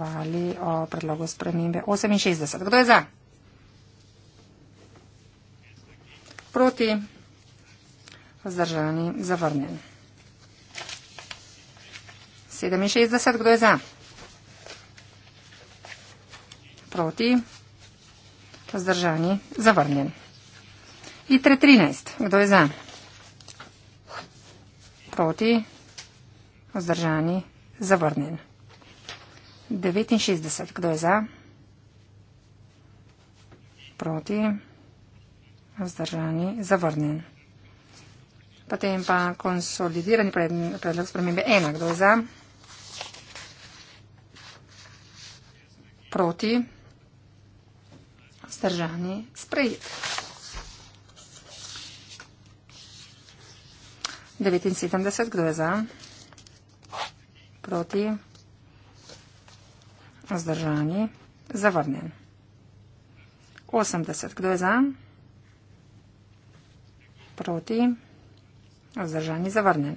glasovali o predlogu spremembe 68. Kdo je za? Proti? Vzdržani? Zavrnjen. 67. Kdo je za? Proti? Vzdržani? Zavrnjen. ITRE 13. Kdo je za? Proti? Vzdržani? Zavrnjen. 69. Kdo je za? Proti? Vzdržani? Zavrnjen. Potem pa konsolidirani predlog spremembe 1. Kdo je za? Proti? Vzdržani? Sprejet. 79. Kdo je za? Proti? Vzdržani. Zavrnjen. 80. Kdo je za? Proti. Vzdržani. Zavrnjen.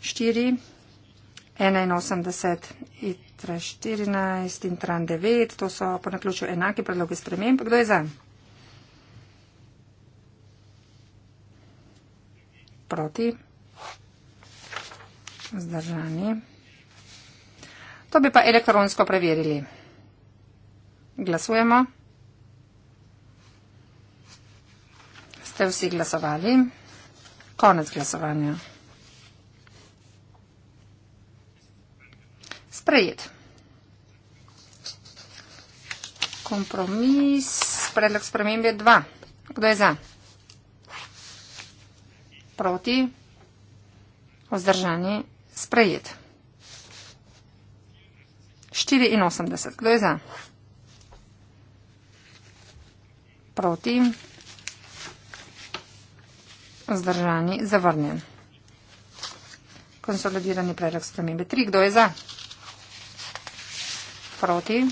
4. 81. Itra 14. Intran 9. To so po naključju enaki predlogi sprememb. Kdo je za? Proti. Vzdržani. To bi pa elektronsko preverili. Glasujemo. Ste vsi glasovali? Konec glasovanja. Sprejet. Kompromis. Predlog spremembe je dva. Kdo je za? Proti. Vzdržani. Sprejet. 84. Kdo je za? Proti. Zdržani. Zavrnjen. Konsolidirani predlog spremembe. 3. Kdo je za? Proti.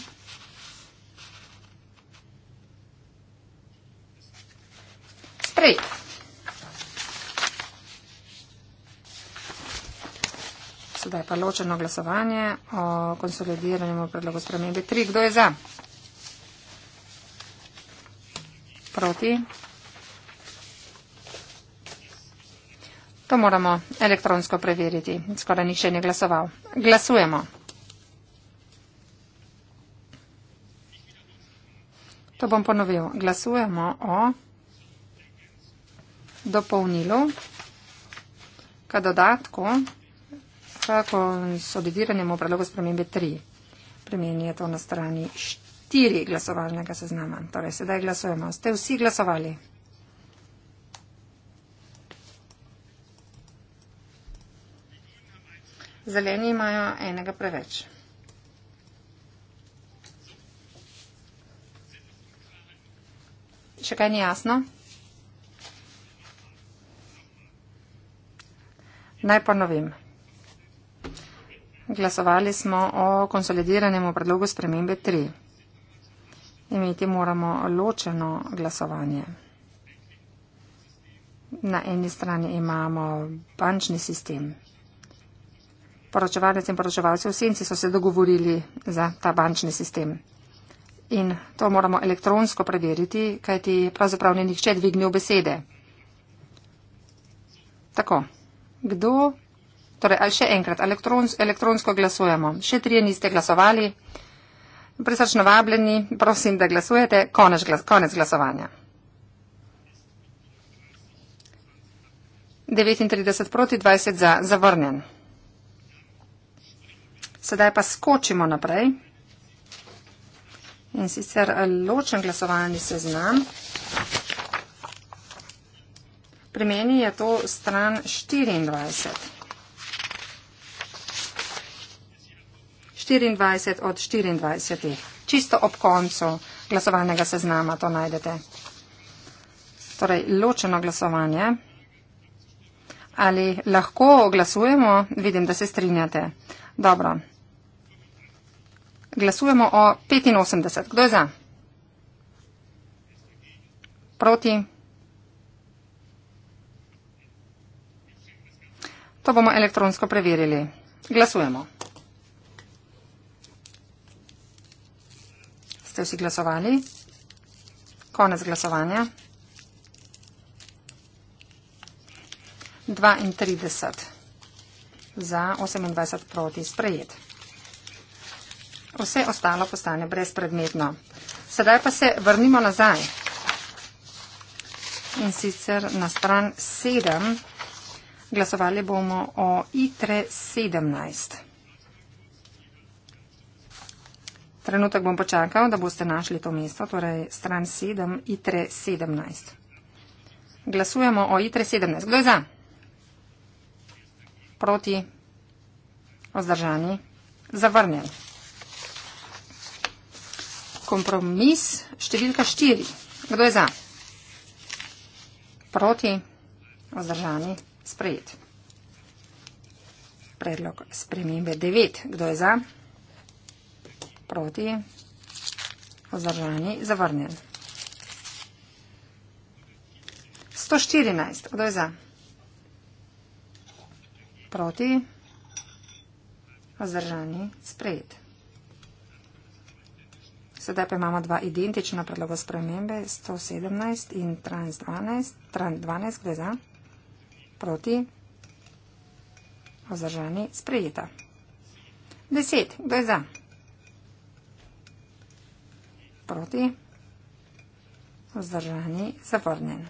pa ločeno glasovanje o konsolidiranju predlogu spremembe 3. Kdo je za? Proti? To moramo elektronsko preveriti. Skoraj nihče ni glasoval. Glasujemo. To bom ponovil. Glasujemo o dopolnilu k dodatku nekako s odidiranjem v predlogu spremembe 3. Premeni je to na strani 4 glasovalnega seznama. Torej, sedaj glasujemo. Ste vsi glasovali? Zeleni imajo enega preveč. Še kaj ni jasno? Naj ponovim glasovali smo o konsolidiranem predlogu spremembe 3. Imeti moramo ločeno glasovanje. Na eni strani imamo bančni sistem. Poročevalec in poročevalci v senci so se dogovorili za ta bančni sistem. In to moramo elektronsko preveriti, kajti pravzaprav ni nihče dvignil besede. Tako, kdo Torej, ali še enkrat, elektrons, elektronsko glasujemo. Še trije niste glasovali. Prisrčno vabljeni, prosim, da glasujete. Konec, glas, konec glasovanja. 39 proti 20 za zavrnjen. Sedaj pa skočimo naprej. In sicer ločen glasovalni seznam. Pri meni je to stran 24. 24 od 24, čisto ob koncu glasovalnega seznama to najdete. Torej, ločeno glasovanje. Ali lahko glasujemo? Vidim, da se strinjate. Dobro. Glasujemo o 85. Kdo je za? Proti? To bomo elektronsko preverili. Glasujemo. ste vsi glasovali. Konec glasovanja. 32 za 28 proti sprejet. Vse ostalo postane brezpredmetno. Sedaj pa se vrnimo nazaj. In sicer na stran 7 glasovali bomo o ITRE 17. Trenutek bom počakal, da boste našli to mesto, torej stran 7, ITRE 17. Glasujemo o ITRE 17. Kdo je za? Proti? Ozdržani? Zavrnjen. Kompromis številka 4. Kdo je za? Proti? Ozdržani? Sprejet. Predlog spremembe 9. Kdo je za? Proti? proti, vzdržani, zavrnjen. 114, kdo je za? Proti, vzdržani, sprejet. Sedaj pa imamo dva identična predloga spremembe, 117 in trans 12, trans 12, kdo je za? Proti, vzdržani, sprejeta. 10, kdo je za? Proti proti, vzdržani, zavrnjen.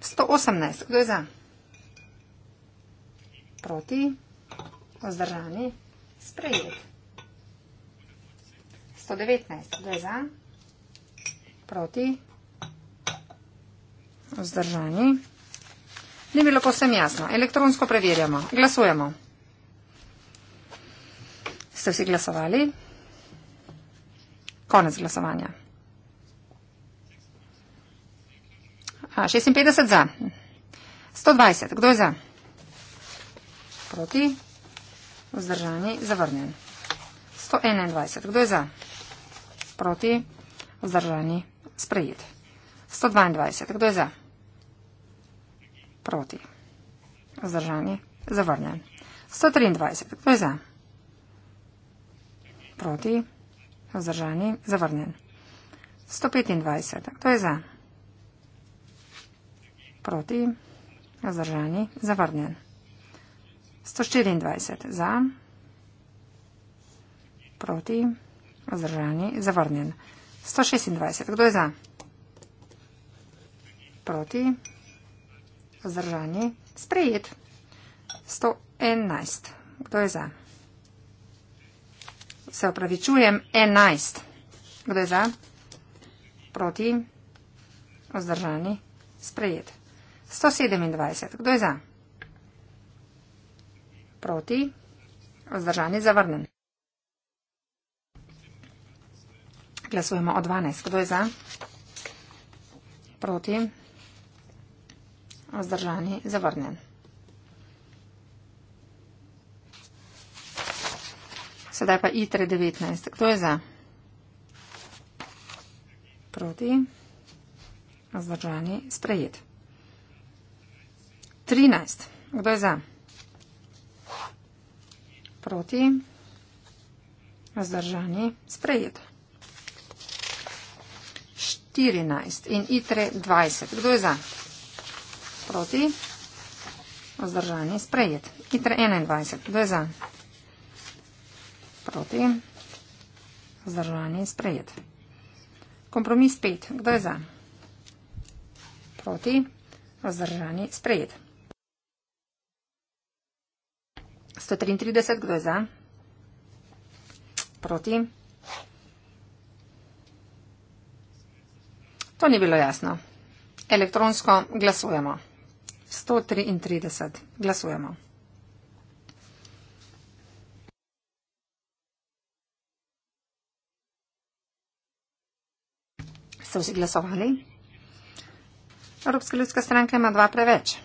118, kdo je za? Proti, vzdržani, sprejet. 119, kdo je za? Proti, vzdržani. Ni bilo povsem jasno. Elektronsko preverjamo. Glasujemo. Ste vsi glasovali? Konec glasovanja. 56 za. 120. Kdo je za? Proti. Vzdržani. Zavrnjen. 121. Kdo je za? Proti. Vzdržani. Sprejet. 122. Kdo je za? Proti. Vzdržani. Zavrnjen. 123. Kdo je za? Proti. Vzdržani. Zavrnjen. 125. To je za. Proti. Vzdržani. Zavrnjen. 124. Za. Proti. Vzdržani. Zavrnjen. 126. Kdo je za? Proti. Vzdržani. Sprejet. 111. Kdo je za? Proti. Se opravičujem, 11. Kdo je za? Proti? Ozdržani? Sprejet. 127. Kdo je za? Proti? Ozdržani? Zavrnen. Glasujemo o 12. Kdo je za? Proti? Ozdržani? Zavrnen. 127. Sedaj pa ITRE 19. Kdo je za? Proti. Zdržani. Sprejet. 13. Kdo je za? Proti. Zdržani. Sprejet. 14. In ITRE 20. Kdo je za? Proti. Zdržani. Sprejet. ITRE 21. Kdo je za? Proti proti. Zdržanje in sprejet. Kompromis 5. Kdo je za? Proti. Zdržanje in sprejet. 133. Kdo je za? Proti. To ni bilo jasno. Elektronsko glasujemo. 133. Glasujemo. 133. so vsi glasovali. Evropska ljudska stranka ima dva preveč.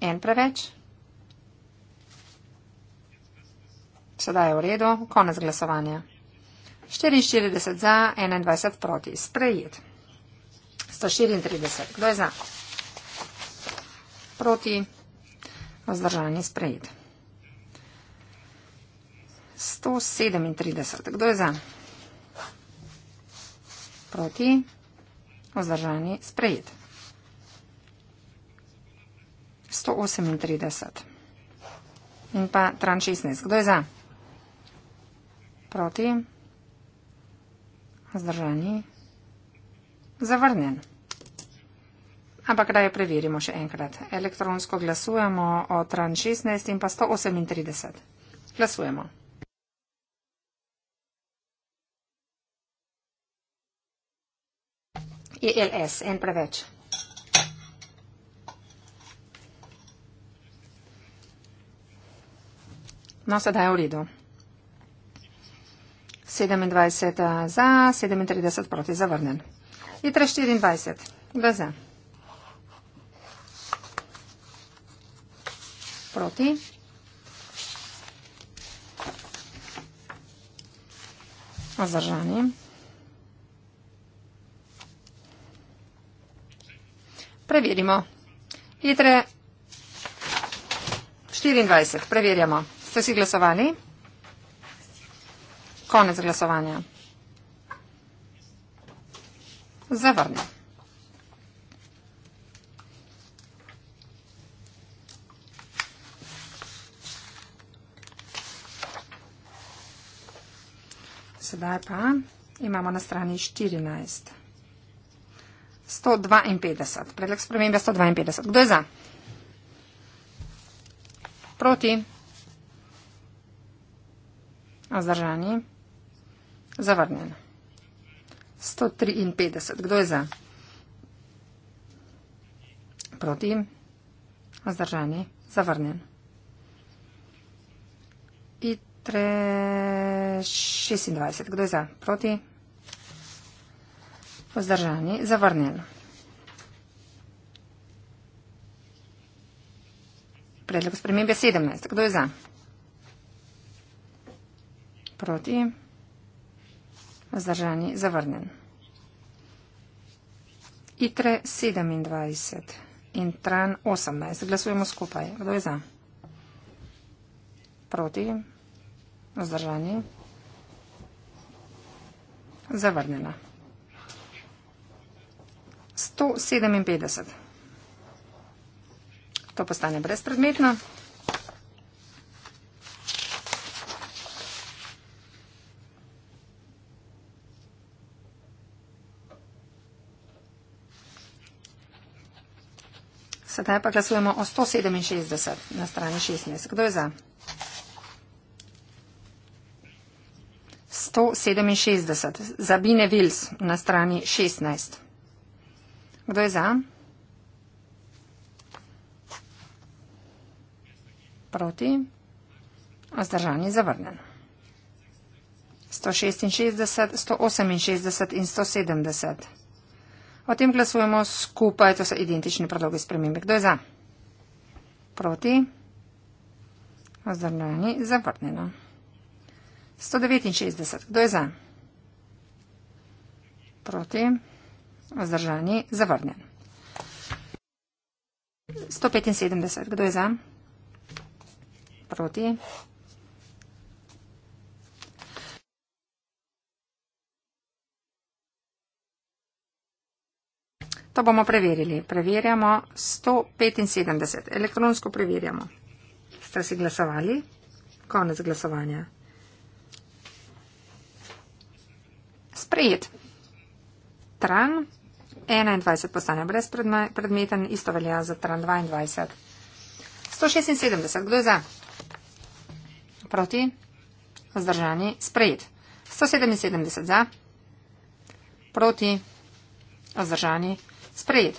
En preveč. Sedaj je v redu, konec glasovanja. 44 za, 21 proti. Sprejet. 134. Kdo je za? Proti. Vzdržanje sprejet. 137. Kdo je za? Proti? Ozdržani? Sprejet. 138. In pa tran 16. Kdo je za? Proti? Ozdržani? Zavrnjen. Ampak kdaj jo preverimo še enkrat? Elektronsko glasujemo o tran 16 in pa 138. Glasujemo. je LS, en preveč. No, sedaj je v redu. 27 eh, za, 37 proti, zavrnen. Litra 24, gre za. Proti. Zdržanje. preverimo. Jitre 24, preverjamo. Ste si glasovali? Konec glasovanja. Zavrnem. Sedaj pa imamo na strani 14. 152. Predlog spremembe 152. Kdo je za? Proti? Ozdržani? Zavrnjen. 153. Kdo je za? Proti? Ozdržani? Zavrnjen. Itre 26. Kdo je za? Proti? Vzdržani, zavrnjeno. Predlog spremembe 17. Kdo je za? Proti. Vzdržani, zavrnjen. ITRE 27 in TRAN 18. Glasujemo skupaj. Kdo je za? Proti. Vzdržani. Zavrnjena. 157. To postane brezpredmetno. Sedaj pa glasujemo o 167 na strani 16. Kdo je za? 167 za Bine Vils na strani 16. Kdo je za? Proti? Vzdržanje je zavrnjeno. 166, 168 in 170. O tem glasujemo skupaj, to so identični predlogi spremembe. Kdo je za? Proti? Vzdržanje je zavrnjeno. 169. Kdo je za? Proti? Vzdržani zavrnjen. 175. Kdo je za? Proti? To bomo preverili. Preverjamo 175. Elektronsko preverjamo. Ste si glasovali? Konec glasovanja. Sprejet. Tran. 21 postane brezpredmeten, isto velja za tran 22. 176, kdo je za? Proti? Zdržani? Sprejet. 177 za? Proti? Zdržani? Sprejet.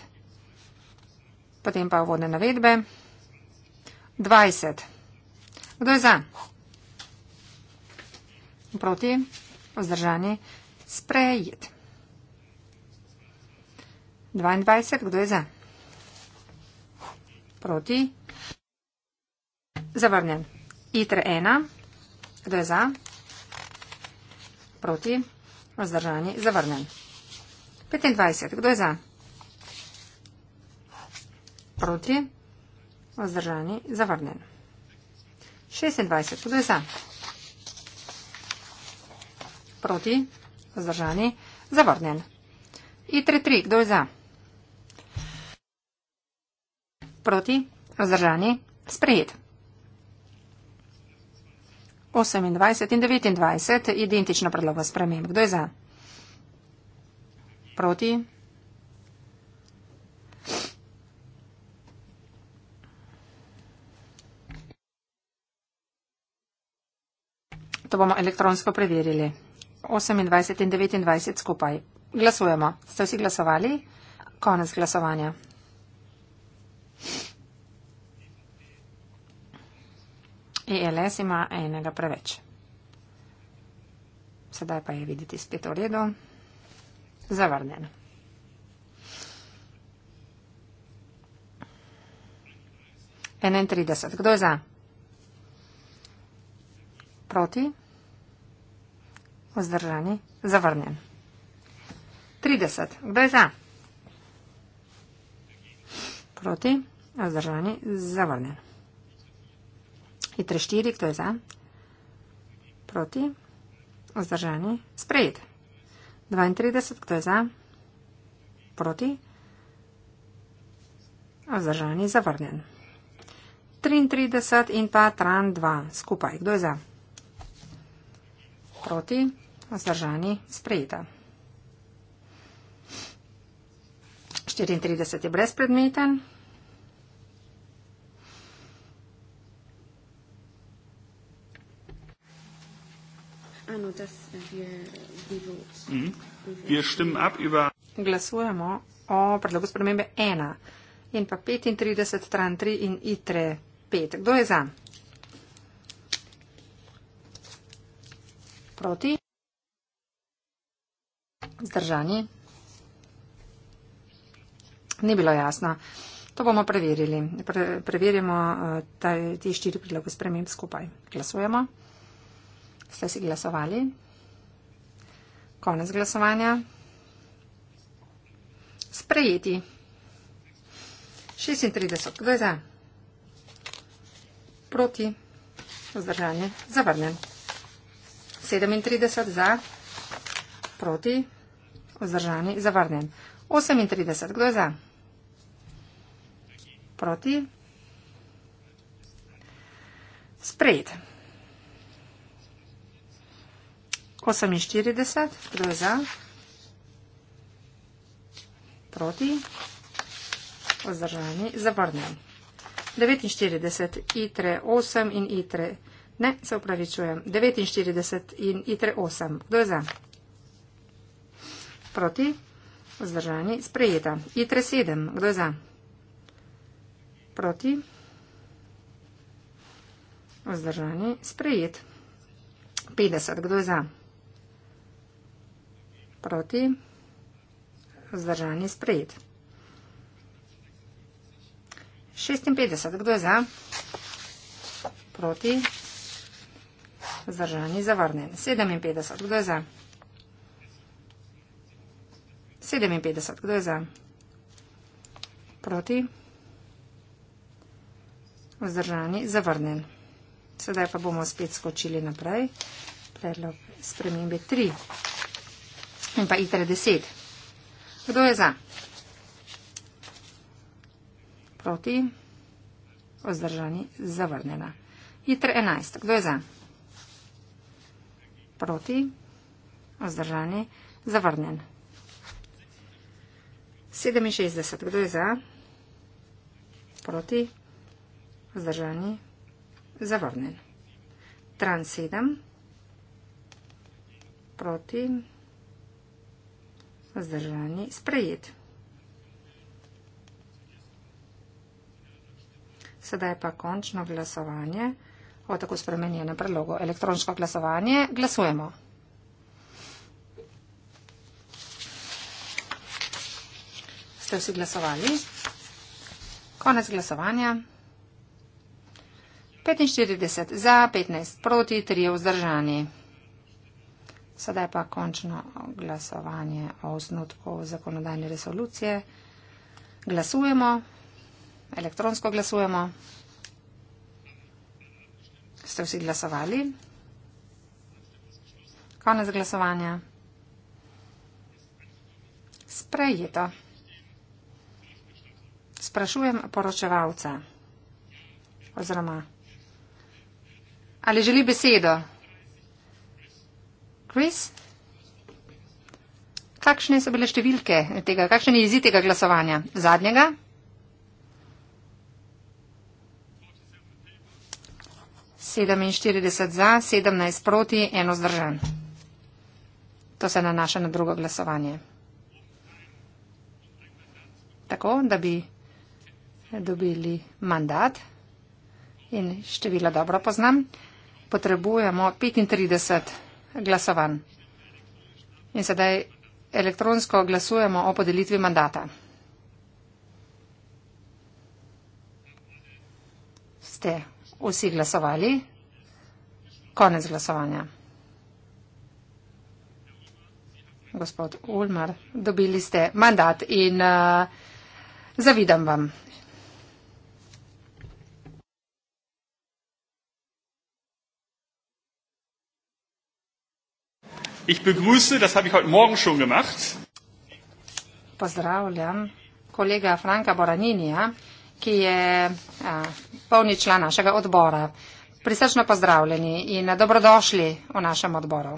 Potem pa vodne navedbe. 20. Kdo je za? Proti? Vzdržani? Sprejet. 22, kdo je za? Proti? Zavrnjen. ITR 1, kdo je za? Proti? Vzdržani, zavrnjen. 25, kdo je za? Proti? Vzdržani, zavrnjen. 26, kdo je za? Proti? Vzdržani, zavrnjen. ITR 3, kdo je za? Proti? Proti, vzdržani, sprejet. 28 in 29, identično predlogo sprememb. Kdo je za? Proti. To bomo elektronsko preverili. 28 in 29 skupaj. Glasujemo. Ste vsi glasovali? Konec glasovanja. ELS ima enega preveč. Sedaj pa je videti spet v redu. Zavrnjen. Enaintrideset. Kdo je za? Proti? Vzdržani? Zavrnjen. Trideset. Kdo je za? Proti? Vzdržani? Zavrnjen hitre štiri, kdo je za? Proti, vzdržani, sprejet. 32, kdo je za? Proti, vzdržani, zavrnjen. 33 in pa tran 2, skupaj, kdo je za? Proti, vzdržani, sprejeta. 34 je brezpredmeten. Mhm. Glasujemo o predlogu spremembe 1 in pa 35, stran 3 in itre 5. Kdo je za? Proti? Zdržani? Ni bilo jasno. To bomo preverili. Pre, preverimo eh, te štiri predloge sprememb skupaj. Glasujemo. Ste si glasovali? Konec glasovanja. Sprejeti. 36. Kdo je za? Proti. Zdržanje. Zavrnjen. 37. Za. Proti. Zdržanje. Zavrnjen. 38. Kdo je za? Proti. Sprejeti. 48, kdo je za? Proti? Vzdržani, zavrnjen. 49, ITRE 8 in ITRE. Ne, se upravičujem. 49 in ITRE 8, kdo je za? Proti? Vzdržani, sprejeta. ITRE 7, kdo je za? Proti? Vzdržani, sprejet. 50, kdo je za? proti, vzdržani sprejet. 56, kdo je za, proti, vzdržani zavrnen. 57, kdo je za, 57, kdo je za, proti, vzdržani zavrnen. Sedaj pa bomo spet skočili naprej. Predlog spremembe 3 in pa itre 10. Kdo je za? Proti. Ozdržani. Zavrnjena. Itre 11. Kdo je za? Proti. Ozdržani. Zavrnjen. 67. Kdo je za? Proti. Zdržani. Zavrnen. Trans 7. Proti. Zdržani. Vzdržani, sprejet. Sedaj pa končno glasovanje o tako spremenjenem predlogu. Elektronsko glasovanje. Glasujemo. Ste vsi glasovali? Konec glasovanja. 45 za, 15 proti, 3 vzdržani. Sedaj pa končno glasovanje o osnutku zakonodajne resolucije. Glasujemo, elektronsko glasujemo. Ste vsi glasovali? Konec glasovanja. Sprejeto. Sprašujem poročevalca oziroma ali želi besedo? Chris, kakšne so bile številke tega, kakšen je izid tega glasovanja? Zadnjega? 47 za, 17 proti, eno zdržan. To se nanaša na drugo glasovanje. Tako, da bi dobili mandat in števila dobro poznam, potrebujemo 35 glasovanj. In sedaj elektronsko glasujemo o podelitvi mandata. Ste vsi glasovali? Konec glasovanja. Gospod Ulmar, dobili ste mandat in uh, zavidam vam. Ich begrüße, das habe ich heute Morgen schon gemacht. Pozdravljam kolega Franka Boraninija, ki je a, polni član našega odbora. Prisrčno pozdravljeni in dobrodošli v našem odboru.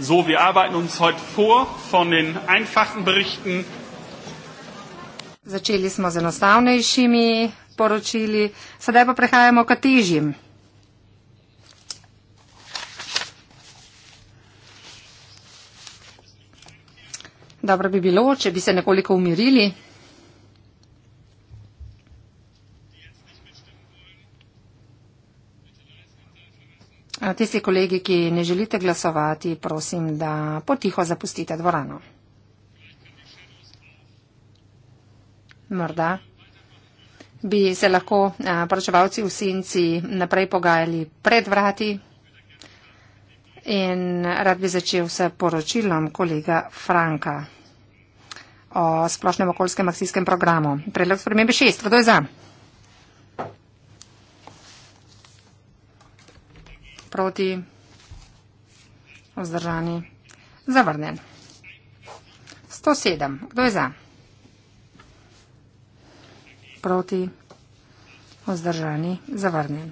So, wir arbeiten uns heute vor von den einfachen Berichten Začeli smo z enostavnejšimi poročili, sedaj pa prehajamo k težjim. Dobro bi bilo, če bi se nekoliko umirili. Tisti kolegi, ki ne želite glasovati, prosim, da potiho zapustite dvorano. morda bi se lahko poročevalci v senci naprej pogajali pred vrati in rad bi začel s poročilom kolega Franka o splošnem okoljskem akcijskem programu. Predlog spremembe šest, kdo je za? Proti, vzdržani, zavrnen. 107, kdo je za? proti, vzdržani, zavrnjen.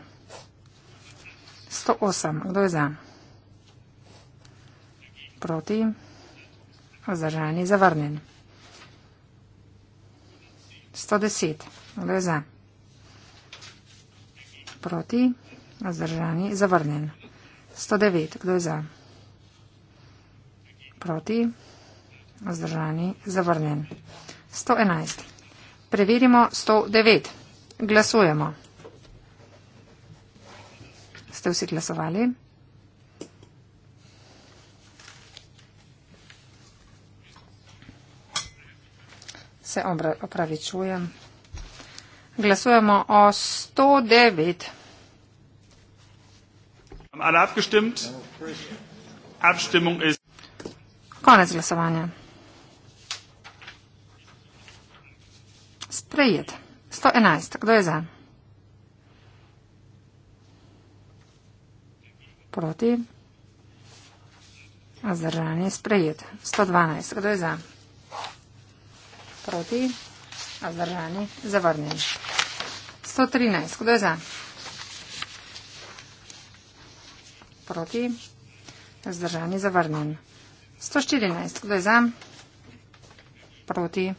108. Kdo je za? Proti, vzdržani, zavrnjen. 110. Kdo je za? Proti, vzdržani, zavrnjen. 109. Kdo je za? Proti, vzdržani, zavrnjen. 111. Preverimo 109. Glasujemo. Ste vsi glasovali? Se opravičujem. Glasujemo o 109. Konec glasovanja. Sprejet. 111. Kdo je za? Proti. Zdržan je sprejet. 112. Kdo je za? Proti. Zdržan je zavrnjen. 113. Kdo je za? Proti. Zdržan je zavrnjen. 114. Kdo je za? Proti.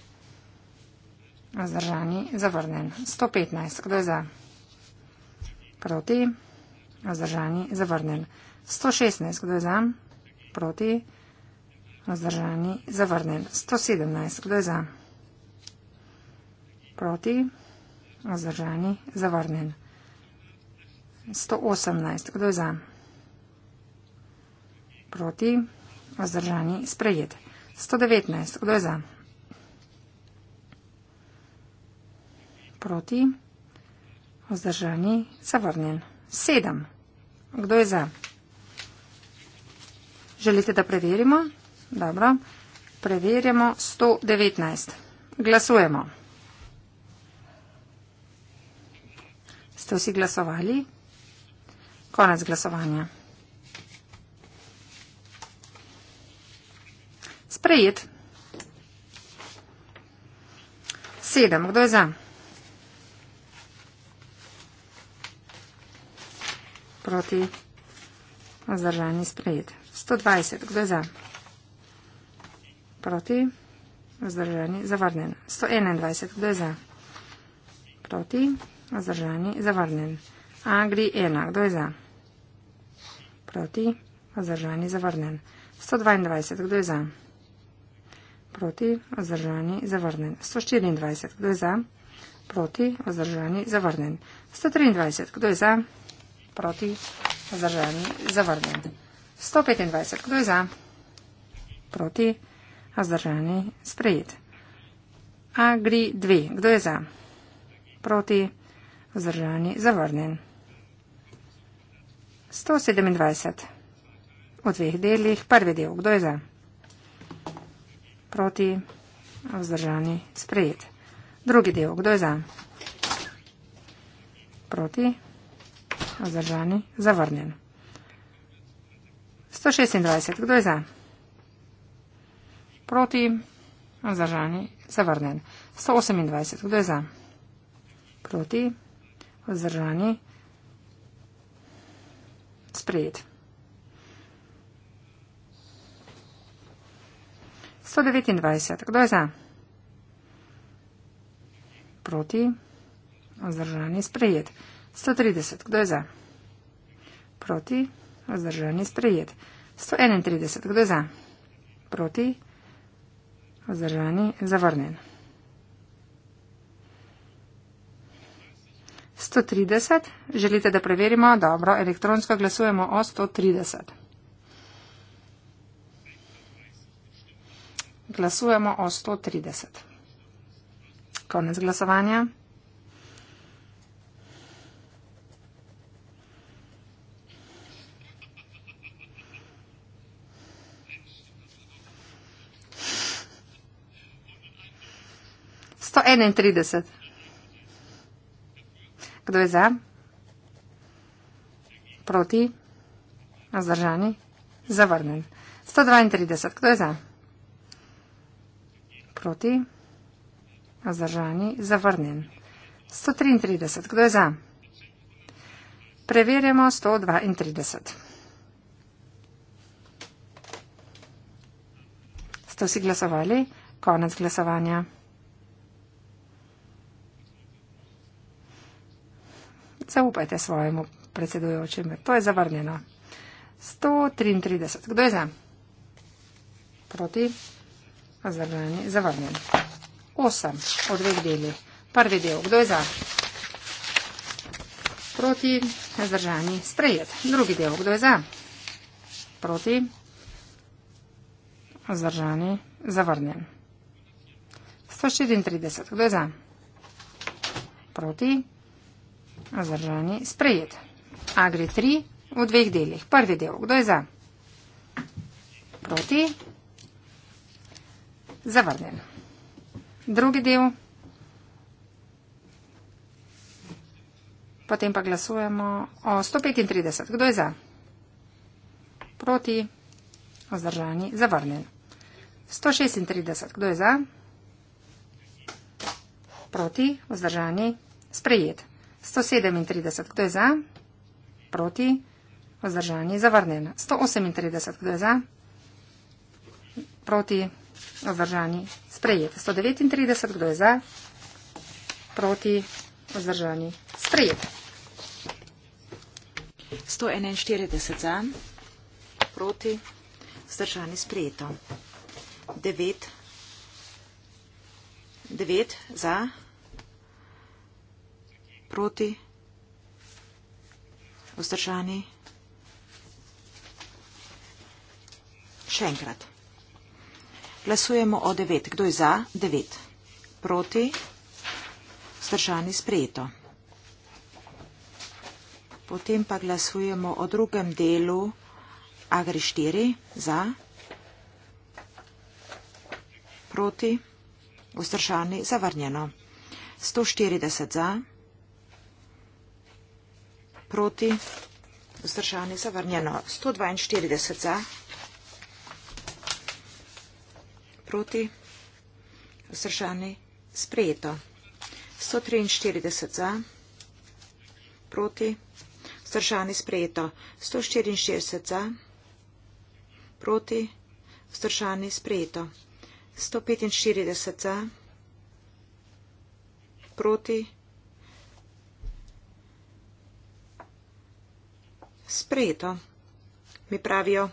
Vzdržani, zavrnjen. 115, kdo je za? Proti. Vzdržani, zavrnjen. 116, kdo je za? Proti. Vzdržani, zavrnjen. 117, kdo je za? Proti. Vzdržani, zavrnjen. 118, kdo je za? Proti. Vzdržani, sprejet. 119, kdo je za? Proti. proti? Vzdržani, zavrnjen. Sedem. Kdo je za? Želite, da preverimo? Dobro. Preverjamo 119. Glasujemo. Ste vsi glasovali? Konec glasovanja. Sprejet. Sedem. Kdo je za? proti vzdržanje sprejet. 120, kdo je za? Proti vzdržanje zavrnen. 121, kdo je za? Proti vzdržanje zavrnen. Agri 1, kdo je za? Proti vzdržanje zavrnen. 122, kdo je za? Proti vzdržanje zavrnen. 124, kdo je za? Proti vzdržanje zavrnen. 123, kdo je za? Proti vzdržanje zavrnen proti, zdržani, zavrnjen. 125, kdo je za? Proti, zdržani, sprejet. Agri 2, kdo je za? Proti, zdržani, zavrnjen. 127, v dveh delih, prvi del, kdo je za? Proti, vzdržani, sprejet. Drugi del, kdo je za? Proti, Vzdržani. Zavrnjen. 126. Kdo je za? Proti. Vzdržani. Zavrnjen. 128. Kdo je za? Proti. Vzdržani. Sprejet. 129. Kdo je za? Proti. Vzdržani. Sprejet. 130. Kdo je za? Proti. Vzdržan je sprejet. 131. Kdo je za? Proti. Vzdržan je zavrnen. 130. Želite, da preverimo? Dobro, elektronsko glasujemo o 130. Glasujemo o 130. Konec glasovanja. 131. Kdo je za? Proti? Zdržani? Zavrnen. 132. Kdo je za? Proti? Zdržani? Zavrnen. 133. Kdo je za? Preverjamo 132. Ste vsi glasovali? Konec glasovanja. zaupajte svojemu predsedujočemu. To je zavrnjeno. 133. Kdo je za? Proti? Zavrnjeni. Zavrnjen. 8. O dveh deli. Prvi del. Kdo je za? Proti? Zdržani. Sprejet. Drugi del. Kdo je za? Proti? Zdržani. Zavrnjen. 134. Kdo je za? Proti? Zdržani sprejet. Agri 3 v dveh delih. Prvi del. Kdo je za? Proti. Zavrnjen. Drugi del. Potem pa glasujemo o 135. Kdo je za? Proti. Zdržani. Zavrnjen. 136. Kdo je za? Proti. Zdržani. Sprejet. 137, kdo je za? Proti? Vzdržan je zavrnen. 138, kdo je za? Proti? Vzdržan je sprejet. 139, kdo je za? Proti? Vzdržan je sprejet. 141 za, proti, vzdržani sprejeto. 9, 9 za, proti, vzdržani. Še enkrat. Glasujemo o devet. Kdo je za? Devet. Proti, vzdržani, sprejeto. Potem pa glasujemo o drugem delu Agri 4 za, proti, vzdržani, zavrnjeno. 140 za proti vzdržani zavrnjeno 142 za proti vzdržani sprejeto 143 za proti vzdržani sprejeto 164 za proti vzdržani sprejeto 145 za proti vzdržani sprejeto sprejeto. Mi pravijo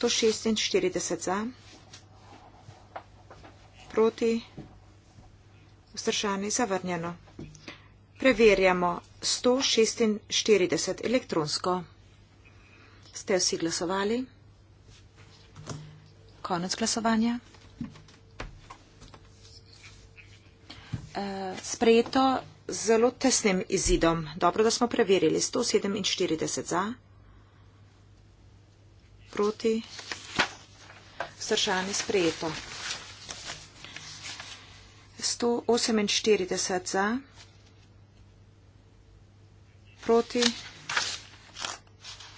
146 za, proti, vzdržani, zavrnjeno. Preverjamo 146 elektronsko. Ste vsi glasovali? Konec glasovanja. Uh, sprejeto zelo tesnim izidom. Dobro, da smo preverili. 147 za, proti, vzdržani sprejeto. 148 za, proti,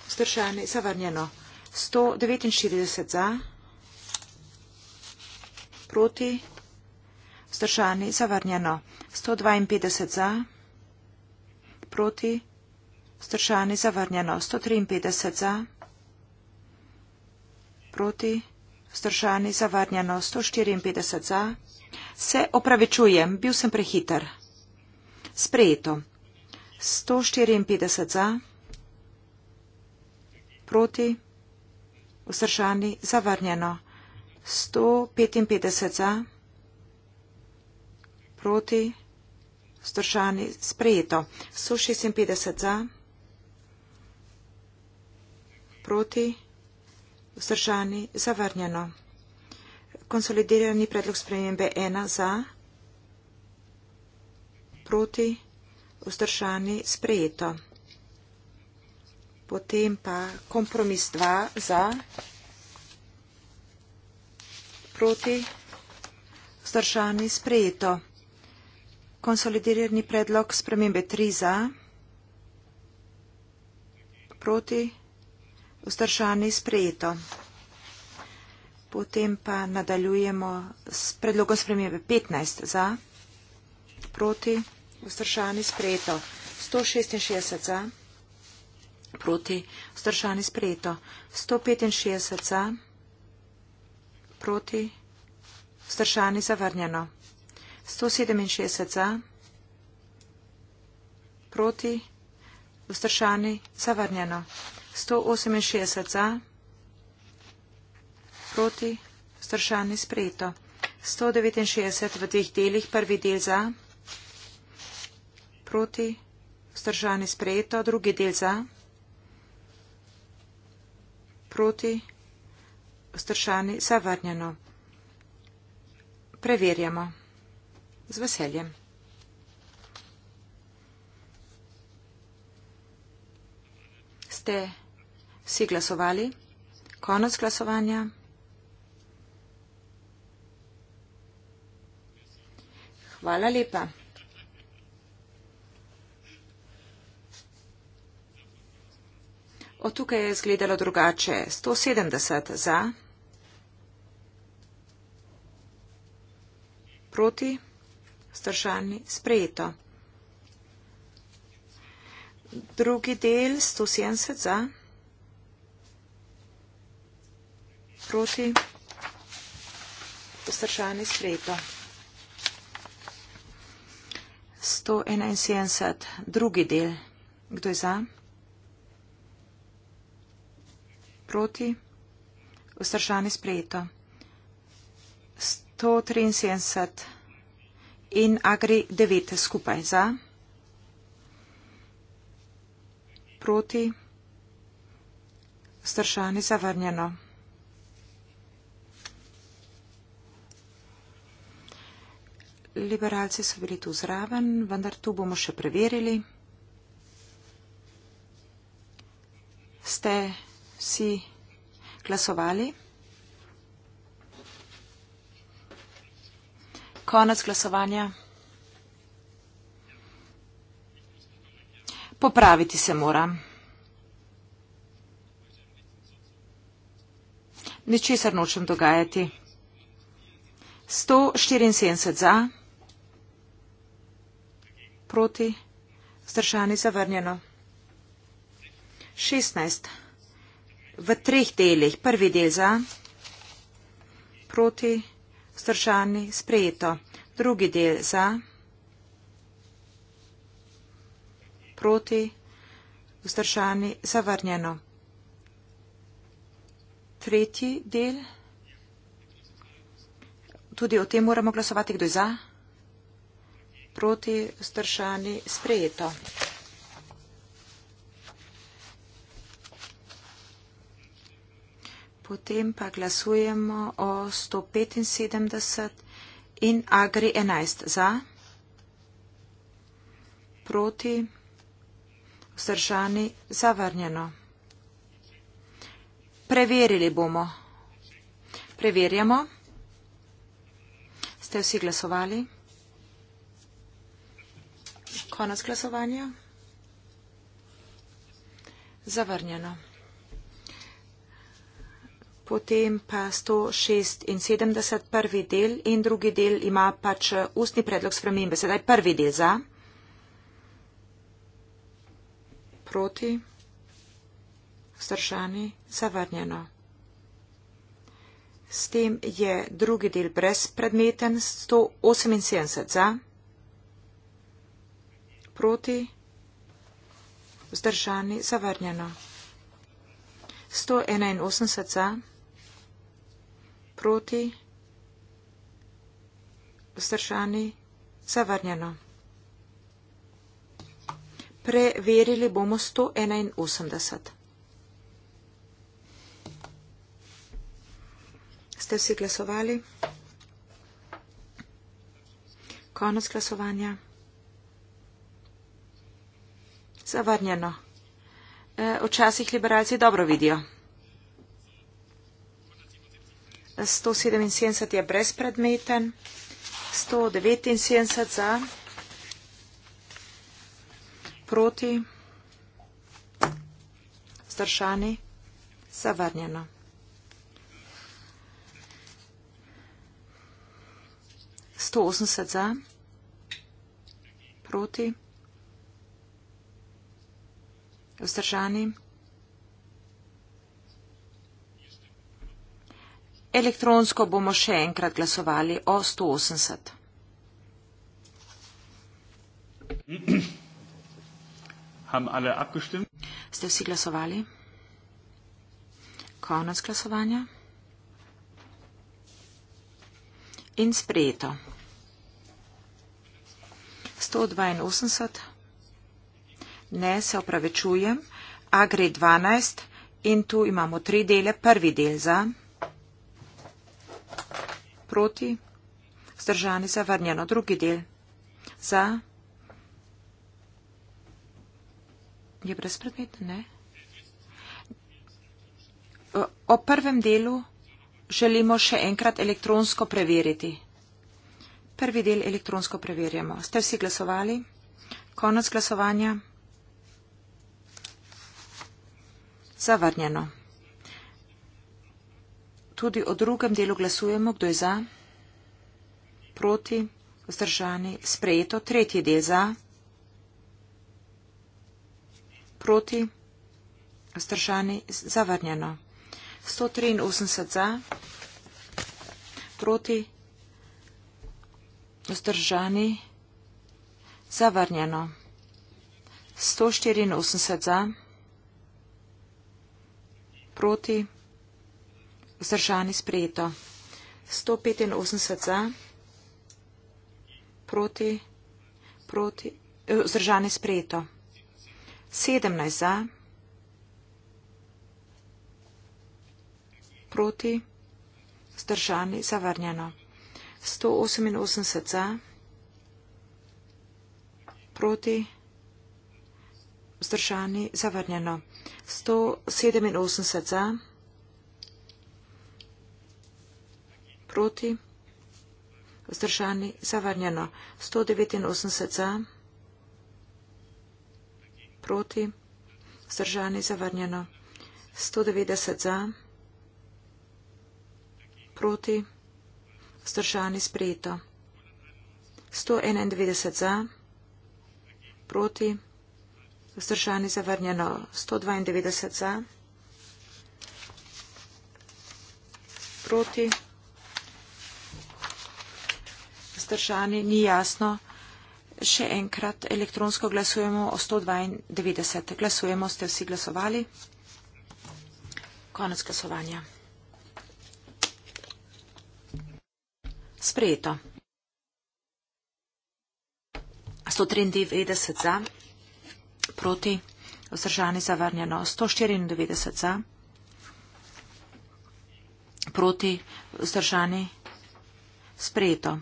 vzdržani zavrnjeno. 149 za, proti, vzdržani zavrnjeno vzdržani, zavrnjeno. 152 za, proti, vzdržani, zavrnjeno. 153 za, proti, vzdržani, zavrnjeno. 154 za, se opravičujem, bil sem prehiter. Sprejeto. 154 za, proti, vzdržani, zavrnjeno. 155 za, proti, vzdržani, zavrnjeno. 155 za, proti, vzdržani sprejeto. 156 za, proti, vzdržani zavrnjeno. Konsolidirani predlog spremembe 1 za, proti, vzdržani sprejeto. Potem pa kompromis 2 za, proti, vzdržani sprejeto konsolidirani predlog spremembe TRIZA. Proti, vzdržani, sprejeto. Potem pa nadaljujemo s predlogom spremembe 15 za, proti, vzdržani, sprejeto. 166 za, proti, vzdržani, sprejeto. 165 za, proti, vzdržani, zavrnjeno. 167 za, proti, vzdržani, zavrnjeno. 168 za, proti, vzdržani, sprejeto. 169 v dveh delih, prvi del za, proti, vzdržani, sprejeto, drugi del za, proti, vzdržani, zavrnjeno. Preverjamo z veseljem. Ste vsi glasovali? Konec glasovanja? Hvala lepa. O tukaj je izgledalo drugače. 170 za, proti vzdržani sprejeto. Drugi del 170 za. Proti vzdržani sprejeto. 171. Drugi del. Kdo je za? Proti. Vzdržani sprejeto. 173 in Agri 9 skupaj za, proti, stršani zavrnjeno. Liberalci so bili tu zraven, vendar tu bomo še preverili. Ste vsi glasovali? Konec glasovanja. Popraviti se moram. Ničesar nočem dogajati. 174 za, proti, zdržani zavrnjeno. 16 v treh delih. Prvi del za, proti, zdržani zavrnjeno. Vzdržani sprejeto. Drugi del za. Proti. Vzdržani zavrnjeno. Tretji del. Tudi o tem moramo glasovati, kdo je za. Proti. Vzdržani sprejeto. potem pa glasujemo o 175 in agri 11 za, proti, vzdržani, zavrnjeno. Preverili bomo. Preverjamo. Ste vsi glasovali? Konec glasovanja. Zavrnjeno potem pa 176 prvi del in drugi del ima pač eh, ustni predlog spremembe. Sedaj prvi del za. Proti. Vzdržani. Zavrnjeno. S tem je drugi del brezpredmeten. 178 za. Proti. Vzdržani. Zavrnjeno. 181 za proti, vzdržani, zavrnjeno. Preverili bomo 181. Ste vsi glasovali? Konec glasovanja. Zavrnjeno. E, včasih liberalci dobro vidijo. 177 je brezpredmeten, 179 za, proti, zdržani, zavrnjeno. Sto osemdeset za, proti, vzdržani. Elektronsko bomo še enkrat glasovali o 180. Haben alle abgestimmt? Ste vsi glasovali? Konec glasovanja. In sprejeto. 182. Ne, se opravičujem. Agri 12. In tu imamo tri dele. Prvi del za. Proti. Vzdržani zavrnjeno. Drugi del. Za. Je brezpredmetno, ne? O prvem delu želimo še enkrat elektronsko preveriti. Prvi del elektronsko preverjamo. Ste vsi glasovali? Konec glasovanja. Zavrnjeno. Tudi o drugem delu glasujemo, kdo je za, proti, vzdržani, sprejeto. Tretji del za, proti, vzdržani, zavrnjeno. 183 za, proti, vzdržani, zavrnjeno. 184 za, proti, vzdržani, zavrnjeno vzdržani sprejeto. 185 za, proti, proti, eh, vzdržani sprejeto. 17 za, proti, vzdržani, zavrnjeno. 188 za, proti, vzdržani, zavrnjeno. 187 za, proti, vzdržani, zavrnjeno. proti, vzdržani, zavrnjeno, 189 za, proti, vzdržani, zavrnjeno, 190 za, proti, vzdržani, sprejeto, 191 za, proti, vzdržani, zavrnjeno, 192 za, proti, vzdržani, zavrnjeno, 192 za, proti, vzdržani, ni jasno. Še enkrat elektronsko glasujemo o 192. Glasujemo, ste vsi glasovali. Konec glasovanja. Sprejeto. 193 za, proti, vzdržani zavrnjeno. 194 za, proti, vzdržani sprejeto.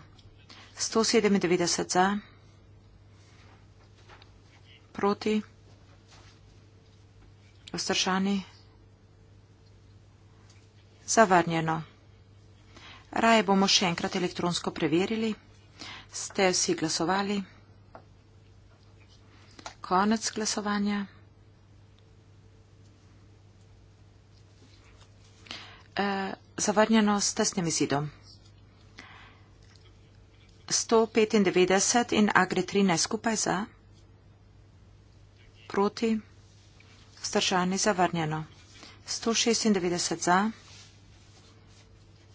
197 za, proti, vzdržani, zavrnjeno. Raje bomo še enkrat elektronsko preverili. Ste vsi glasovali? Konec glasovanja. Eh, zavrnjeno s tesnim izidom. 195 in Agri 13 skupaj za. Proti. Vzdržani zavrnjeno. 196 za.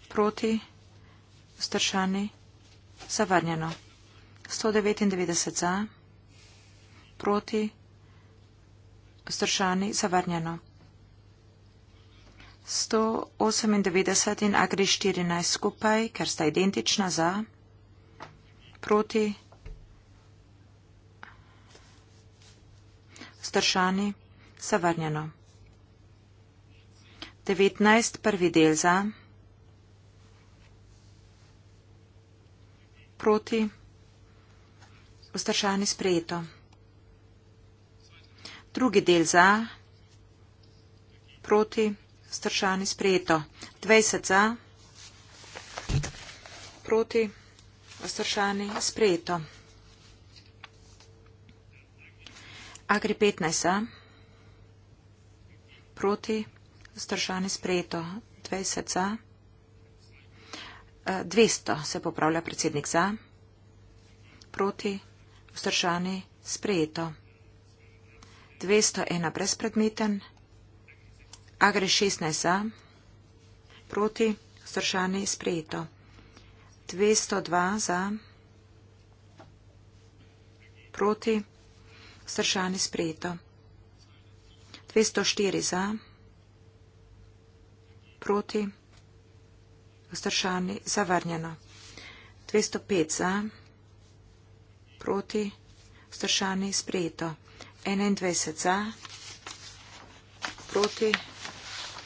Proti. Vzdržani zavrnjeno. 199 za. Proti. Vzdržani zavrnjeno. 198 in Agri 14 skupaj, ker sta identična za proti, zdržani, zavrnjeno. 19. prvi del za, proti, vzdržani sprejeto. Drugi del za, proti, vzdržani sprejeto. 20 za, proti, vzdržani sprejeto. Vzdržani sprejeto. Agri 15. Proti. Vzdržani sprejeto. 20 za. 200 eh, se popravlja predsednik za. Proti. Vzdržani sprejeto. 201 brezpredmeten. Agri 16 za. Proti. Vzdržani sprejeto. 202 za, proti, vzdržani sprejeto. 204 za, proti, vzdržani zavrnjeno. 205 za, proti, vzdržani sprejeto. 21 za, proti,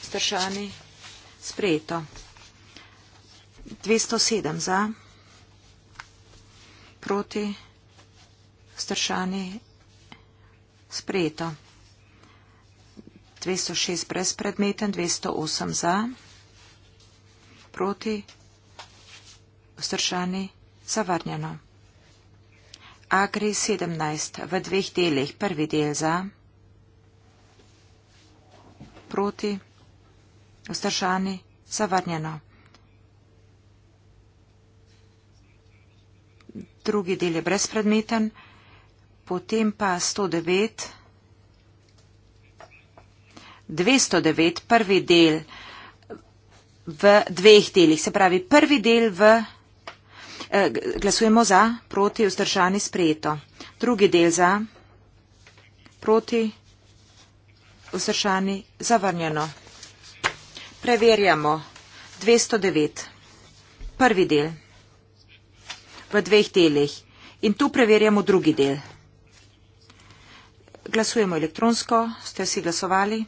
vzdržani sprejeto. 207 za, proti, stršani, sprejeto. 206 brezpredmeten, 208 za, proti, stršani, zavarnjeno. Agri 17 v dveh delih, prvi del za, proti, stršani, zavarnjeno. drugi del je brezpredmeten, potem pa 109. 209, prvi del v dveh delih, se pravi prvi del v. Eh, glasujemo za, proti, vzdržani, sprejeto. Drugi del za, proti, vzdržani, zavrnjeno. Preverjamo. 209. Prvi del v dveh delih. In tu preverjamo drugi del. Glasujemo elektronsko, ste vsi glasovali.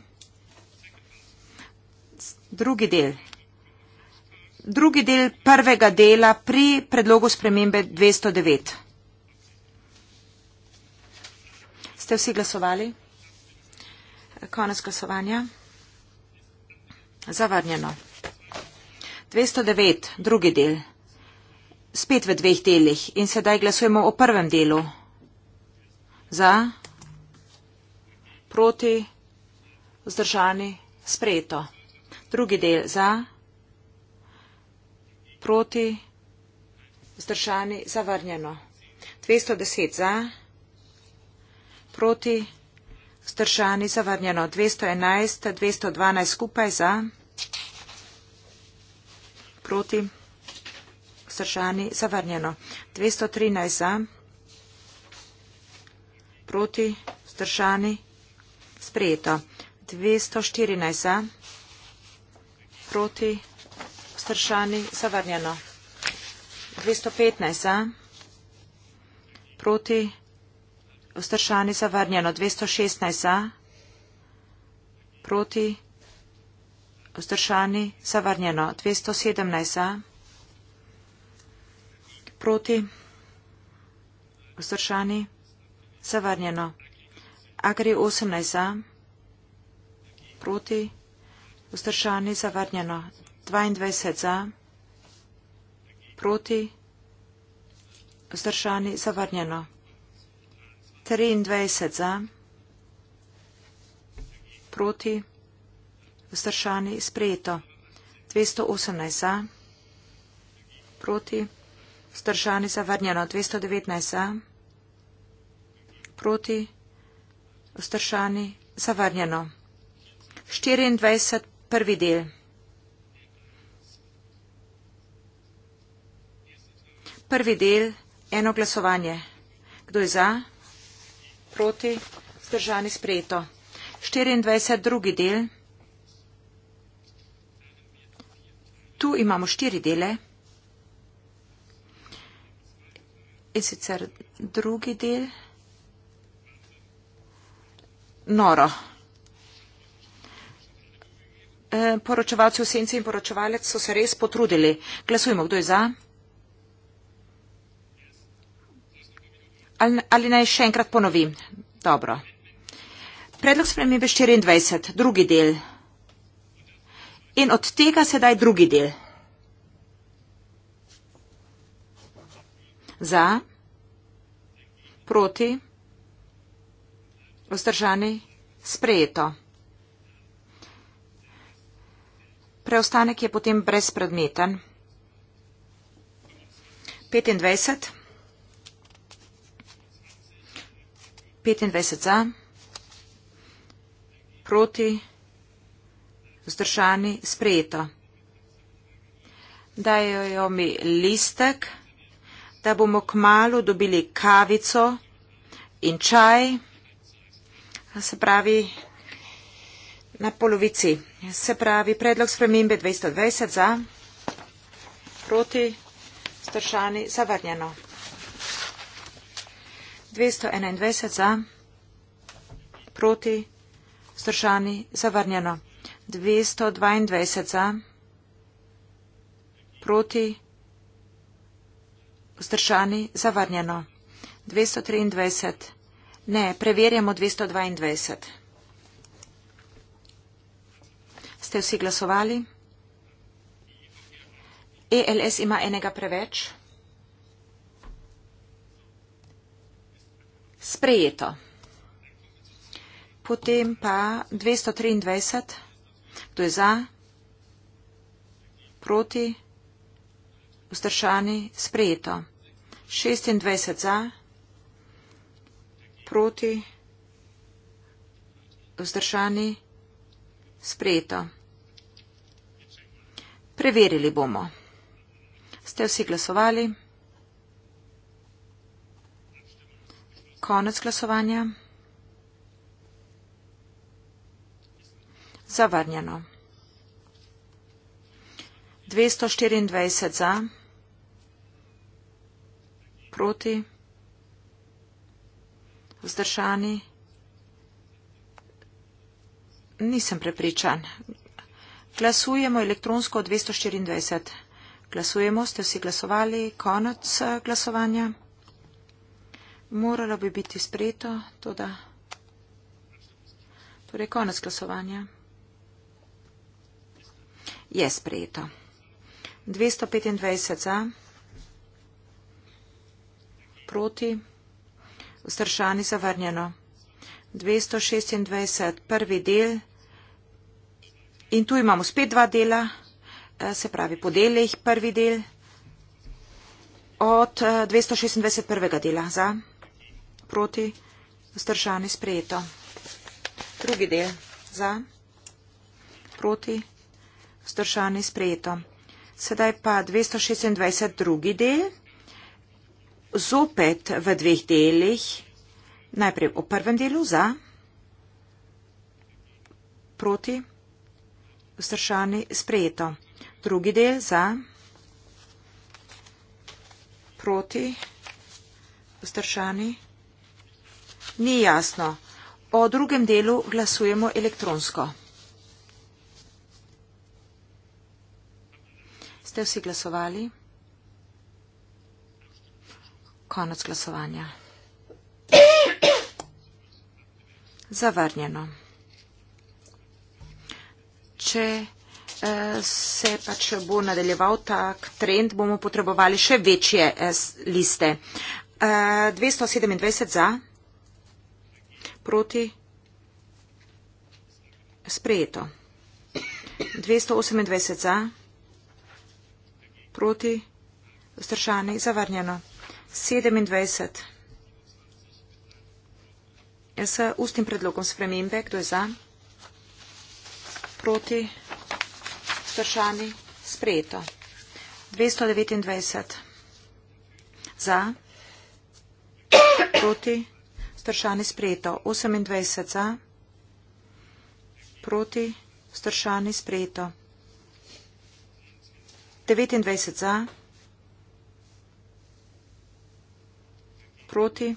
Drugi del. Drugi del prvega dela pri predlogu spremembe 209. Ste vsi glasovali? Konec glasovanja. Zavrnjeno. 209. Drugi del spet v dveh delih in sedaj glasujemo o prvem delu. Za, proti, vzdržani, sprejeto. Drugi del za, proti, vzdržani, zavrnjeno. 210 za, proti, vzdržani, zavrnjeno. 211, 212 skupaj za, proti vzdržani zavrnjeno. 213 za, proti vzdržani sprejeto. 214 za, proti vzdržani zavrnjeno. 215 za, proti vzdržani zavrnjeno. 216 za, proti vzdržani zavrnjeno. 217 za, proti vzdržani zavrnjeno proti vzdržani zavarnjeno. Agar je 18 za, proti vzdržani zavarnjeno. 22 za, proti vzdržani zavarnjeno. 23 za, proti vzdržani sprejeto. 218 za, proti vzdržani zavarnjeno. Вторшани са варняно 219 са. Проти Вторшани са варняно. 24 дел. Prvi del, eno glasovanje. Kdo je za? Proti, zdržani sprejeto. 24. drugi del. Tu imamo štiri dele. in sicer drugi del. Noro. E, poročevalci v senci in poročevalec so se res potrudili. Glasujmo, kdo je za? Ali, ali naj še enkrat ponovim? Dobro. Predlog spremembe 24, drugi del. In od tega sedaj drugi del. Za, proti, vzdržani, sprejeto. Preostanek je potem brezpredmeten. 25. 25 za, proti, vzdržani, sprejeto. Dajo mi listek da bomo kmalo dobili kavico in čaj, se pravi na polovici. Se pravi predlog spremembe 220 za, proti, stršani, zavrnjeno. 221 za, proti, stršani, zavrnjeno. 222 za, proti, stršani, zavrnjeno vzdržani, zavrnjeno. 223. Ne, preverjamo 222. Ste vsi glasovali? ELS ima enega preveč. Sprejeto. Potem pa 223. Kdo je za? Proti? vzdržani, sprejeto. 26 za, proti, vzdržani, sprejeto. Preverili bomo. Ste vsi glasovali? Konec glasovanja. Zavrnjeno. 224 za naproti, vzdržani. Nisem prepričan. Glasujemo elektronsko 224. Glasujemo, ste vsi glasovali, konec eh, glasovanja. Moralo bi biti sprejeto, tudi. Torej, konec glasovanja. Je sprejeto. 225 za proti. Vzdržani zavrnjeno. 226. prvi del. In tu imamo spet dva dela, eh, se pravi po delih prvi del od 226. Eh, prvega dela za proti vzdržani sprejeto. Drugi del za proti vzdržani sprejeto. Sedaj pa 226. drugi del zopet v dveh delih, najprej v prvem delu za, proti, vzdržani, sprejeto. Drugi del za, proti, vzdržani, ni jasno. O drugem delu glasujemo elektronsko. Ste vsi glasovali? konec glasovanja. Zavrnjeno. Če eh, se pač bo nadaljeval tak trend, bomo potrebovali še večje eh, liste. 227 eh, za, proti, sprejeto. 228 za, proti, vzdržani, zavrnjeno. 27. Ja, s ustnim predlogom spremembe, kdo je za, proti, vzdržani, sprejeto. 229. Za, proti, vzdržani, sprejeto. 28. Za, proti, vzdržani, sprejeto. 29. Za, proti, vzdržani, sprejeto. proti,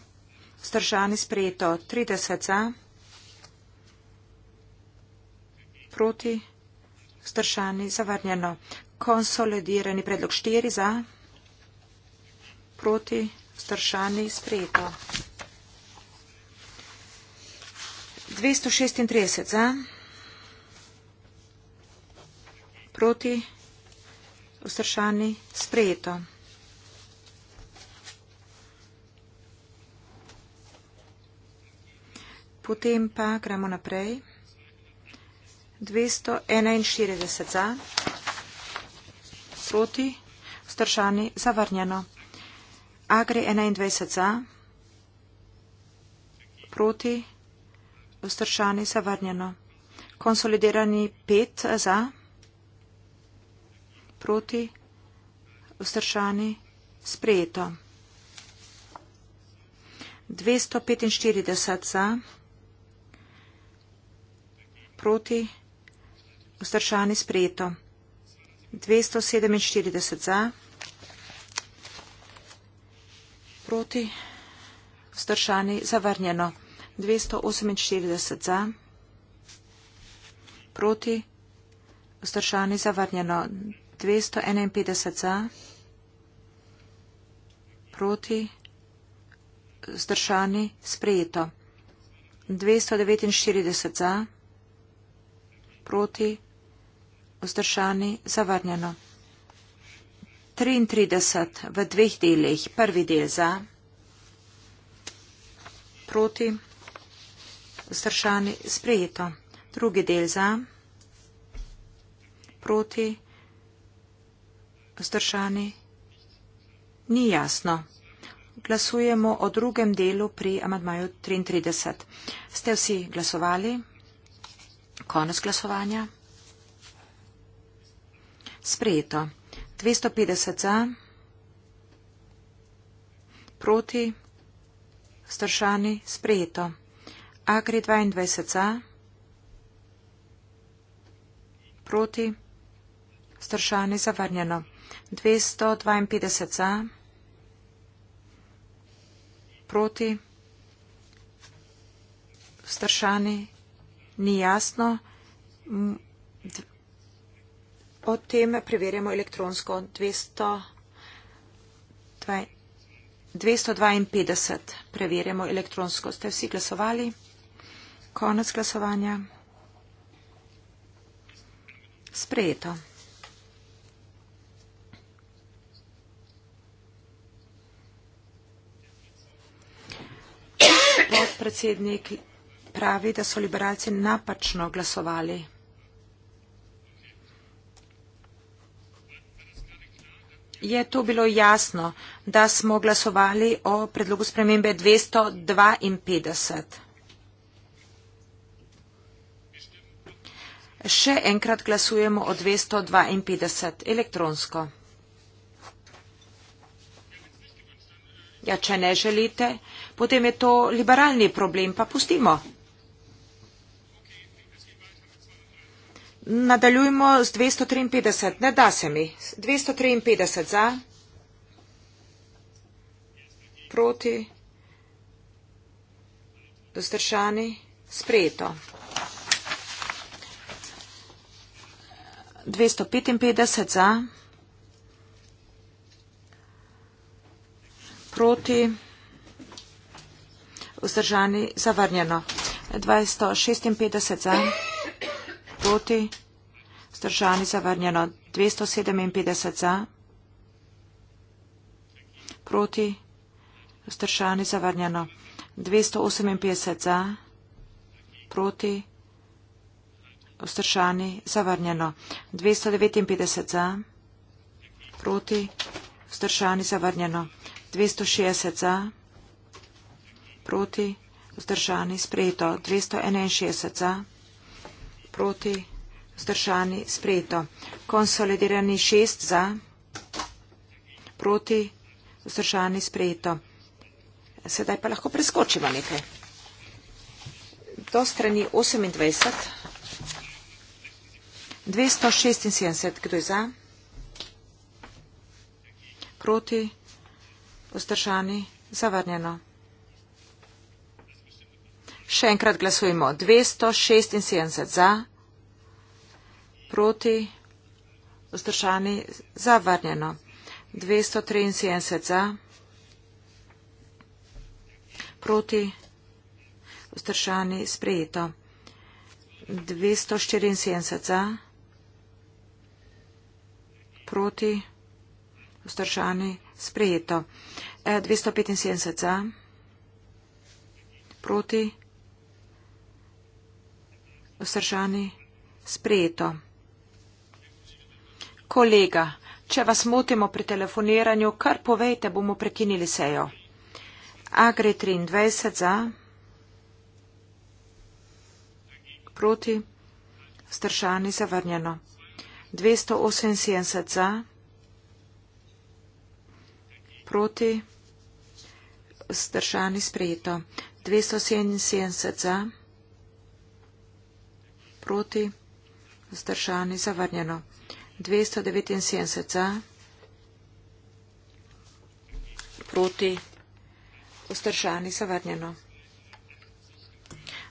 vzdržani sprejeto 30 za, proti, vzdržani zavrnjeno, konsolidirani predlog 4 za, proti, vzdržani sprejeto. 236 za, proti, vzdržani sprejeto. Potem pa gremo naprej. 241 za, proti, vzdržani, zavrnjeno. Agri 21 za, proti, vzdržani, zavrnjeno. Konsolidirani 5 za, proti, vzdržani, sprejeto. 245 za, proti, vzdržani, zavrnjeno proti, vzdržani sprejeto. 247 za, proti, vzdržani zavrnjeno. 248 za, proti, vzdržani zavrnjeno. 251 za, proti, vzdržani sprejeto. 249 za, proti, vzdržani zavrnjeno proti, vzdržani, zavrnjeno. 33 v dveh delih. Prvi del za, proti, vzdržani, sprejeto. Drugi del za, proti, vzdržani, ni jasno. Glasujemo o drugem delu pri amadmaju 33. Ste vsi glasovali? Konec glasovanja. Sprejeto. 250 za, proti, stršani, sprejeto. Agri 22 za, proti, stršani, zavrnjeno. 252 za, proti, stršani, zavrnjeno ni jasno, o tem preverjamo elektronsko 252. Preverjamo elektronsko. Ste vsi glasovali? Konec glasovanja. Sprejeto. Podpredsednik pravi, da so liberalci napačno glasovali. Je to bilo jasno, da smo glasovali o predlogu spremembe 252? Še enkrat glasujemo o 252 elektronsko. Ja, če ne želite, potem je to liberalni problem, pa pustimo. Nadaljujemo z 253. Ne da se mi. 253 za. Proti. Zdržani. Sprejeto. 255 za. Proti. Vzdržani zavrnjeno. 256 za proti, zdržani zavrnjeno 257 za, proti, zdržani zavrnjeno 258 za, proti, vzdržani zavrnjeno 259 za, proti, vzdržani zavrnjeno 260 za, proti, vzdržani sprejeto 261 za proti, vzdržani, sprejeto. Konsolidirani šest za, proti, vzdržani, sprejeto. Sedaj pa lahko preskočimo nekaj. Do strani 28. 276, kdo je za? Proti, vzdržani, zavrnjeno. Še enkrat glasujemo. 276 za, proti, vzdržani, zavrnjeno. 273 za, proti, vzdržani, sprejeto. 274 za, proti, vzdržani, sprejeto. 275 za, proti, vzdržani, sprejeto vzdržani, sprejeto. Kolega, če vas motimo pri telefoniranju, kar povejte, bomo prekinili sejo. Agri 23 za. Proti. Vzdržani, zavrnjeno. 278 za. Proti. Vzdržani, sprejeto. 277 za proti, vzdržani, zavrnjeno. 279 za, proti, vzdržani, zavrnjeno.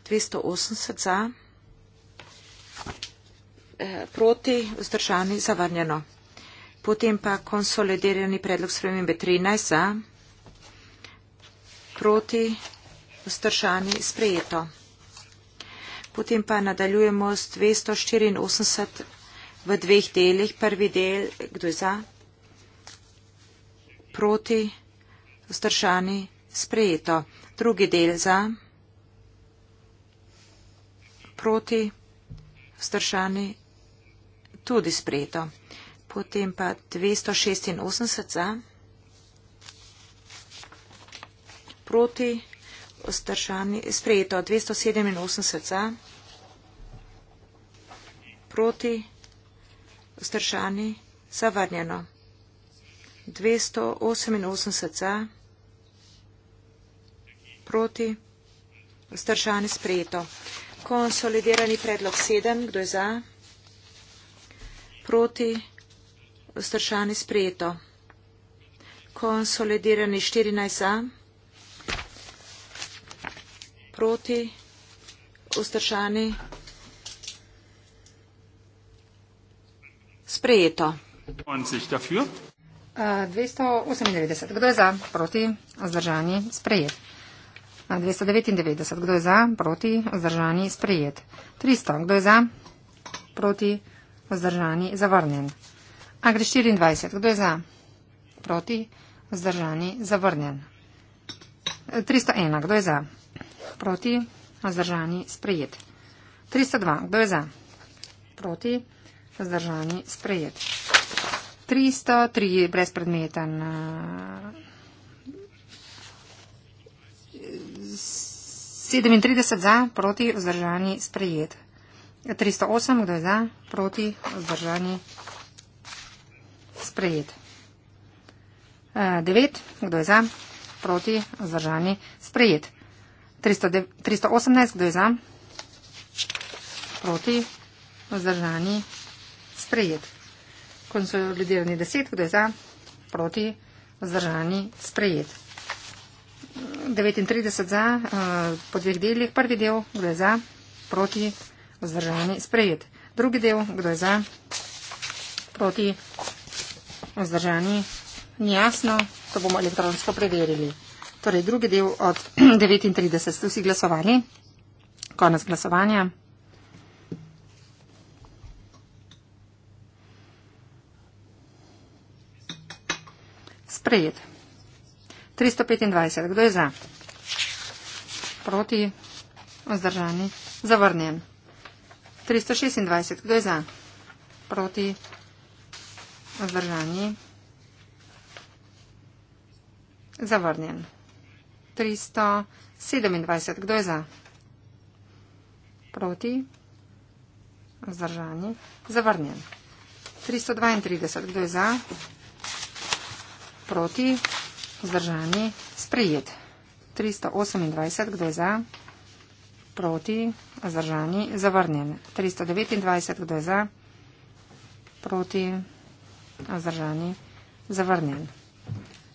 280 za, eh, proti, vzdržani, zavrnjeno. Potem pa konsolidirani predlog spremembe 13 za, proti, vzdržani, sprejeto. Potem pa nadaljujemo s 284 v dveh delih. Prvi del, kdo je za, proti, vzdržani, sprejeto. Drugi del za, proti, vzdržani, tudi sprejeto. Potem pa 286 za, proti, vzdržani. Vzdržani, sprejeto 287 za, proti, vzdržani, zavrnjeno. 288 za, proti, vzdržani, sprejeto. Konsolidirani predlog 7, kdo je za, proti, vzdržani, sprejeto. Konsolidirani 14 za proti, vzdržani. Sprejeto. 298. Kdo je za, proti, vzdržani, sprejet? 299. Kdo je za, proti, vzdržani, sprejet? 300. Kdo je za, proti, vzdržani, zavrnjen? Agri 24. Kdo je za, proti, vzdržani, zavrnjen? 301. E, Kdo je za, Proti. Vzdržani. Sprejet. 302. Kdo je za? Proti. Vzdržani. Sprejet. 303. Brezpredmeten. Uh, eh, 37. Za. Proti. Vzdržani. Sprejet. 308. Kdo je za? Proti. Vzdržani. Sprejet. 9. Uh, eh, kdo je za? Proti. Vzdržani. Sprejet. 318, kdo je za? Proti, vzdržani, sprejet. Konsolidirani 10, kdo je za? Proti, vzdržani, sprejet. 39 za, eh, po dveh delih, prvi del, kdo je za? Proti, vzdržani, sprejet. Drugi del, kdo je za? Proti, vzdržani, njasno, to bomo elektronsko preverili. Torej, drugi del od 39. Ste vsi glasovali? Konec glasovanja. Sprejet. 325. Kdo je za? Proti? Vzdržani? Zavrnjen. 326. Kdo je za? Proti? Vzdržani? Zavrnjen. 327. Kdo je za? Proti? Zdržani? Zavrnjen. 332. Kdo je za? Proti? Zdržani? Sprejet. 328. Kdo je za? Proti? Zdržani? Zavrnjen. 329. Kdo je za? Proti? Zdržani? Zavrnjen.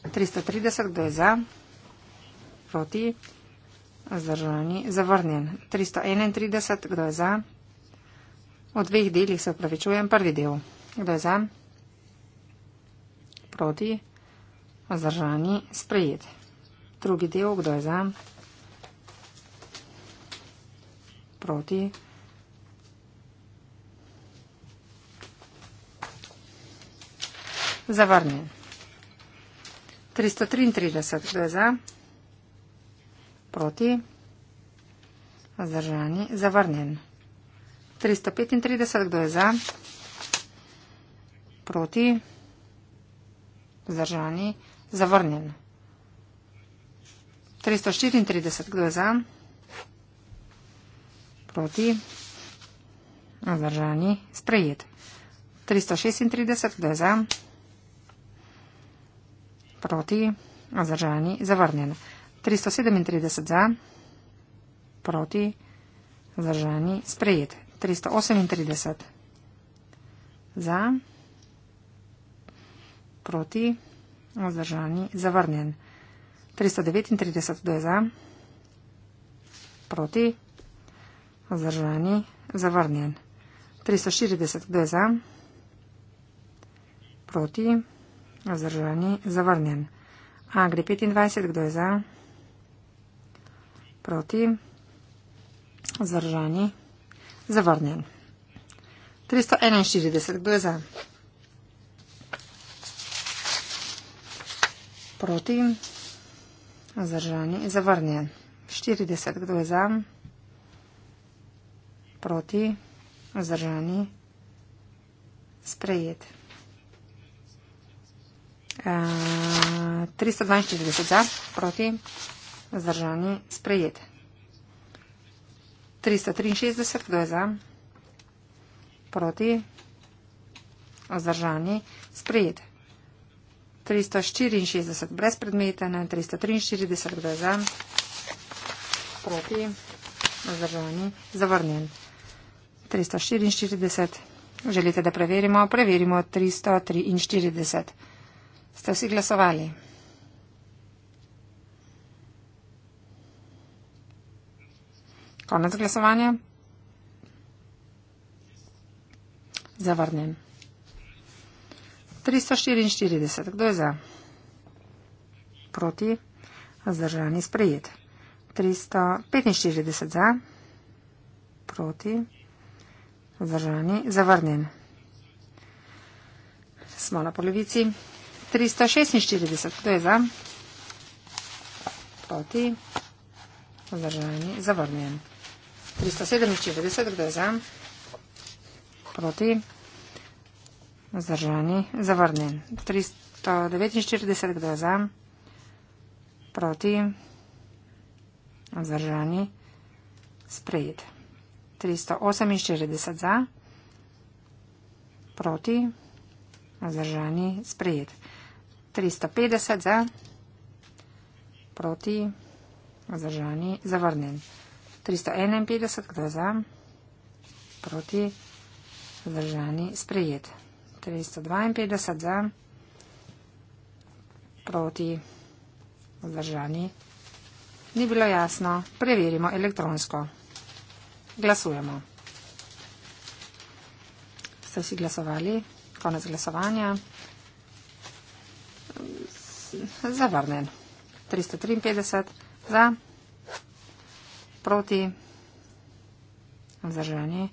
330. Kdo je za? Proti? proti. Zdržani, zavrnjen. 331, kdo je za? O dveh delih se upravičujem. Prvi del. Kdo je za? Proti. Zdržani, sprejet. Drugi del, kdo je za? Proti. Zavrnjen. 333, kdo je za? proti, vzdržani, zavrnjen. 335, kdo je za, proti, vzdržani, zavrnjen. 334, kdo je za, proti, vzdržani, sprejet. 336, kdo je za, proti, vzdržani, zavrnjen. 337 za, proti, zdržani, sprejet. 338 za, proti, zdržani, zavrnjen. 339 do je za, proti, zdržani, zavrnjen. 340 do je za, proti, zdržani, zavrnjen. A gre 25, kdo je za? Proti. Zdržani. Zavrnjen. 341. Kdo je za? Proti. Zdržani. Zavrnjen. 40. Kdo je za? Proti. Zdržani. Sprejet. 342. Eh, za. Proti. Proti. Zdržani sprejet. 363, kdo je za? Proti. Zdržani sprejet. 364, brezpredmeten. 343, kdo je za? Proti. Zdržani zavrnjen. 344, želite, da preverimo? Preverimo 343. Ste vsi glasovali? Konec glasovanja. Zavrnjen. 344. Kdo je za? Proti. Zdržani sprejet. 345 za. Proti. Zdržani zavrnjen. Smo na polovici. 346. Kdo je za? Proti. Zdržani zavrnjen. 347, kdo je za? Proti? Zdržani? Zavrnen. 349, kdo je za? Proti? Zdržani? Sprejet. 348 za? Proti? Zdržani? Sprejet. 350 za? Proti? Zdržani? Zavrnen. 351, kdo je za? Proti. Zdržani sprejet. 352 za. Proti. Zdržani. Ni bilo jasno. Preverimo elektronsko. Glasujemo. Ste vsi glasovali? Konec glasovanja. Zavrnen. 353 za proti. Vzdržanje.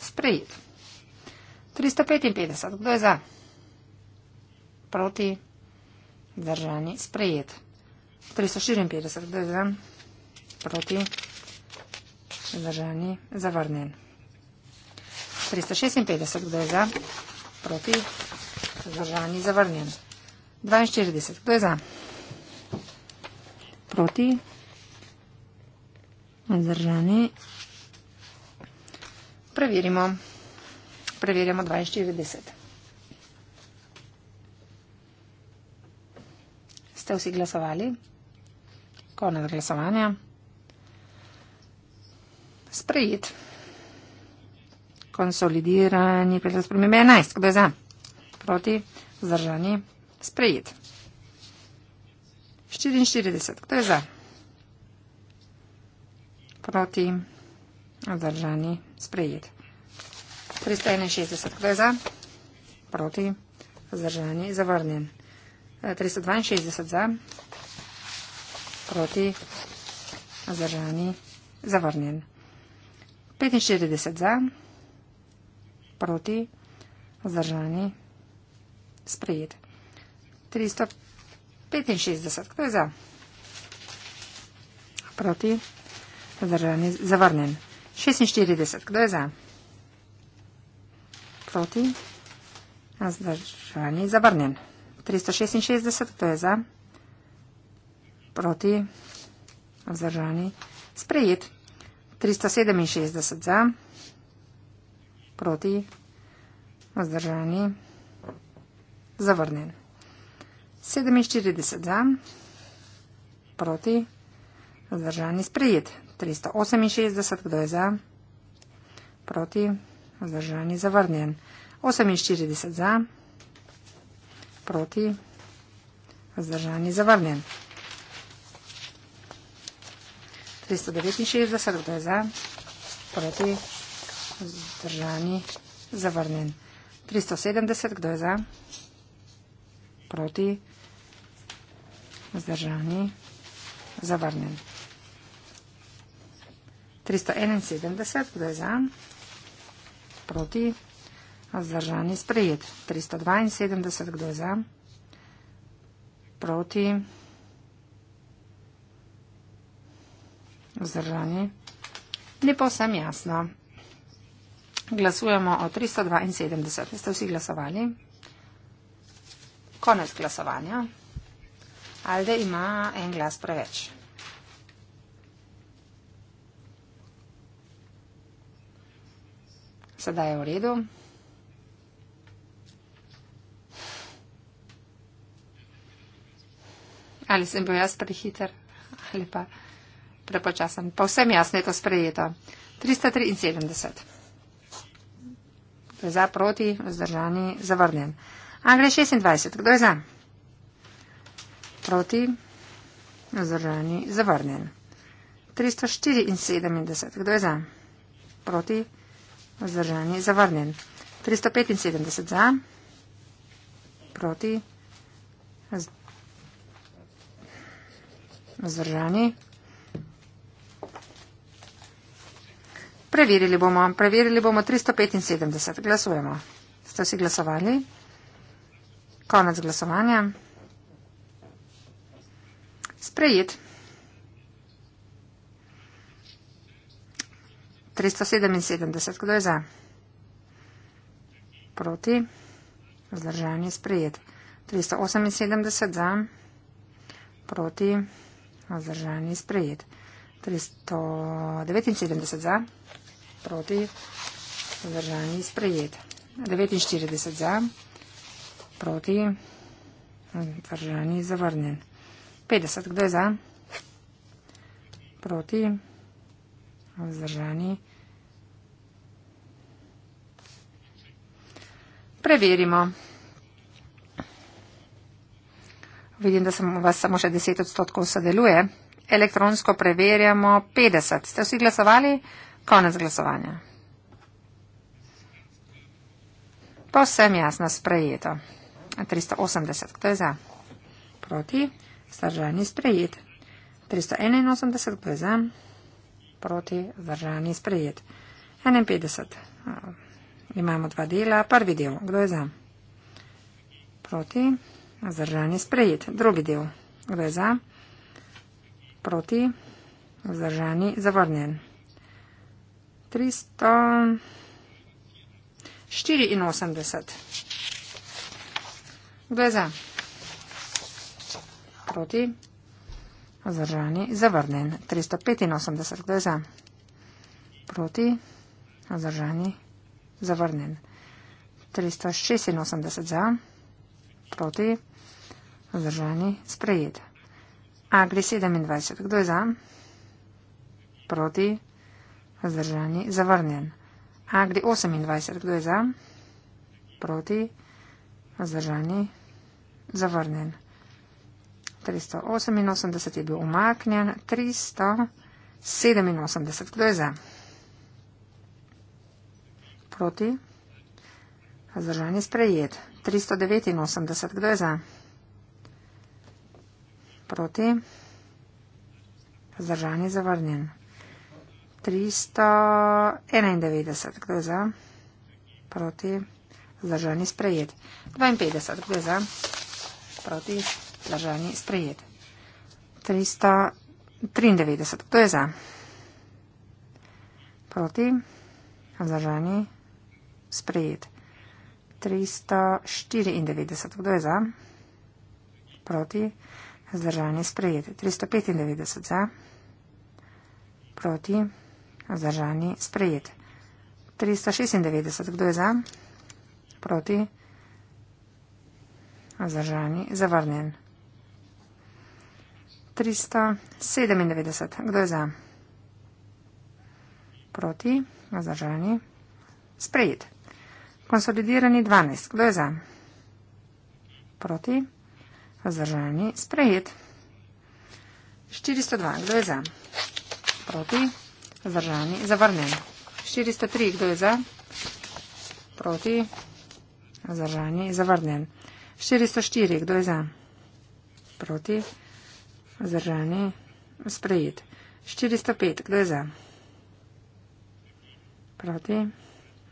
Sprejet. 355. Kdo je za? Proti. Vzdržanje. Sprejet. 354. Kdo je za? Proti. Vzdržanje. Zavrnen. 356. Kdo je za? Proti. Vzdržanje. Zavrnen. 42. Kdo je za? Proti. Vzdržanje. Zdržani. Preverimo. Preverjamo 42. Ste vsi glasovali? Konec glasovanja. Sprejet. Konsolidirani predlog spremembe 11. Kdo je za? Proti. Zdržani. Sprejet. 44. Kdo je za? proti, vzdržani, sprejet. 361 kdo je za, proti, vzdržani, zavrnjen. 362 za, proti, vzdržani, zavrnjen. 45 za, proti, vzdržani, sprejet. 365 kdo je za, proti, vzdržani, sprejet. Zdržanje zavrnjen. 46. Kdo je za? Proti. Zdržanje zavrnjen. 366. Kdo je za? Proti. Zdržanje sprejet. 367 za. Proti. Zdržanje zavrnjen. 47 za. Proti. Zdržanje sprejet. 368, kdo je za? Proti, vzdržani, zavrnjen. 48 za, proti, vzdržani, zavrnjen. 369, kdo je za? Proti, vzdržani, zavrnjen. 370, kdo je za? Proti, vzdržani, zavrnjen. 371. 371, kdo je za? Proti. Zdržan je sprejet. 372, kdo je za? Proti. Vzdržani. Ni posem jasno. Glasujemo o 372. Ste vsi glasovali? Konec glasovanja. Alde ima en glas preveč. Sedaj je v redu. Ali sem bil jaz prehiter ali pa prepočasen. Pa vsem jasno je to sprejeto. 373. Kdo je za, proti, vzdržani, zavrnjen. Angre 26. Kdo je za? Proti, vzdržani, zavrnjen. 374. Kdo je za? Proti, vzdržani, zavrnjen. Vzdržan je zavrnjen. 375 za, proti, vzdržani. Preverili bomo, preverili bomo 375. Glasujemo. Ste vsi glasovali? Konec glasovanja. Sprejet. 377, kdo je za? Proti. Vzdržanje je sprejet. 378 za. Proti. Vzdržanje je sprejet. 379 za. Proti. Vzdržanje je sprejet. 49 za. Proti. Vzdržanje je zavrnen. 50, kdo je za? Proti. Vzdržanje je zavrnen. Preverimo. Vidim, da sem vas samo še 10 odstotkov sodeluje. Elektronsko preverjamo 50. Ste vsi glasovali? Konec glasovanja. Povsem jasno sprejeto. 380. Kdo je za? Proti. Zdržani sprejet. 381. Kdo je za? Proti. Zdržani sprejet. 51. Imamo dva dela. Prvi del. Kdo je za? Proti. Vzdržan je sprejet. Drugi del. Kdo je za? Proti. Vzdržan je zavrnjen. 384. Kdo je za? Proti. Vzdržan je zavrnjen. 385. Kdo je za? Proti. Vzdržan je zavrnjen zavrnjen. 386 za, proti, vzdržani, sprejet. Agri 27, kdo je za? Proti, vzdržani, zavrnjen. Agri 28, kdo je za? Proti, vzdržani, zavrnjen. 388 je bil umaknjen, 387, kdo je za? proti? Zdržan je sprejet. 389, kdo je za? Proti? Zdržan je zavrnjen. 391, kdo je za? Proti? Zdržan je sprejet. 52, kdo je za? Proti? Zdržan je sprejet. 393, kdo je za? Proti? Zdržan je sprejet sprejet. 394, kdo je za? Proti. Zdržan je sprejet. 395 za. Proti. Zdržan je sprejet. 396, kdo je za? Proti. Zdržan je zavrnjen. 397, kdo je za? Proti. Zdržan je sprejet. Konsolidirani 12. Kdo je za? Proti? Zdržani? Sprejet. 402. Kdo je za? Proti? Zdržani? Zavrnen. 403. Kdo je za? Proti? Zdržani? Zavrnen. 404. Kdo je za? Proti? Zdržani? Sprejet. 405. Kdo je za? Proti?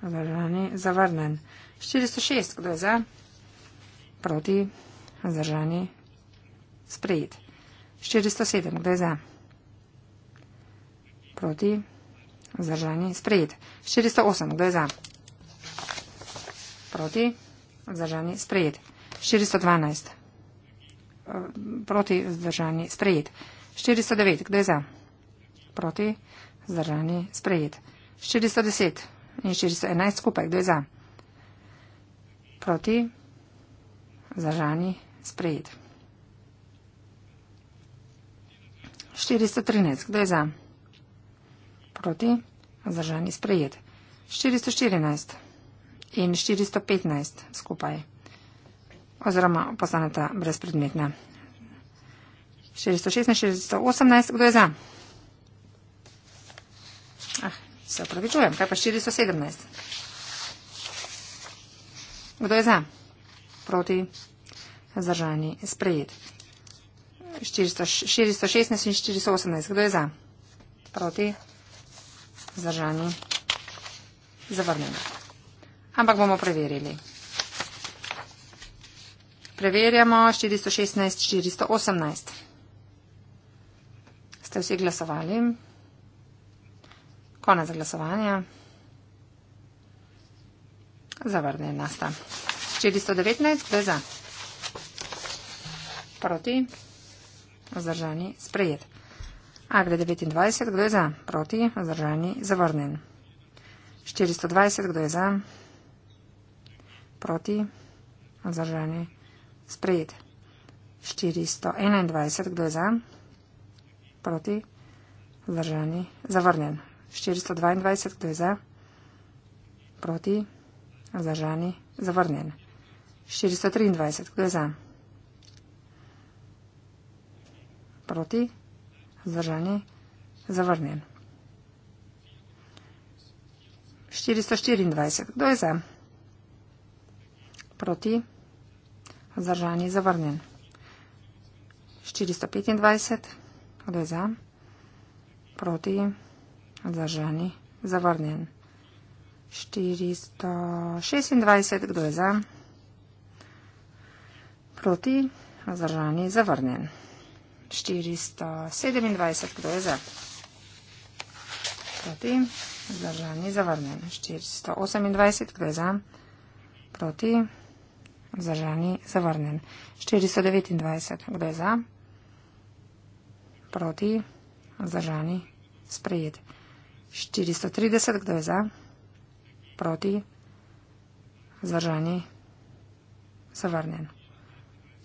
Zdržani, zavrnen. 406, kdo je za? Proti, zdržani, sprejet. 407, kdo je za? Proti, zdržani, sprejet. 408, kdo je za? Proti, zdržani, sprejet. 412, eh, proti, zdržani, sprejet. 409, kdo je za? Proti, zdržani, sprejet. 410, in 411 skupaj, kdo je za? Proti? Zažani, sprejet. 413, kdo je za? Proti? Zažani, sprejet. 414 in 415 skupaj, oziroma postaneta brezpredmetna. 416, 418, kdo je za? Se opravičujem, kaj pa 417? Kdo je za? Proti zdržani sprejet. 416 in 418. Kdo je za? Proti zdržani zavrnen. Ampak bomo preverili. Preverjamo 416, 418. Ste vsi glasovali? 416. Konec glasovanja. Zavrnjena sta. 419, kdo je za? Proti. Vzdržani, sprejet. Agre 29, kdo je za? Proti. Vzdržani, zavrnjen. 420, kdo je za? Proti. Vzdržani, sprejet. 421, kdo je za? Proti. Vzdržani, zavrnjen. 422, kdo je za? Proti? Zdržani? Zavrnjen. 423, kdo je za? Proti? Zdržani? Zavrnjen. 424, kdo je za? Proti? Zdržani? Zavrnjen. 425, kdo je za? Proti? Zdržani? Zavrnjen. 425, kdo je za? Proti? Zdržani. Zavrnjen. 426. Kdo je za? Proti. Zdržani. Zavrnjen. 427. Kdo je za? Proti. Zdržani. Zavrnjen. 428. Kdo je za? Proti. Zdržani. Zavrnjen. 429. Kdo je za? Proti. Zdržani. Sprejeti. 430, kdo je za? Proti? Zdržani? Zavrnjen.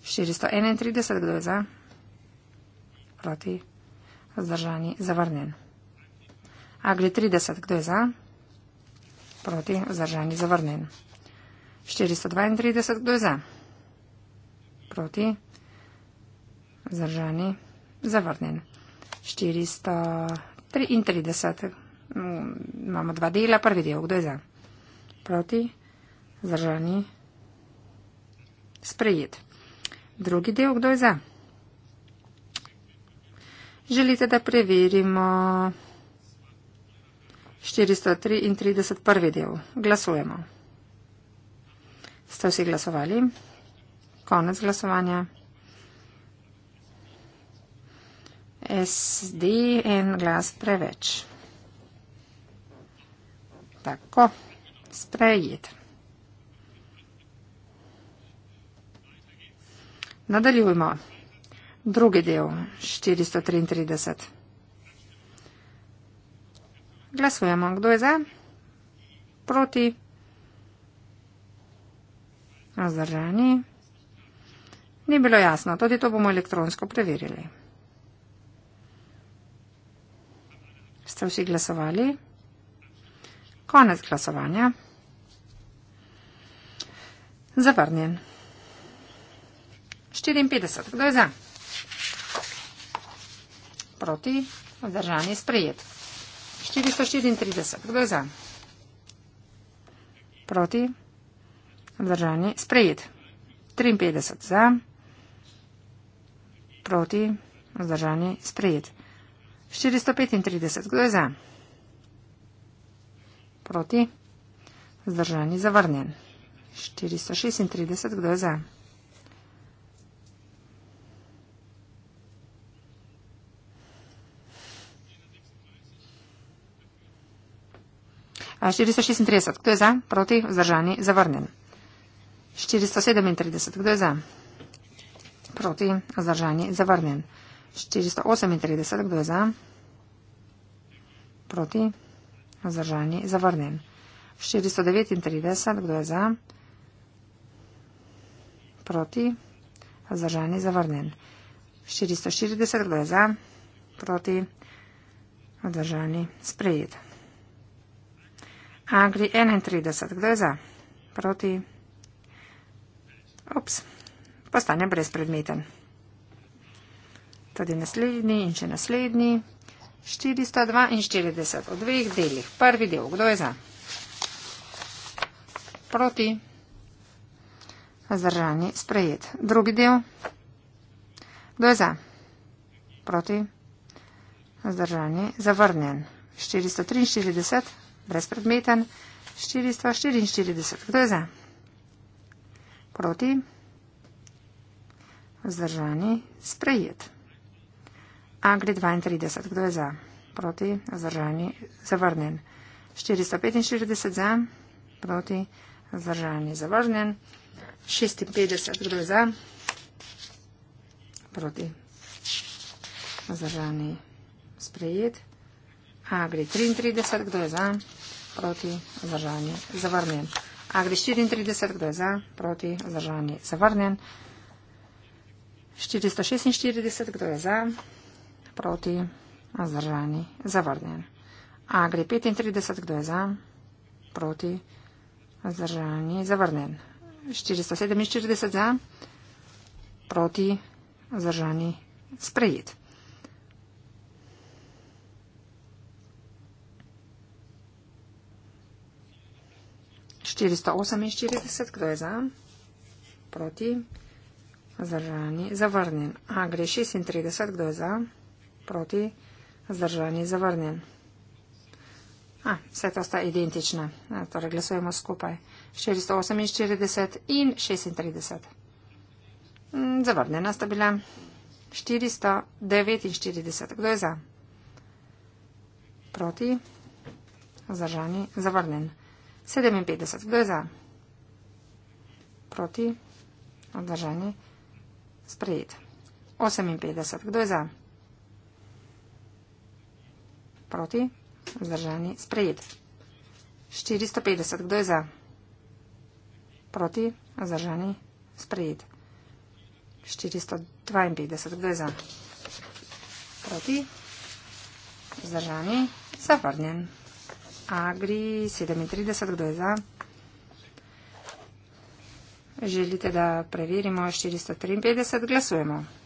431, kdo je za? Proti? Zdržani? Zavrnjen. Agli 30, kdo je za? Proti? Zdržani? Zavrnjen. 432, kdo je za? Proti? Zdržani? Zavrnjen. 433, kdo je za? Mm, imamo dva dela, prvi del, kdo je za? Proti, zdržani, sprejet. Drugi del, kdo je za? Želite, da preverimo 433 prvi del. Glasujemo. Ste vsi glasovali? Konec glasovanja. SD en glas preveč. Tako, sprejet. Nadaljujmo. Drugi del, 433. Glasujemo, kdo je za? Proti? Zdržani? Ni bilo jasno, tudi to bomo elektronsko preverili. Ste vsi glasovali? Konec glasovanja. Zavrnjen. 54. Kdo je za? Proti. Vzdržan je sprejet. 434. Kdo je za? Proti. Vzdržan je sprejet. 53 za. Proti. Vzdržan je sprejet. 435. Kdo je za? proti. Zdržan je zavrnjen. 436, kdo je za? A 436, kdo je za? Proti, vzdržani, zavrnjen. 437, kdo je za? Proti, vzdržani, zavrnjen. 438, kdo je za? Proti, vzdržani, zavrnjen. 439, kdo je za? Proti, vzdržani, zavrnjen. 440, kdo je za? Proti, vzdržani, sprejet. Agri 31, kdo je za? Proti. Ups, postane brezpredmeten. Tudi naslednji in še naslednji. 442 v dveh delih. Prvi del, kdo je za? Proti. Zdržani, sprejet. Drugi del, kdo je za? Proti. Zdržani, zavrnjen. 443, brezpredmeten. 444, kdo je za? Proti. Vzdržani sprejet. Angli 32. Kdo je za? Proti, zdržani, zavrnjen. 445 za, proti, zdržani, zavrnjen. 56. Kdo je za? Proti, zdržani, sprejet. Agri 33. Kdo je za? Proti, zdržani, zavrnjen. Agri 34. Kdo je za? Proti, zdržani, zavrnjen. 446. Kdo je za? Proti, zdržani, zavrnjen proti, vzdržani, zavrnjen. A gre 35, kdo je za, proti, vzdržani, zavrnjen. 447 za, proti, vzdržani, sprejet. Štiristo oseminštirideset, kdo je za? Proti? Zdržani? Zavrnjen. A gre šestintrideset, kdo je za? proti, zdržan je zavrnjen. A, vse to sta identična, A, torej glasujemo skupaj. 448 in 36. Mm, zavrnjena sta bila. 449. Kdo je za? Proti, zdržan je zavrnjen. 57. Kdo je za? Proti, zdržan je sprejet. 58. Kdo je za? Proti. Zdržani. Sprejet. 450. Kdo je za? Proti. Zdržani. Sprejet. 452. Kdo je za? Proti. Zdržani. Zavrnjen. Agri. 37. Kdo je za? Želite, da preverimo 453. Glasujemo. 453.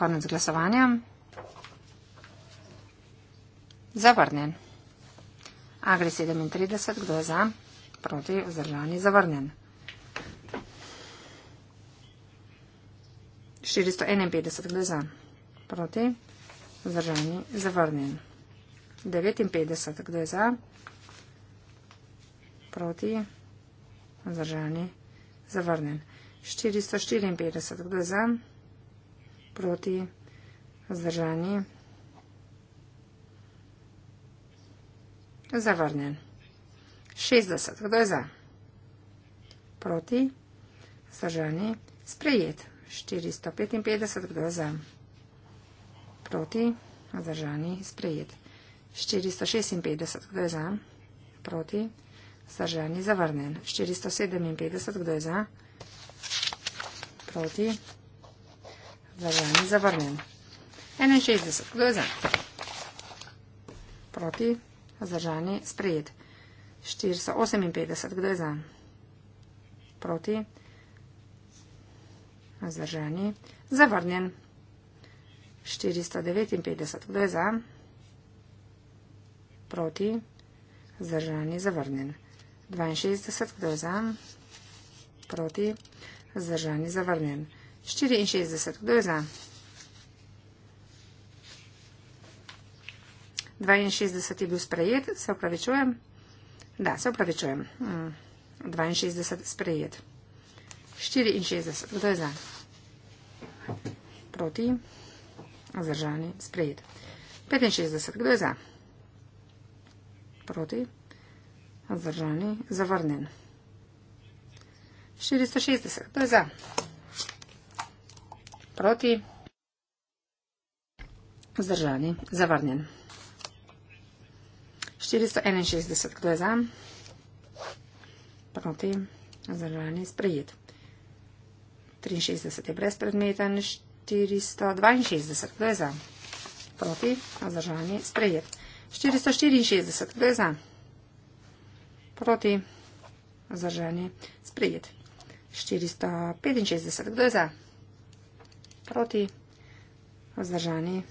konec glasovanja. Zavrnjen. Agri 37, kdo je za? Proti vzdržani zavrnjen. 451, kdo je za? Proti vzdržani zavrnjen. 59, kdo je za? Proti vzdržani zavrnjen. 454, kdo je za? Proti vzdržani zavrnjen proti zdržanji. Zavrnjen. 60. Kdo je za? Proti. Zdržani. Sprejet. 455. Kdo je za? Proti. Zdržani. Sprejet. 456. Kdo je za? Proti. Zdržani. Zavrnjen. 457. Kdo je za? Proti. Zdržani. Zavrnjen, zavrnjen. 61, kdo je za? Proti, zdržani, sprejet. 458, kdo je za? Proti, zdržani, zavrnjen. 459, kdo je za? Proti, zdržani, zavrnjen. 62, kdo je za? Proti, zdržani, zavrnjen. 63, kdo je za? 64, kdo je za? 62 je bil sprejet, se upravičujem. Da, se upravičujem. 62 hmm. sprejet. 64, kdo je za? Proti, zdržani, sprejet. 65, kdo je za? Proti, zdržani, zavrnen. 460, kdo je za? proti. Zdržani, zavrnjen. 461, kdo je za? Proti, zdržani, sprejet. 63 je brezpredmeten, 462, kdo je za? Proti, zdržani, sprejet. 464, kdo je za? Proti, zdržani, sprejet. 465, kdo je za? proti, vzdržani,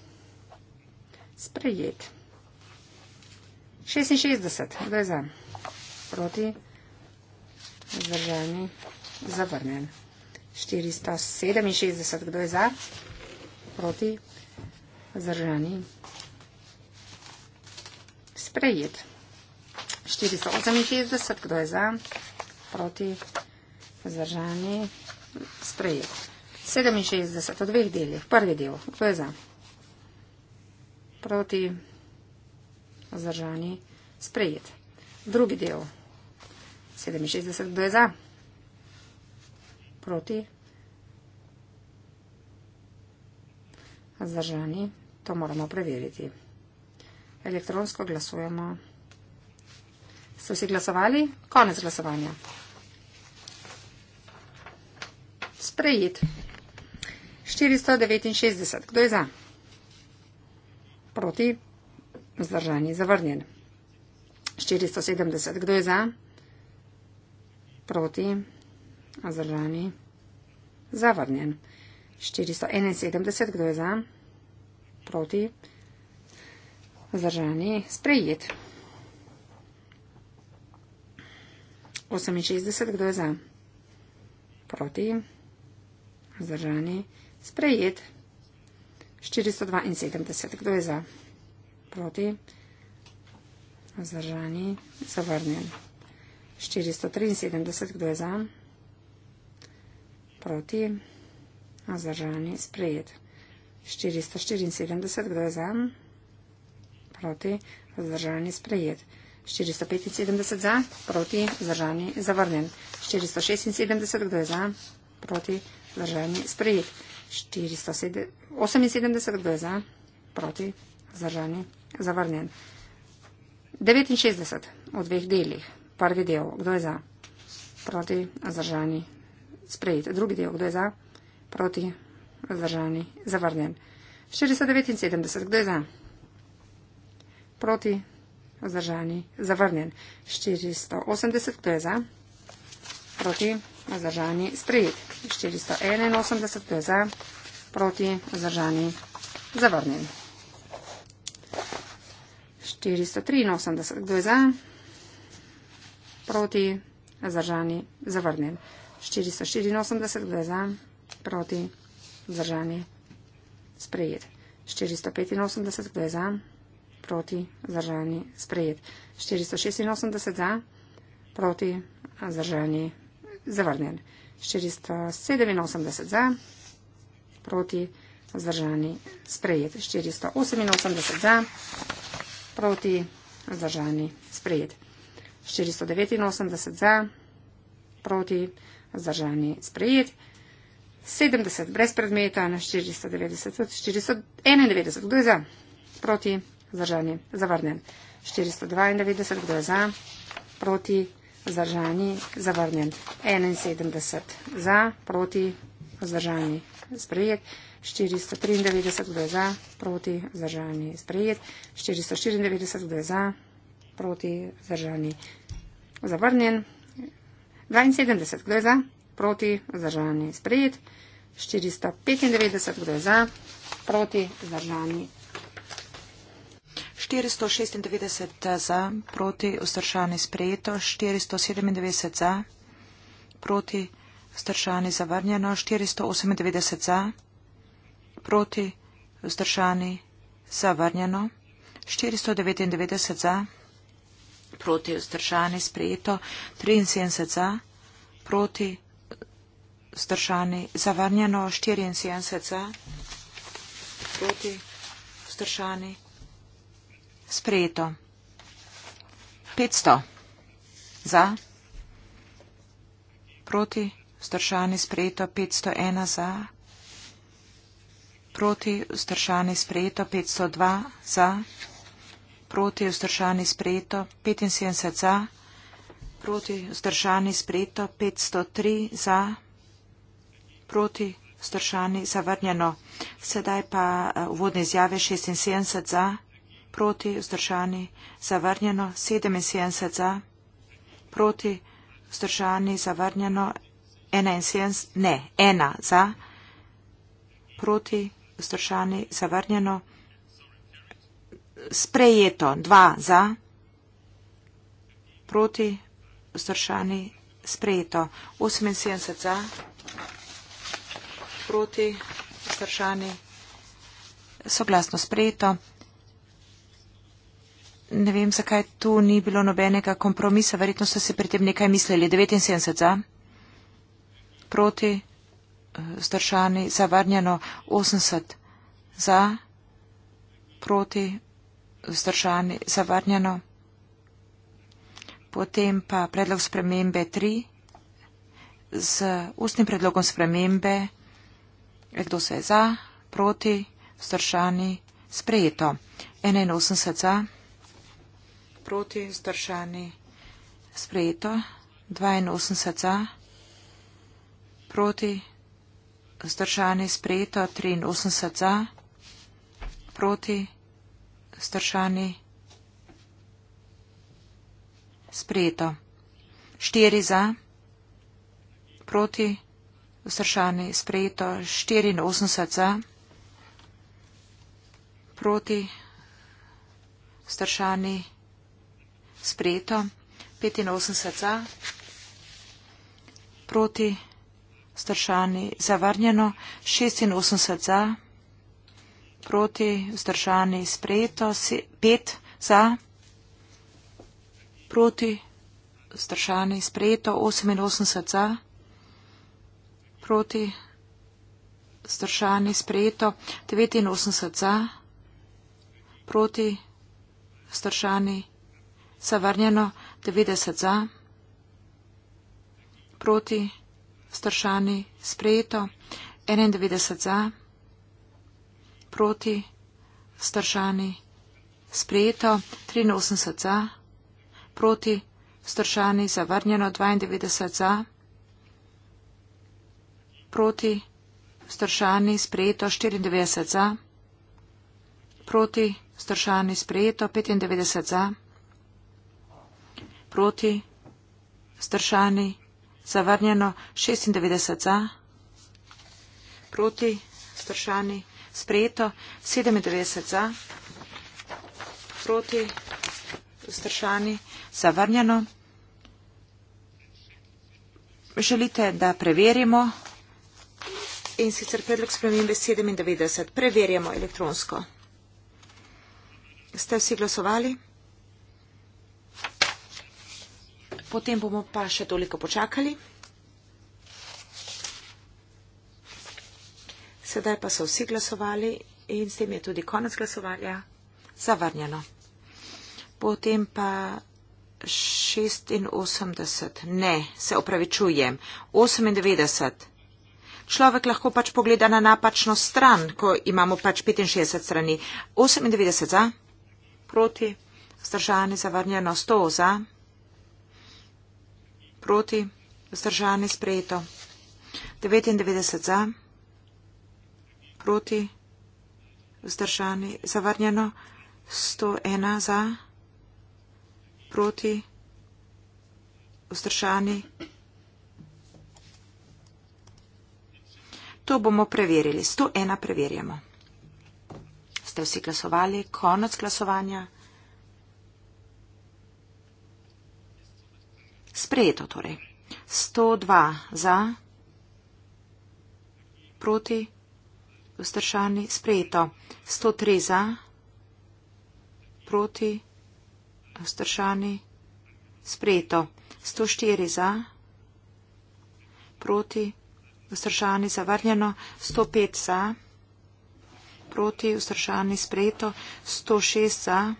sprejet. 66, kdo je za, proti, vzdržani, zavrnen. 467, kdo je za, proti, vzdržani, sprejet. 468, kdo je za, proti, vzdržani, sprejet. 67, v dveh delih. Prvi del, to je za proti zdržani sprejet. Drugi del, 67, kdo je za proti zdržani, to moramo preveriti. Elektronsko glasujemo. Ste vsi glasovali? Konec glasovanja. Sprejet. 469. Kdo je za? Proti. Zdržani. Zavrnjen. 470. Kdo je za? Proti. Zdržani. Zavrnjen. 471. Kdo je za? Proti. Zdržani. Sprejet. 68. Kdo je za? Proti. Zdržani. Sprejet. 472. Kdo je za? Proti. Zdržani. Zavrnjen. 473. Kdo je za? Proti. Zdržani. Sprejet. 474. Kdo je za? Proti. Zdržani. Sprejet. 475 za, proti, zdržani, zavrnen. 476 kdo je za, proti, zdržani, sprejet. 478. 478 gre za, proti, zdržani, zavrnjen. 69 v dveh delih, prvi del, kdo je za, proti, zdržani, sprejet. Drugi del, kdo je za, proti, zdržani, zavrnjen. 479, kdo je za, proti, zdržani, zavrnjen. 480, kdo je za, proti, zdržani vzdržani sprejet. 481, to je za, proti, vzdržani zavrnjen. 483, kdo je za, proti, vzdržani zavrnjen. 484, kdo je za, proti, vzdržani sprejet. 485, kdo je za, proti, vzdržani sprejet. 486, za, proti, vzdržani sprejet zavrnjen. 487 za, proti vzdržani sprejet. 488 za, proti vzdržani sprejet. 489 za, proti vzdržani sprejet. 70 brez predmeta, 490, 491, kdo je za, proti vzdržani zavrnjen. 492, kdo je za, proti vzdržani vzdržani, zavrnjen. 71 za, proti, vzdržani, sprejet. 493, kdo je za, proti, vzdržani, sprejet. 494, kdo je za, proti, vzdržani, zavrnjen. 72, kdo je za, proti, vzdržani, sprejet. 495, kdo je za, proti, vzdržani, sprejet. 496 za, proti vzdržani sprejeto, 497 za, proti vzdržani zavrnjeno, 498 za, proti vzdržani zavrnjeno, 499 za, proti vzdržani sprejeto, 73 za, proti vzdržani zavrnjeno, 74 za, proti vzdržani zavrnjeno. Sprejeto. 500. Za. Proti. Vzdržani sprejeto. 501 za. Proti. Vzdržani sprejeto. 502 za. Proti. Vzdržani sprejeto. 75 za. Proti. Vzdržani sprejeto. 503 za. Proti. Vzdržani zavrnjeno. Sedaj pa eh, uvodne izjave 76 za proti vzdržani, zavrnjeno 77 za, proti vzdržani, zavrnjeno 71, ne, 1 za, proti vzdržani, zavrnjeno sprejeto 2 za, proti vzdržani, sprejeto 78 za, proti vzdržani, soglasno sprejeto. Ne vem, zakaj tu ni bilo nobenega kompromisa. Verjetno ste se pri tem nekaj mislili. 79 za, proti, eh, zdržani, zavrnjeno, 80 za, proti, zdržani, zavrnjeno. Potem pa predlog spremembe 3 z ustnim predlogom spremembe. Kdo se je za, proti, zdržani, sprejeto. 81 za proti, zdržani. Sprejeto. 82 za, proti, zdržani. Sprejeto. 83 za, proti, zdržani. Sprejeto. 4 za, proti, zdržani. Sprejeto. 84 za, proti, zdržani. Sprejeto sprejeto 85 za, proti vzdržani zavrnjeno 86 za, proti vzdržani sprejeto 5 za, proti vzdržani sprejeto 88 za, proti vzdržani sprejeto 89 za, proti vzdržani sprejeto zavrnjeno 90 za, proti vstršani sprejeto 91 za, proti vstršani sprejeto 83 za, proti vstršani zavrnjeno 92 za, proti vstršani sprejeto 94 za, proti vstršani sprejeto 95 za proti, vzdržani, zavrnjeno 96 za, proti, vzdržani, sprejeto 97 za, proti, vzdržani, zavrnjeno. Želite, da preverimo in sicer predlog spremembe 97. Preverjamo elektronsko. Ste vsi glasovali? Potem bomo pa še toliko počakali. Sedaj pa so vsi glasovali in s tem je tudi konec glasovanja zavrnjeno. Potem pa 86, ne, se opravičujem, 98. Človek lahko pač pogleda na napačno stran, ko imamo pač 65 strani. 98 za, proti, zdržani, zavrnjeno, 100 za proti, vzdržani sprejeto. 99 za, proti, vzdržani, zavrnjeno. 101 za, proti, vzdržani. To bomo preverili. 101 preverjamo. Ste vsi glasovali? Konec glasovanja. Sprejeto torej. 102 za, proti, vzdržani, sprejeto. 103 za, proti, vzdržani, sprejeto. 104 za, proti, vzdržani, zavrnjeno. 105 za, proti, vzdržani, sprejeto. 106 za,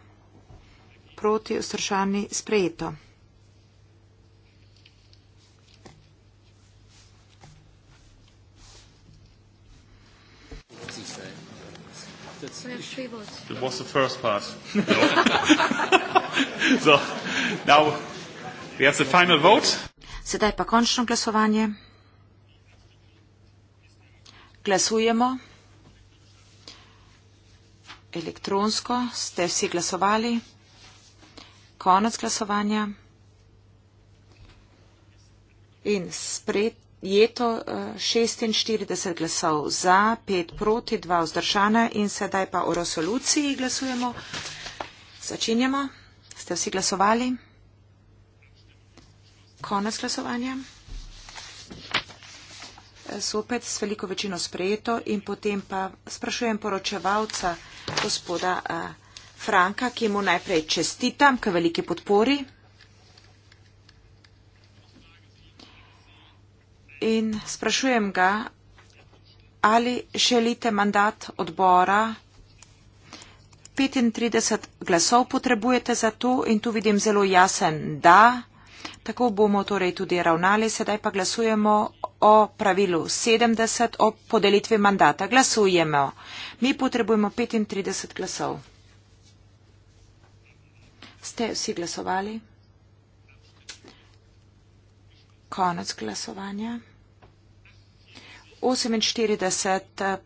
proti, vzdržani, sprejeto. we have three votes. It was the first part. so, now we have the final vote. Sedaj pa končno glasovanje. Glasujemo. Elektronsko ste vsi glasovali. Konec glasovanja. In spred Jeto 46 eh, glasov za, 5 proti, 2 vzdržana in sedaj pa o resoluciji glasujemo. Začenjamo. Ste vsi glasovali? Konec glasovanja. Sopet eh, s veliko večino sprejeto in potem pa sprašujem poročevalca gospoda eh, Franka, ki mu najprej čestitam k veliki podpori. in sprašujem ga, ali želite mandat odbora. 35 glasov potrebujete za to in tu vidim zelo jasen da. Tako bomo torej tudi ravnali. Sedaj pa glasujemo o pravilu 70 o podelitvi mandata. Glasujemo. Mi potrebujemo 35 glasov. Ste vsi glasovali? Konec glasovanja. 48 eh,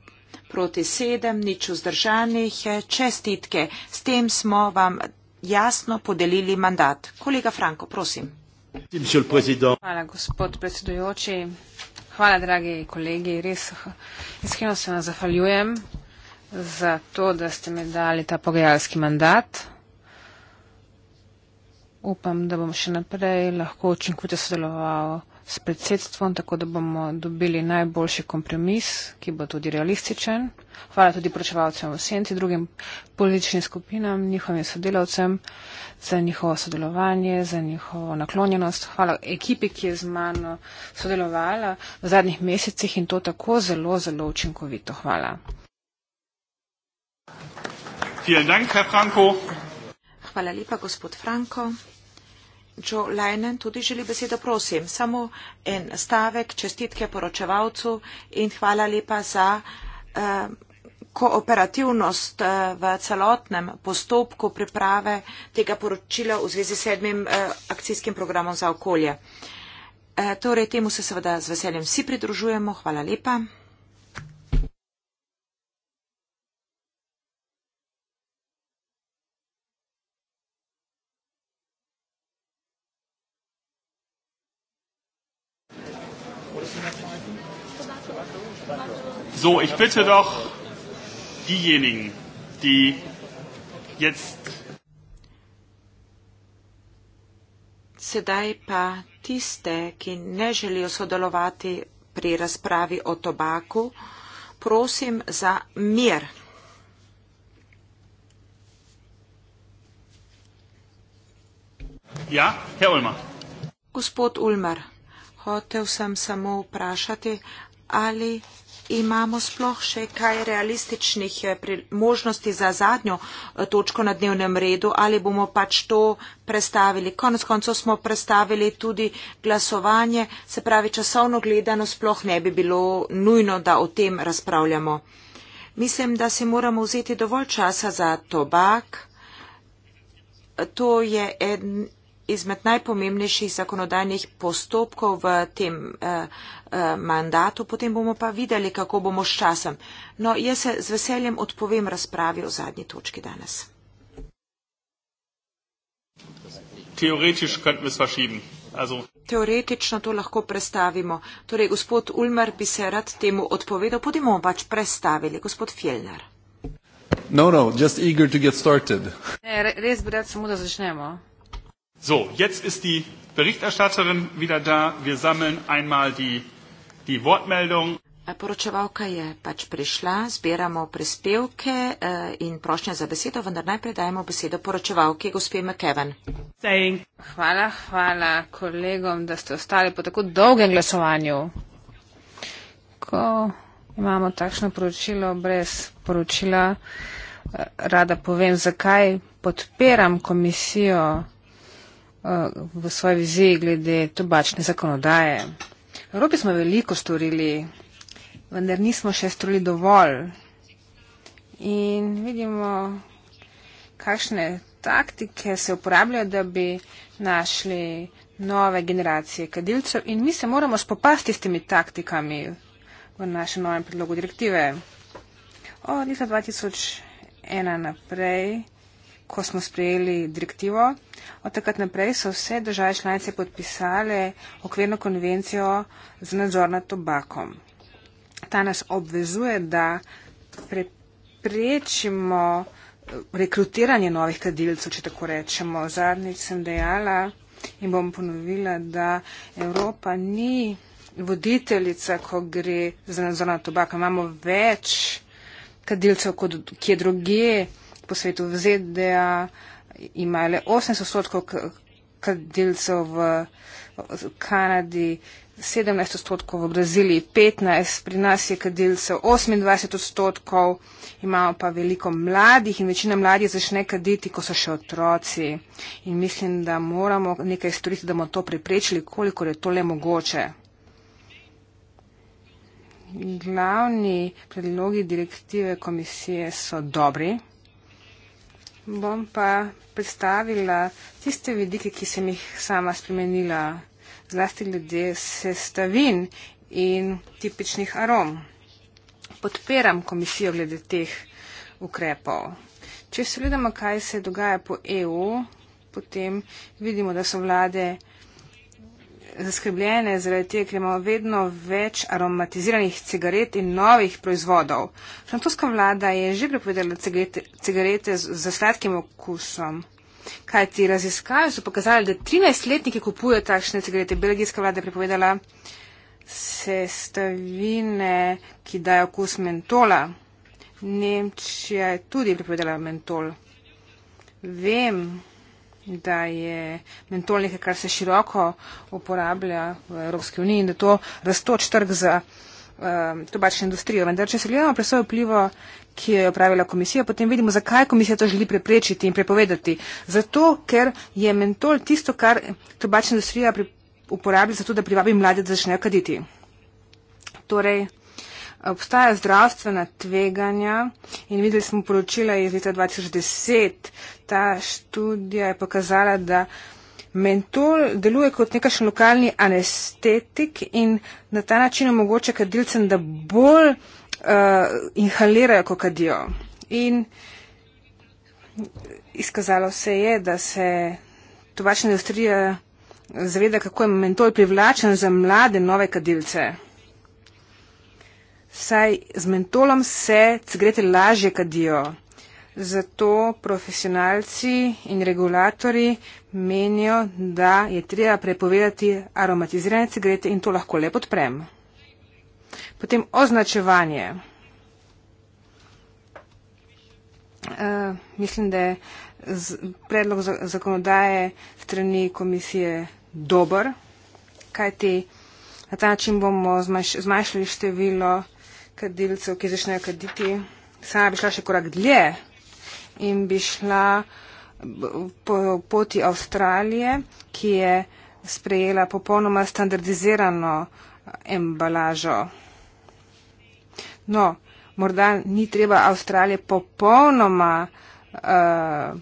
proti 7, nič vzdržanih, eh, čestitke. S tem smo vam jasno podelili mandat. Kolega Franko, prosim. Hvala, gospod predsedujoči. Hvala, dragi kolegi. Res iskreno se vam zahvaljujem za to, da ste mi dali ta pogajalski mandat. Upam, da bom še naprej lahko učinkovito sodeloval s predsedstvom, tako da bomo dobili najboljši kompromis, ki bo tudi realističen. Hvala tudi pročevalcem v senci, drugim političnim skupinam, njihovim sodelavcem za njihovo sodelovanje, za njihovo naklonjenost. Hvala ekipi, ki je z mano sodelovala v zadnjih mesecih in to tako zelo, zelo učinkovito. Hvala. Dank, Hvala lepa, gospod Franko. Joe Leinen tudi želi besedo, prosim. Samo en stavek, čestitke poročevalcu in hvala lepa za eh, kooperativnost eh, v celotnem postopku priprave tega poročila v zvezi s sedmim eh, akcijskim programom za okolje. Eh, torej, temu se seveda z veseljem vsi pridružujemo. Hvala lepa. So, ich bitte doch diejenigen, die jetzt. Sedaj pa tiste, ki ne želijo sodelovati pri razpravi o tobaku, prosim za mir. Ja, Herr Ulmer. Gospod Ulmer, hotel sem samo vprašati, ali imamo sploh še kaj realističnih eh, možnosti za zadnjo eh, točko na dnevnem redu ali bomo pač to prestavili. Konec koncov smo prestavili tudi glasovanje, se pravi časovno gledano sploh ne bi bilo nujno, da o tem razpravljamo. Mislim, da si moramo vzeti dovolj časa za tobak. To je en, izmed najpomembnejših zakonodajnih postopkov v tem eh, eh, mandatu, potem bomo pa videli, kako bomo s časom. No, jaz se z veseljem odpovem razpravi o zadnji točki danes. Teoretično to lahko predstavimo. Torej, gospod Ulmer bi se rad temu odpovedal, potem bomo pač predstavili, gospod Fjellner. No, no, ne, res bi rad samo, da začnemo. So, jetzt ist die Berichterstatterin wieder da. Wir sammeln einmal die, die Wortmeldung. Eh, poročevalka je pač prišla, zbiramo prispevke uh, in prošnje za besedo, vendar najprej dajemo besedo poročevalki gospe McKeven. Hvala, hvala kolegom, da ste ostali po tako dolgem glasovanju. Ko imamo takšno poročilo brez poročila, eh, rada povem, zakaj podpiram komisijo Eh, v svoji viziji glede tobačne zakonodaje. V Evropi smo veliko storili, vendar nismo še storili dovolj. In vidimo, kakšne taktike se uporabljajo, da bi našli nove generacije kadilcev. In mi se moramo spopasti s temi taktikami v našem novem predlogu direktive. Od leta 2001 naprej ko smo sprejeli direktivo. Od takrat naprej so vse države članice podpisale okvirno konvencijo za nadzor nad tobakom. Ta nas obvezuje, da preprečimo eh, rekrutiranje novih kadilcev, če tako rečemo. Zadnjič sem dejala in bom ponovila, da Evropa ni voditeljica, ko gre za nadzor nad tobakom. Imamo več kadilcev kot kje drugje po svetu v ZDA ima le 80% kadilcev v Kanadi, 17% v Braziliji, 15% pri nas je kadilcev, 28% imamo pa veliko mladih in večina mladih začne kaditi, ko so še otroci. In mislim, da moramo nekaj storiti, da bomo to preprečili, koliko je to le mogoče. Glavni predlogi direktive komisije so dobri bom pa predstavila tiste vidike, ki sem jih sama spremenila, zlasti glede sestavin in tipičnih arom. Podpiram komisijo glede teh ukrepov. Če se gledamo, kaj se dogaja po EU, potem vidimo, da so vlade zaskrbljene zaradi tega, ker imamo vedno več aromatiziranih cigaret in novih proizvodov. Francoska vlada je že prepovedala cigarete, cigarete z, z sladkim okusom. Kaj ti raziskave so pokazali, da 13-letniki kupujo takšne cigarete. Belgijska vlada je prepovedala sestavine, ki dajo okus mentola. Nemčija je tudi prepovedala mentol. Vem da je mentol nekaj, kar se široko uporablja v Evropski uniji in da to raztoč trg za um, tobačno industrijo. Vendar, če se gledamo presojo vpliva, ki jo je opravila komisija, potem vidimo, zakaj komisija to želi preprečiti in prepovedati. Zato, ker je mentol tisto, kar tobačna industrija uporablja za to, da privabi mlade, da začnejo kaditi. Torej, obstaja zdravstvena tveganja in videli smo poročila iz leta 2010. Ta študija je pokazala, da mentol deluje kot nekakšen lokalni anestetik in na ta način omogoča kadilcem, da bolj uh, inhalirajo, ko kadijo. In izkazalo se je, da se tobačna industrija zaveda, kako je mentol privlačen za mlade nove kadilce. Saj z mentolom se cigarete lažje kadijo. Zato profesionalci in regulatori menijo, da je treba prepovedati aromatizirane cigarete in to lahko le podprem. Potem označevanje. Uh, mislim, da je z, predlog za, zakonodaje strani komisije dober, kajti na ta način bomo zmanjšali število kadilcev, ki začnejo kaditi. Sama bi šla še korak dlje in bi šla po poti Avstralije, ki je sprejela popolnoma standardizirano embalažo. No, morda ni treba Avstralije popolnoma uh,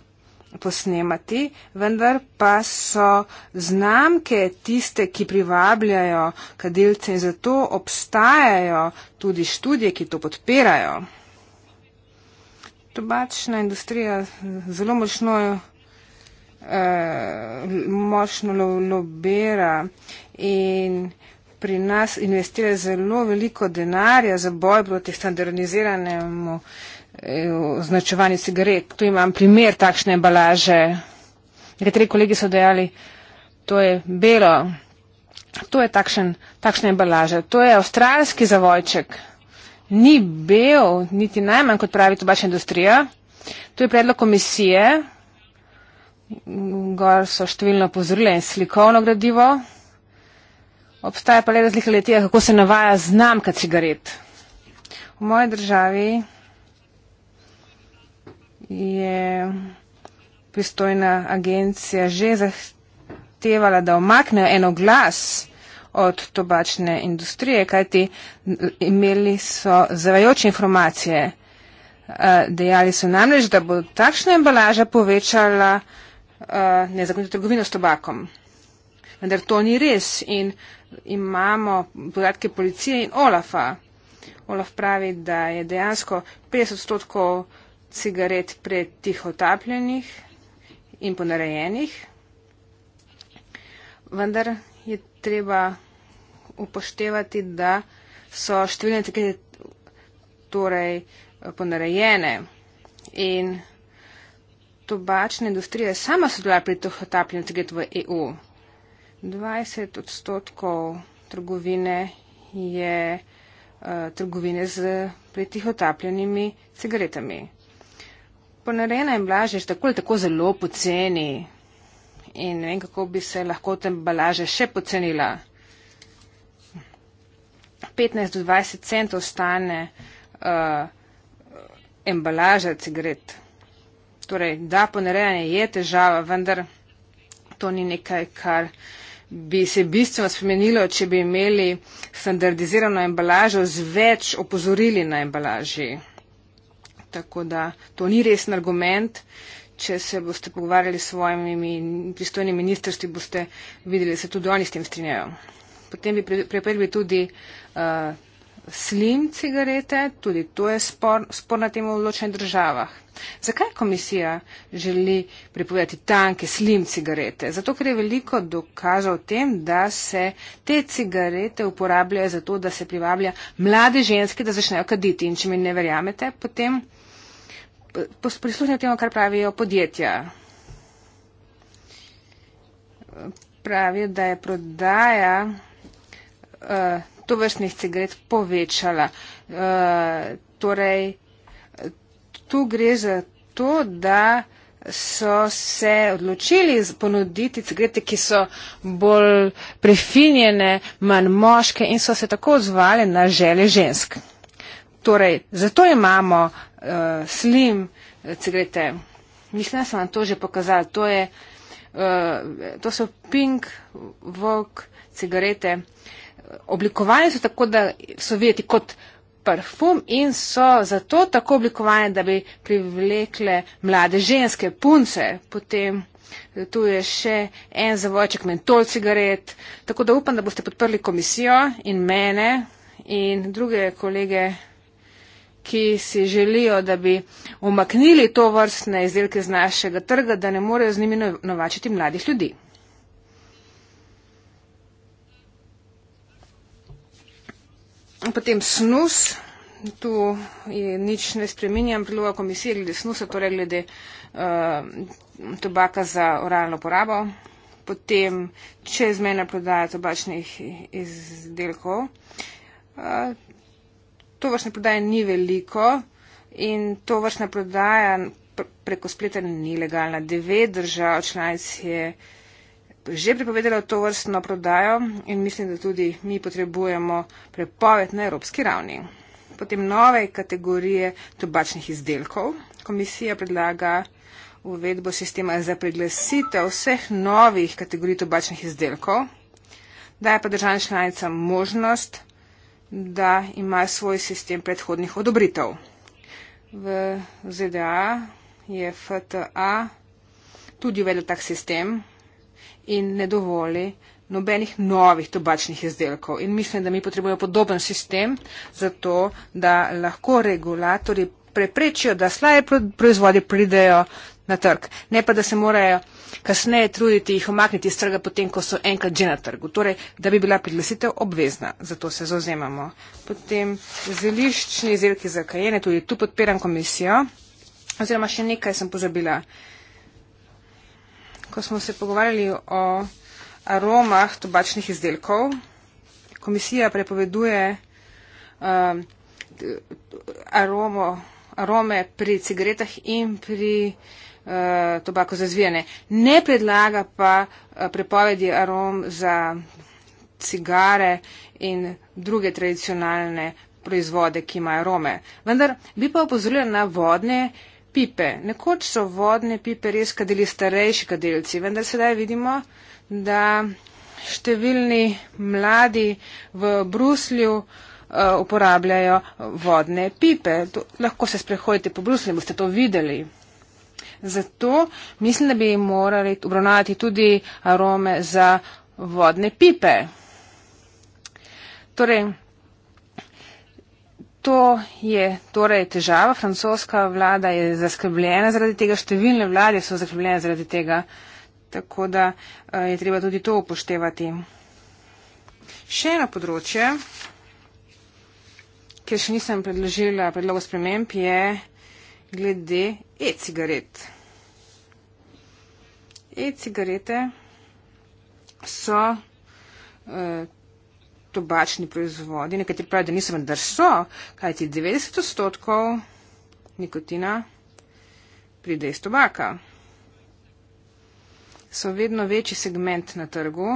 posnemati, vendar pa so znamke tiste, ki privabljajo kadilce in zato obstajajo tudi študije, ki to podpirajo. Tobačna industrija zelo močno, eh, močno lobira in pri nas investira zelo veliko denarja za boj proti standardiziranemu eh, označevanje cigaret. Tu imam primer takšne embalaže. Nekateri kolegi so dejali, to je belo, to je takšen, takšne embalaže, to je avstralski zavojček. Ni bel, niti najmanj, kot pravi tobačna industrija. To je predlog komisije. Gor so številno pozorile in slikovno gradivo. Obstaja pa le razlika letija, kako se navaja znamka cigaret. V moji državi je pristojna agencija že zahtevala, da omaknejo eno glas od tobačne industrije, kajti imeli so zavajoče informacije. Eh, dejali so namreč, da bo takšna embalaža povečala eh, nezakonito trgovino s tobakom. Vendar to ni res in imamo podatke policije in Olafa. Olaf pravi, da je dejansko 50 odstotkov cigaret pred tihotapljenih in ponarejenih, vendar je treba upoštevati, da so številne cigarete torej ponarejene in tobačna industrija je sama sodelovala pri tihotapljenju cigaret v EU. 20 odstotkov trgovine je uh, trgovine z pretihotapljenimi cigaretami ponarejena embalaža je tako ali tako zelo poceni in ne vem, kako bi se lahko ta embalaža še pocenila. 15 do 20 centov stane uh, embalaža cigaret. Torej, da, ponarejanje je težava, vendar to ni nekaj, kar bi se bistveno spremenilo, če bi imeli standardizirano embalažo z več opozorili na embalaži. Tako da to ni resen argument. Če se boste pogovarjali s svojimi pristojnimi ministrstvi, boste videli, da se tudi oni s tem strinjajo. Potem bi preprli tudi uh, slim cigarete, tudi to je spor, spor na tem v odločenih državah. Zakaj komisija želi prepovedati tanke slim cigarete? Zato, ker je veliko dokazov o tem, da se te cigarete uporabljajo za to, da se privablja mlade ženske, da začnejo kaditi. In če mi ne verjamete, potem prisluhnil temu, kar pravijo podjetja. Pravijo, da je prodaja uh, eh, to vrstnih cigaret povečala. Uh, torej, tu gre za to, da so se odločili ponuditi cigarete, ki so bolj prefinjene, manj moške in so se tako odzvali na žele žensk. Torej, zato imamo uh, uh, slim, eh, če greste. Mislim, da sem vam to že pokazala. To, je, uh, to so pink vok cigarete. Oblikovane so tako, da so videti kot parfum in so zato tako oblikovane, da bi privlekle mlade ženske punce. Potem tu je še en zavojček mentol cigaret. Tako da upam, da boste podprli komisijo in mene in druge kolege ki si želijo, da bi omaknili to vrstne izdelke z našega trga, da ne morejo z njimi no-, novačiti mladih ljudi. Potem snus, tu je nič ne spreminjam, priloga komisije glede snusa, torej glede uh, tobaka za oralno porabo. Potem čezmena prodaja tobačnih izdelkov. Uh, to vrstne prodaje ni veliko in to vrstna prodaja preko spleta ni legalna. Devet držav članic je že prepovedalo to vrstno prodajo in mislim, da tudi mi potrebujemo prepoved na evropski ravni. Potem nove kategorije tobačnih izdelkov. Komisija predlaga uvedbo sistema za preglasitev vseh novih kategorij tobačnih izdelkov. Daje pa državam članicam možnost da ima svoj sistem predhodnih odobritev. V ZDA je FTA tudi uvedel tak sistem in ne dovoli nobenih novih tobačnih izdelkov. In mislim, da mi potrebujemo podoben sistem za to, da lahko regulatori preprečijo, da slaje proizvode pridejo na trg, ne pa da se morajo kasneje truditi jih omakniti iz trga, potem ko so enkrat že na trgu. Torej, da bi bila priglasitev obvezna, zato se zauzemamo. Potem zeliščni izdelki za kajene, tudi tu podpiram komisijo. Oziroma še nekaj sem pozabila. Ko smo se pogovarjali o aromah tobačnih izdelkov, komisija prepoveduje um, aromo arome pri cigaretah in pri uh, eh, tobako za zvijanje. Ne predlaga pa uh, prepovedi arom za cigare in druge tradicionalne proizvode, ki imajo arome. Vendar bi pa opozorila na vodne pipe. Nekoč so vodne pipe res kadili starejši kadilci, vendar sedaj vidimo, da številni mladi v Bruslju uh, Eh, uporabljajo vodne pipe. To, lahko se sprehodite po Bruslju, boste to videli. Zato mislim, da bi morali obravnavati tudi arome za vodne pipe. Torej, to je torej težava. Francoska vlada je zaskrbljena zaradi tega, številne vlade so zaskrbljene zaradi tega. Tako da eh, je treba tudi to upoštevati. Še eno področje, kjer še nisem predložila predlogo sprememb, je glede e-cigaret. E-cigarete so eh, tobačni proizvodi, nekateri pravijo, da niso, vendar so, kajti 90 odstotkov nikotina pride iz tobaka. So vedno večji segment na trgu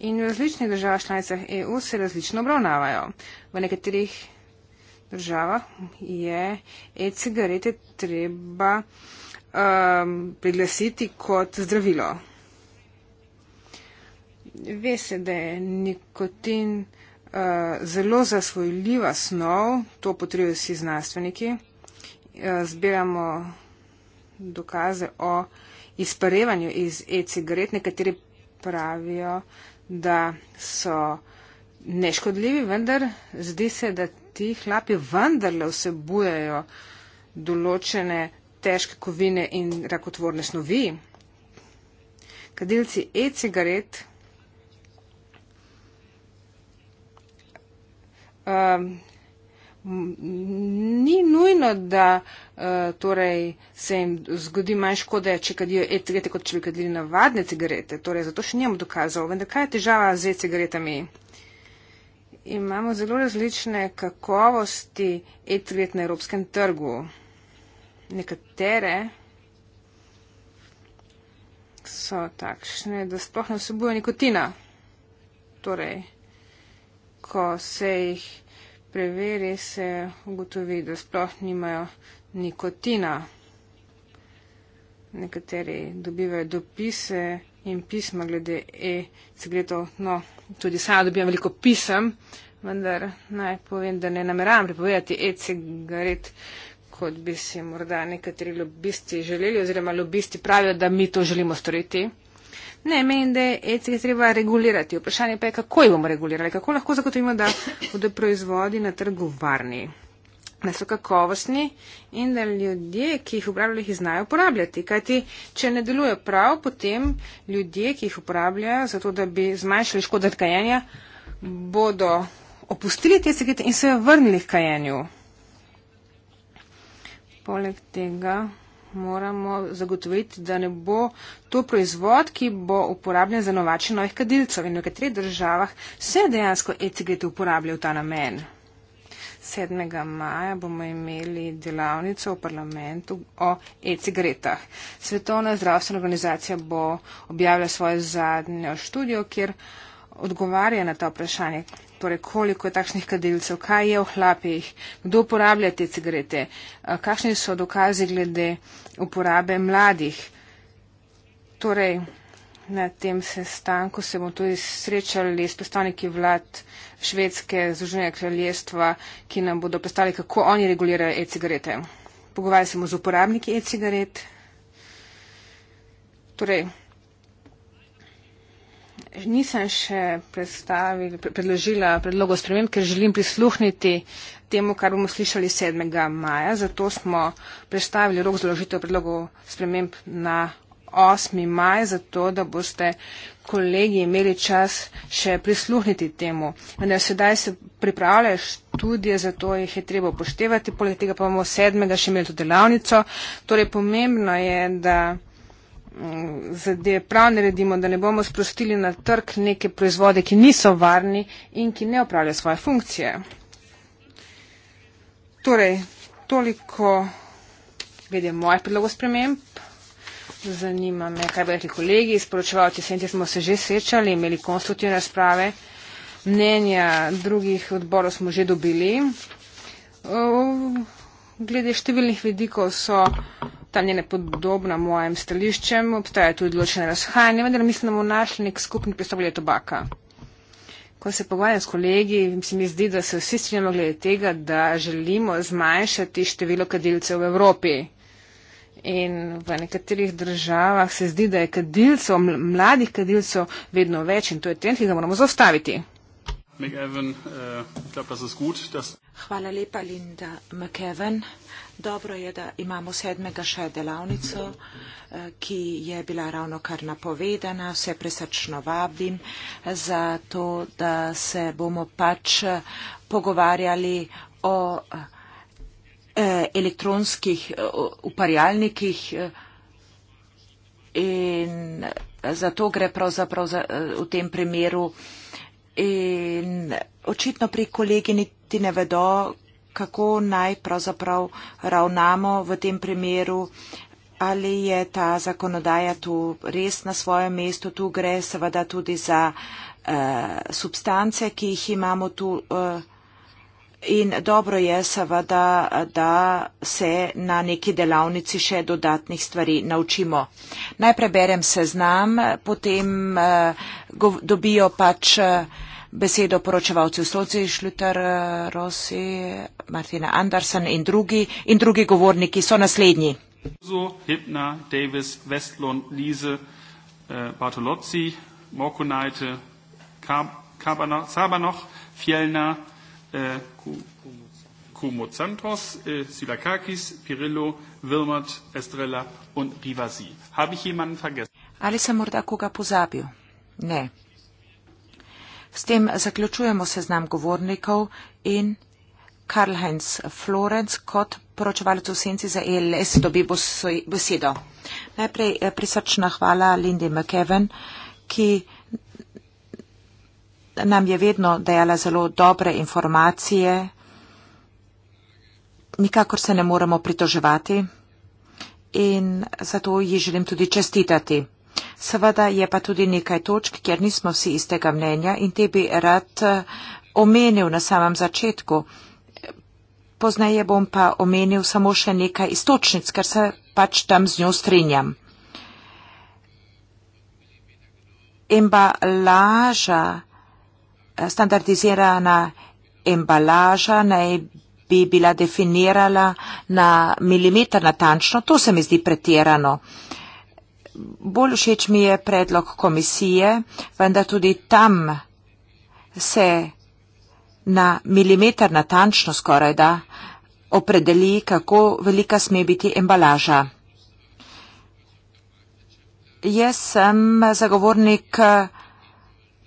in v različnih državah članicah EU se različno obravnavajo. V nekaterih državah je e-cigarete treba um, priglasiti kot zdravilo. Ve se, da je nikotin uh, zelo zasvojljiva snov, to potrebujo vsi znanstveniki. Uh, zbiramo dokaze o izparevanju iz e-cigaret, nekateri pravijo, da so neškodljivi, vendar zdi se, da ti hlapi vendarle vsebujejo določene težke kovine in rakotvorne snovi. Kadilci e-cigaret um, ni nujno, da uh, torej se jim zgodi manj škode, če kadijo e-cigarete, kot če bi kadili navadne cigarete. Torej, zato še njemu dokazal. Vendar kaj je težava z e-cigaretami? Imamo zelo različne kakovosti e-cigaret na evropskem trgu. Nekatere so takšne, da sploh ne vsebujejo nikotina. Torej, ko se jih preveri, se ugotovi, da sploh nimajo nikotina. Nekateri dobivajo dopise in pisma glede e-cigaretov. No, tudi sama dobivam veliko pisem, vendar naj povem, da ne nameravam prepovedati e-cigaret, kot bi si morda nekateri lobisti želeli oziroma lobisti pravijo, da mi to želimo storiti. Ne, menim, da ECG e treba regulirati. Vprašanje pa je, kako jih bomo regulirali, kako lahko zagotovimo, da bodo proizvodi na trgu varni, da so kakovostni in da ljudje, ki jih uporabljajo, jih znajo uporabljati. Kajti, če ne deluje prav, potem ljudje, ki jih uporabljajo, zato da bi zmanjšali škodo kajenja, bodo opustili te cigarete in se vrnili k kajenju. Poleg tega moramo zagotoviti, da ne bo to proizvod, ki bo uporabljen za novače novih kadilcev. In v katerih državah se dejansko etikete uporablja v ta namen. 7. maja bomo imeli delavnico v parlamentu o e-cigaretah. Svetovna zdravstvena organizacija bo objavila svojo zadnjo študijo, kjer odgovarja na ta vprašanje torej koliko je takšnih kadilcev, kaj je v hlapih, kdo uporablja te cigarete, kakšni so dokazi glede uporabe mladih. Torej, na tem sestanku se bomo tudi srečali s predstavniki vlad Švedske, Združenja kraljestva, ki nam bodo predstavili, kako oni regulirajo e-cigarete. Pogovarjali se bomo z uporabniki e-cigaret. Torej, nisem še predložila predlogo sprememb, ker želim prisluhniti temu, kar bomo slišali 7. maja. Zato smo predstavili rok zložitev predlogov sprememb na 8. maj, zato da boste kolegi imeli čas še prisluhniti temu. Vendar sedaj se pripravljaš tudi, zato jih je treba upoštevati. Poleg tega pa bomo 7. še imeli to delavnico. Torej pomembno je, da zadeve prav naredimo, da ne bomo sprostili na trg neke proizvode, ki niso varni in ki ne opravljajo svoje funkcije. Torej, toliko glede mojih predlogov sprememb. Zanima me, kaj bodo rekli kolegi, sporočevalci, senti smo se že srečali, imeli konstruktivne razprave, mnenja drugih odborov smo že dobili. Uh, glede številnih vidikov so. Uh, tam je nepodobna mojem stališčem, obstaja tudi določene razhajanje, vendar mislim, da bomo našli nek skupni pristop glede tobaka. Ko se pogovarjam s kolegi, se mi zdi, da se vsi strinjamo glede tega, da želimo zmanjšati število kadilcev v Evropi. In v nekaterih državah se zdi, da je kadilcev, mladih kadilcev vedno več in to je trend, ki ga moramo zaustaviti. Eh, Hvala lepa, Linda McEwen. Dobro je, da imamo sedmega še delavnico, eh, ki je bila ravno kar napovedana. Vse presrčno vabim za to, da se bomo pač eh, pogovarjali o eh, elektronskih uparjalnikih in zato gre pravzaprav za, v tem primeru. In očitno pri kolegini ti ne vedo, kako naj pravzaprav ravnamo v tem primeru, ali je ta zakonodaja tu res na svojem mestu. Tu gre seveda tudi za uh, substance, ki jih imamo tu. Uh, In dobro je seveda, da se na neki delavnici še dodatnih stvari naučimo. Najprej berem seznam, potem eh, dobijo pač besedo poročevalci v Sloci, Šluter, eh, Rosi, Martina Andersen in drugi, in drugi govorniki so naslednji. Zo, Hipna, Davis, Westlund, Lise, eh, Bartolozzi, Mokunajte, Sabanoch, Fjellner, eh, Kumo Santos, Silakakis, Pirillo, Wilmot, Estrella und Rivasi. Habe ich jemanden vergessen? Ali sem morda koga pozabil? Ne. S tem zaključujemo seznam govornikov in Karl-Heinz Florenc kot poročevalec v senci za ELS dobi besedo. Najprej eh, prisrčna hvala Lindy McKeven, ki nam je vedno dajala zelo dobre informacije. Nikakor se ne moremo pritoževati in zato ji želim tudi čestitati. Seveda je pa tudi nekaj točk, kjer nismo vsi istega mnenja in te bi rad eh, omenil na samem začetku. Poznaje bom pa omenil samo še nekaj istočnic, ker se pač tam z njo strinjam. Embalaža, eh, standardizirana embalaža naj bi bila definirala na milimeter natančno, to se mi zdi pretirano bolj všeč mi je predlog komisije, vendar tudi tam se na milimeter natančno skoraj da opredeli, kako velika sme biti embalaža. Jaz sem zagovornik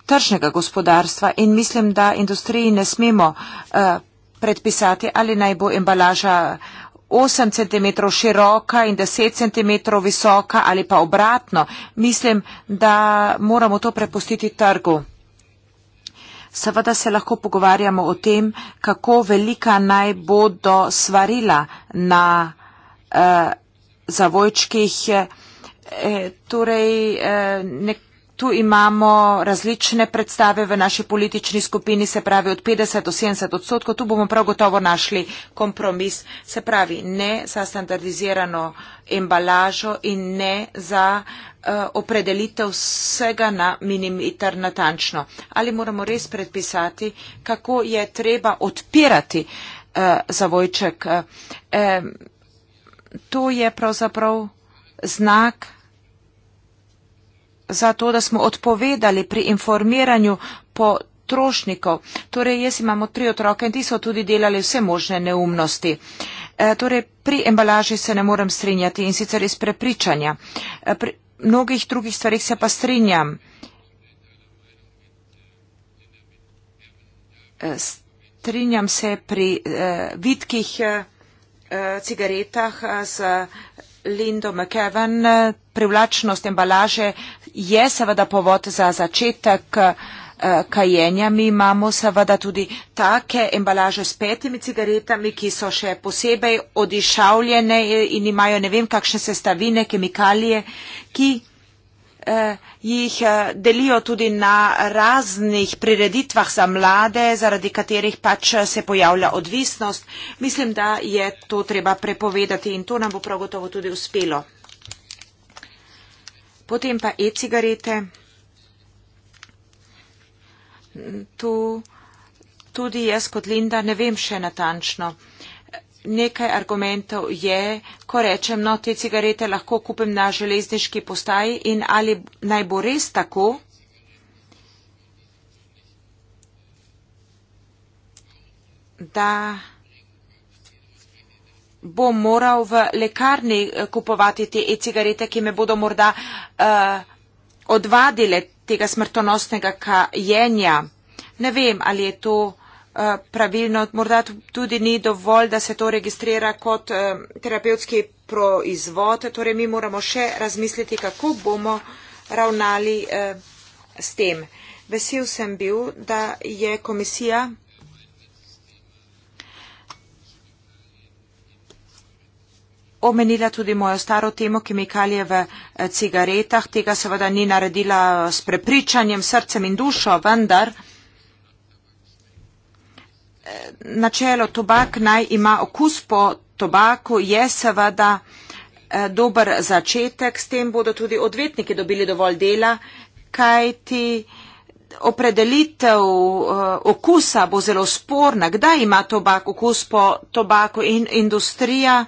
tržnega gospodarstva in mislim, da industriji ne smemo eh, predpisati, ali naj bo embalaža 8 cm široka in 10 cm visoka ali pa obratno, mislim, da moramo to prepustiti trgu. Seveda se lahko pogovarjamo o tem, kako velika naj bodo svarila na eh, zavojčkih. Eh, torej, eh, svetu imamo različne predstave v naši politični skupini, se pravi od 50 do 70 odstotkov, tu bomo prav gotovo našli kompromis, se pravi ne za standardizirano embalažo in ne za eh, opredelitev vsega na minimitar natančno. Ali moramo res predpisati, kako je treba odpirati eh, zavojček? Eh, to je pravzaprav znak, za to, da smo odpovedali pri informiranju potrošnikov. Torej, jaz imamo tri otroke in ti so tudi delali vse možne neumnosti. E, torej, pri embalaži se ne morem strinjati in sicer iz prepričanja. E, pri mnogih drugih stvarih se pa strinjam. E, strinjam se pri eh, vitkih eh, cigaretah z Lindo McKeven, privlačnost embalaže je seveda povod za začetek eh, kajenja. Mi imamo seveda tudi take embalaže s petimi cigaretami, ki so še posebej odišavljene in imajo ne vem kakšne sestavine, kemikalije, ki Eh, jih eh, delijo tudi na raznih prireditvah za mlade, zaradi katerih pač eh, se pojavlja odvisnost. Mislim, da je to treba prepovedati in to nam bo prav gotovo tudi uspelo. Potem pa e-cigarete. Tu tudi jaz kot Linda ne vem še natančno. Uh, Nekaj argumentov je, ko rečem, no, te cigarete lahko kupim na železniški postaji in ali naj bo res tako. da bo moral v lekarni eh, kupovati te e-cigarete, ki me bodo morda uh, odvadile tega smrtonosnega kajenja. Ne vem, ali je to Eh, pravilno, morda tudi ni dovolj, da se to registrira kot eh, terapevtski proizvod. Torej, mi moramo še razmisliti, kako bomo ravnali eh, s tem. Vesel sem bil, da je komisija. Omenila tudi mojo staro temo kemikalije v cigaretah. Tega seveda ni naredila s prepričanjem, srcem in dušo, vendar načelo tobak naj ima okus po tobaku je seveda eh, dober začetek, s tem bodo tudi odvetniki dobili dovolj dela, kajti opredelitev eh, okusa bo zelo sporna, kdaj ima tobak okus po tobaku in industrija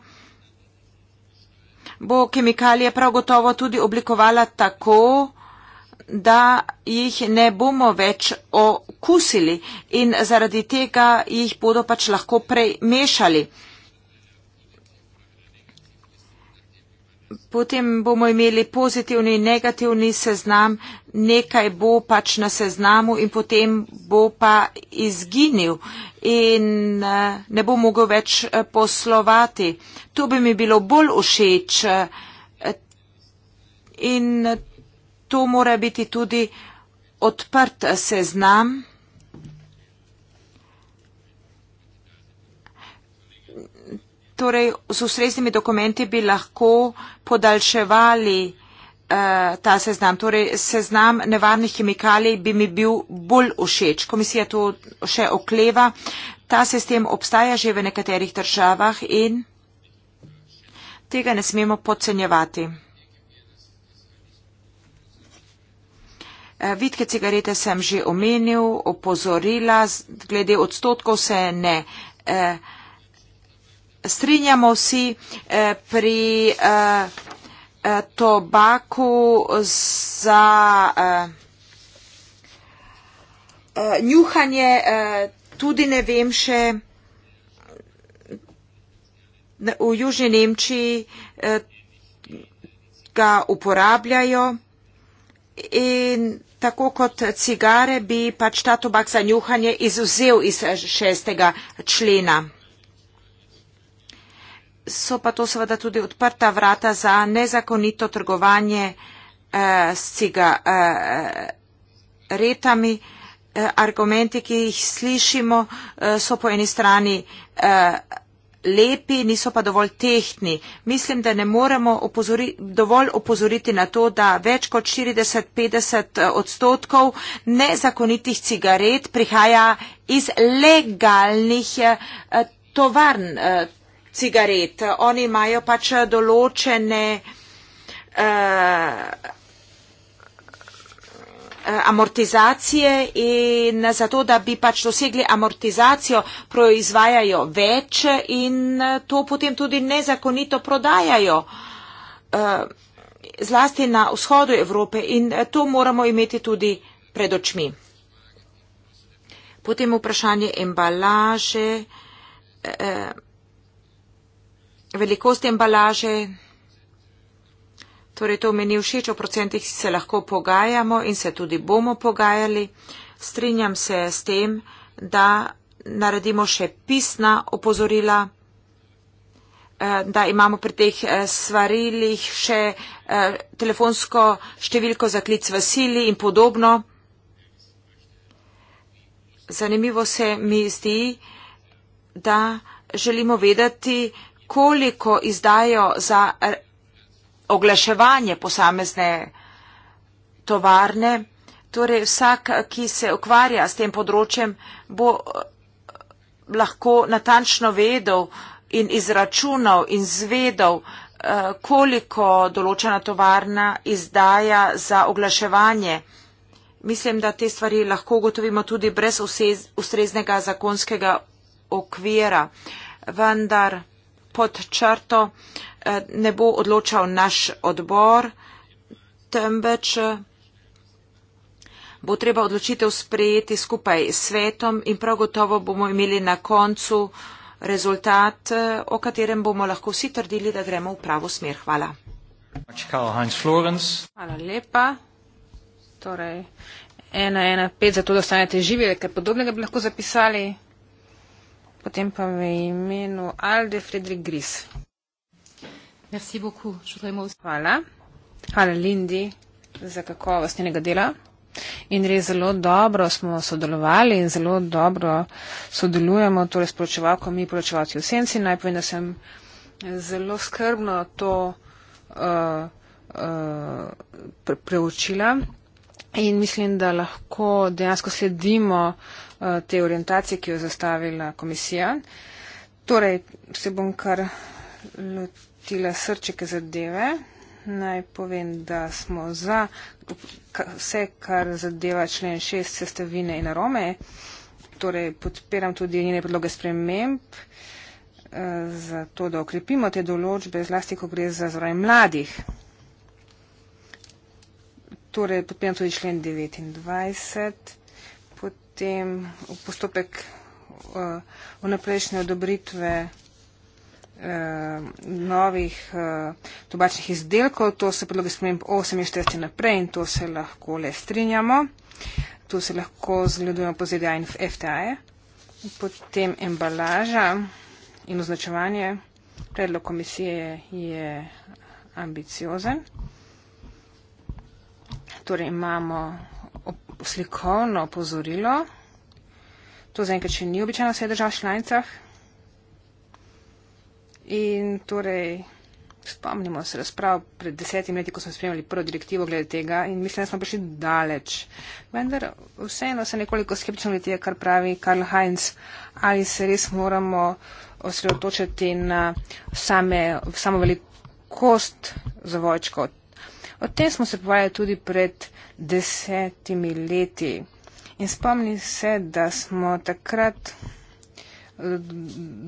bo kemikalije prav gotovo tudi oblikovala tako, da jih ne bomo več okusili in zaradi tega jih bodo pač lahko premešali. Potem bomo imeli pozitivni in negativni seznam, nekaj bo pač na seznamu in potem bo pa izginil in eh, ne bo mogel več eh, poslovati. To bi mi bilo bolj všeč eh, in to mora biti tudi odprt seznam. Torej, z ustreznimi dokumenti bi lahko podaljševali eh, ta seznam. Torej, seznam nevarnih kemikalij bi mi bil bolj všeč. Komisija to še okleva. Ta sistem obstaja že v nekaterih državah in tega ne smemo podcenjevati. Eh, vitke cigarete sem že omenil, opozorila, glede odstotkov se ne. Eh, strinjamo si eh, pri tobaku za njuhanje, tudi ne vem še, v Južni Nemčiji ga uporabljajo. In tako kot cigare bi pač ta tobak za njuhanje izuzel iz eh, šestega člena. So pa to seveda tudi odprta vrata za nezakonito trgovanje eh, s cigaretami. Eh, eh, argumenti, ki jih slišimo, eh, so po eni strani. Eh, lepi, niso pa dovolj tehni. Mislim, da ne moremo opozori, dovolj opozoriti na to, da več kot 40-50 eh, odstotkov nezakonitih cigaret prihaja iz legalnih eh, tovarn eh, cigaret. Oni imajo pač določene. Uh, Eh, amortizacije in zato, da bi pač dosegli amortizacijo, proizvajajo več in eh, to potem tudi nezakonito prodajajo, eh, zlasti na vzhodu Evrope in to moramo imeti tudi pred očmi. Potem vprašanje embalaže, velikost embalaže. Torej, to mi ni všeč, o procentih se lahko pogajamo in se tudi bomo pogajali. Strinjam se s tem, da naredimo še pisna opozorila, eh, da imamo pri teh eh, svarilih še eh, telefonsko številko za klic v sili in podobno. Zanimivo se mi zdi, da želimo vedeti, koliko izdajo za oglaševanje posamezne tovarne. Torej vsak, ki se ukvarja s tem področjem, bo eh, lahko natančno vedel in izračunal in zvedel, eh, koliko določena tovarna izdaja za oglaševanje. Mislim, da te stvari lahko ugotovimo tudi brez ustreznega zakonskega okvira. Vendar pod črto eh, ne bo odločal naš odbor, temveč eh, bo treba odločitev sprejeti skupaj s svetom in prav gotovo bomo imeli na koncu rezultat, eh, o katerem bomo lahko vsi trdili, da gremo v pravo smer. Hvala. Hvala lepa. Torej, 1-1-5, zato da ostanete živi, kaj podobnega bi lahko zapisali. Potem pa v imenu Alde Fredrik Gris. Merci beaucoup. Hvala. Hvala Lindi za kakovost njenega dela. In res zelo dobro smo sodelovali in zelo dobro sodelujemo torej s poročevalko Mi poročevalci v senci. Naj povem, da sem zelo skrbno to uh, uh, pre preučila. In mislim, da lahko dejansko sledimo Eh, te orientacije, ki jo je zastavila komisija. Torej, se bom kar lotila srčike zadeve. Naj povem, da smo za vse, kar zadeva člen 6 sestavine in arome. Torej, podpiram tudi njene predloge sprememb eh, za to, da okrepimo te določbe, zlasti, ko gre za zdravje mladih. Torej, podpiram tudi člen 29 potem v postopek uh, vnaprejšnje odobritve uh, novih uh, tobačnih izdelkov. To so predloge sprememb 48 naprej in to se lahko le strinjamo. Tu se lahko zgledujemo po ZDA in FTA-je. Potem embalaža in označevanje. Predlog komisije je ambiciozen. Torej imamo slikovno opozorilo. To zaenkrat še ni običajno v vseh državah članicah. In torej, spomnimo se razprav pred desetimi leti, ko smo spremljali prvo direktivo glede tega in mislim, da smo prišli daleč. Vendar vseeno se nekoliko skeptično glede tega, kar pravi Karl Heinz, ali se res moramo osredotočiti na same, samo velikost zavojčkov. O tem smo se povajali tudi pred desetimi leti. In spomni se, da smo takrat eh,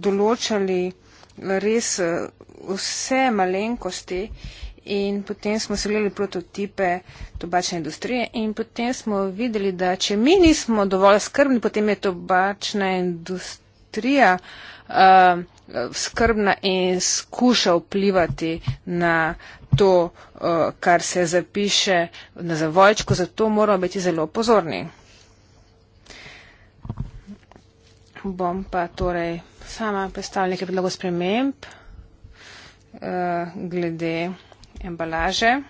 določali res eh, vse malenkosti in potem smo sledili prototipe tobačne industrije in potem smo videli, da če mi nismo dovolj skrbni, potem je tobačna industrija. Uh, skrbna in skuša vplivati na to, eh, kar se zapiše na zavojčku, zato moramo biti zelo pozorni. Bom pa torej sama predstavila nekaj predlogov sprememb eh, glede embalaže.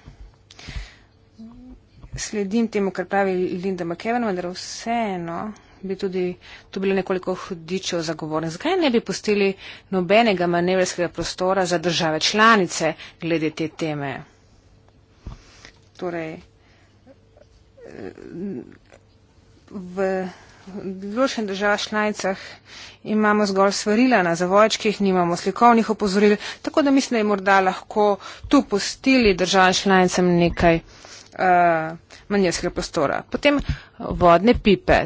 Sledim temu, kar pravi Linda McKevin, vendar vseeno. No bi tudi tu bili nekoliko hudičev zagovorni. Zakaj ne bi pustili nobenega manevrskega prostora za države članice glede te teme? Torej, v določenih državah članicah imamo zgolj svarila na zavojčkih, nimamo slikovnih opozoril, tako da mislim, da je morda lahko tu pustili državam članicam nekaj uh, eh, manjerskega prostora. Potem vodne pipe,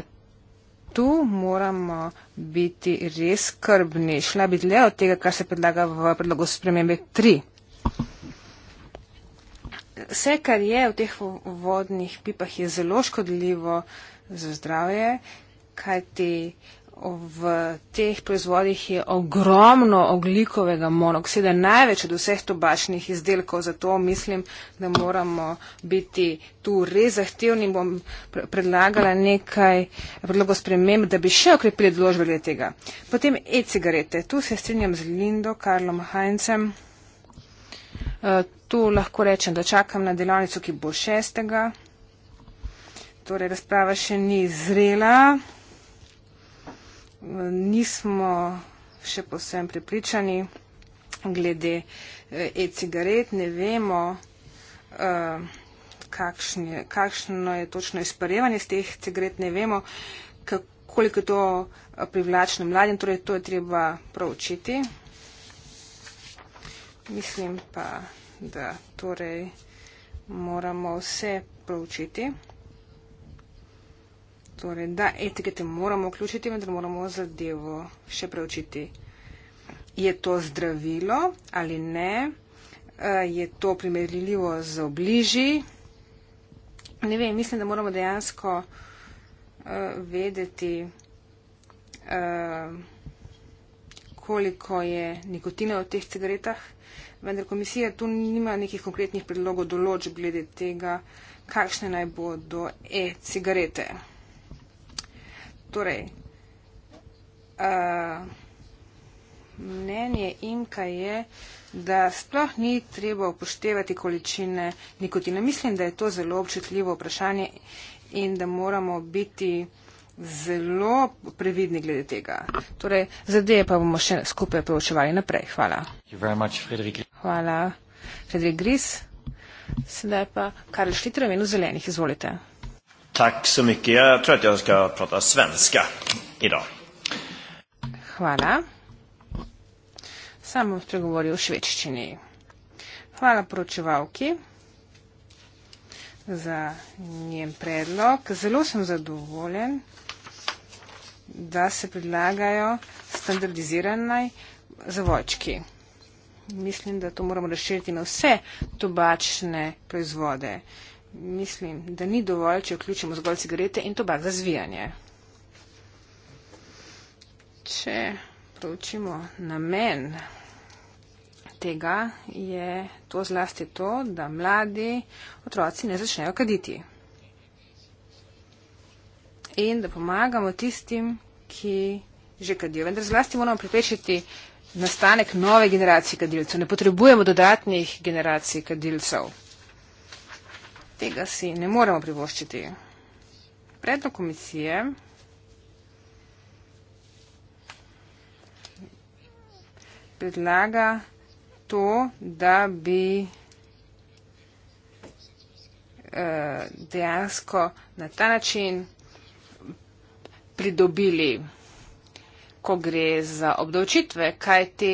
tu moramo biti res skrbni. Šla bi dlje od tega, kar se predlaga v predlogu spremembe 3. Vse, kar je v teh vodnih pipah, je zelo škodljivo za zdravje, kajti v teh proizvodih je ogromno oglikovega monoksida, največ od vseh tobačnih izdelkov, zato mislim, da moramo biti tu res zahtevni. Bom predlagala nekaj predlogov sprememb, da bi še okrepili odložbe glede tega. Potem e-cigarete. Tu se strinjam z Lindo, Karlom Heincem. E, tu lahko rečem, da čakam na delavnico, ki bo šestega. Torej, razprava še ni zrela nismo še posebej pripričani glede eh, e-cigaret, ne vemo, eh, kakšne, kakšno je točno izparevanje z teh cigaret, ne vemo, koliko je to eh, privlačno mladim, torej to je treba proučiti. Mislim pa, da torej moramo vse proučiti. Torej, da etikete moramo vključiti, vendar moramo zadevo še preučiti. Je to zdravilo ali ne? Eh, je to primerljivo z obliži? Ne vem, mislim, da moramo dejansko eh, vedeti, eh, koliko je nikotina v teh cigaretah, vendar komisija tu nima nekih konkretnih predlogov določb glede tega, kakšne naj bodo e-cigarete. Torej, uh, mnenje Imka je, da sploh ni treba upoštevati količine nikotina. Mislim, da je to zelo občutljivo vprašanje in da moramo biti zelo previdni glede tega. Torej, zadeje pa bomo še skupaj preučevali naprej. Hvala. Much, Hvala. Fredrik Gris. Sedaj pa Karl Šlitrov in v zelenih. Izvolite. Tack så mycket. Jag tror att jag ska prata svenska idag. Hvala. Samo spregovori u švičćini. Hvala poručevalki za njen predlog. Zelo sem zadovoljen, da se predlagajo standardizirane zavočki. Mislim, da to moramo razširiti na vse tobačne proizvode mislim, da ni dovolj, če vključimo zgolj cigarete in tobak za zvijanje. Če proučimo namen tega, je to zlasti to, da mladi otroci ne začnejo kaditi. In da pomagamo tistim, ki že kadijo. Vendar zlasti moramo pripečiti nastanek nove generacije kadilcev. Ne potrebujemo dodatnih generacij kadilcev tega si ne moremo privoščiti. Predlog komisije predlaga to, da bi eh, dejansko na ta način pridobili, ko gre za obdavčitve, kajti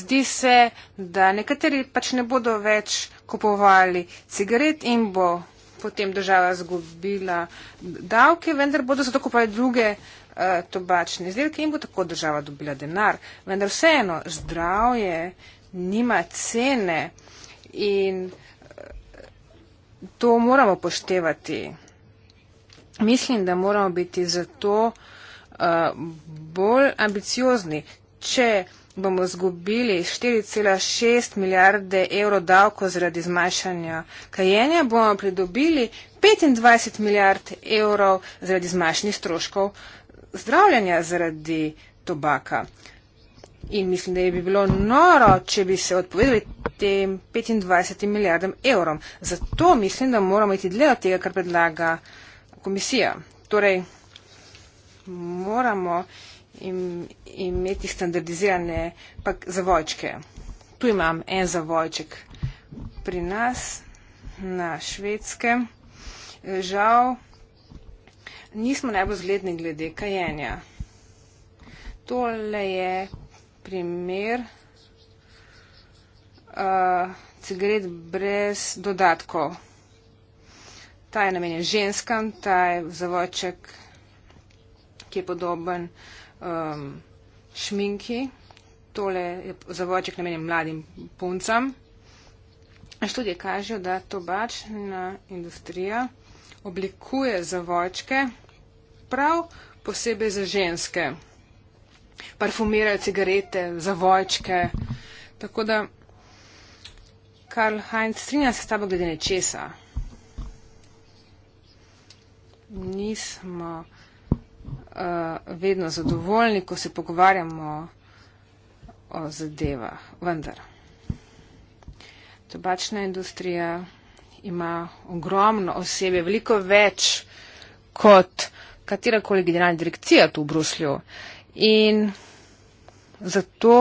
zdi se, da nekateri pač ne bodo več kupovali cigaret in bo potem država zgubila davke, vendar bodo zato kupovali druge uh, tobačne izdelke in bo tako država dobila denar. Vendar vseeno zdravje nima cene in eh, to moramo poštevati. Mislim, da moramo biti zato uh, bolj ambiciozni. Če bomo zgubili 4,6 milijarde evrov davko zaradi zmanjšanja kajenja, bomo pridobili 25 milijard evrov zaradi zmanjšanja stroškov zdravljanja zaradi tobaka. In mislim, da je bi bilo noro, če bi se odpovedali tem 25 milijardam evrom. Zato mislim, da moramo iti dlje od tega, kar predlaga komisija. Torej, moramo in, in imeti standardizirane pak zavojčke. Tu imam en zavojček pri nas na švedskem. Žal nismo najbolj zgledni glede kajenja. Tole je primer uh, cigaret brez dodatkov. Ta je namenjen ženskam, ta je zavojček, ki je podoben uh, um, šminki. Tole je za voček namenjen mladim puncam. Študije kažejo, da tobačna industrija oblikuje za vočke prav posebej za ženske. Parfumirajo cigarete za vočke. Tako da Karl Heinz strinja se s tabo glede nečesa. Nismo uh, vedno zadovoljni, ko se pogovarjamo o zadevah. Vendar, tobačna industrija ima ogromno osebe, veliko več kot katerakoli generalna direkcija tu v Bruslju. In zato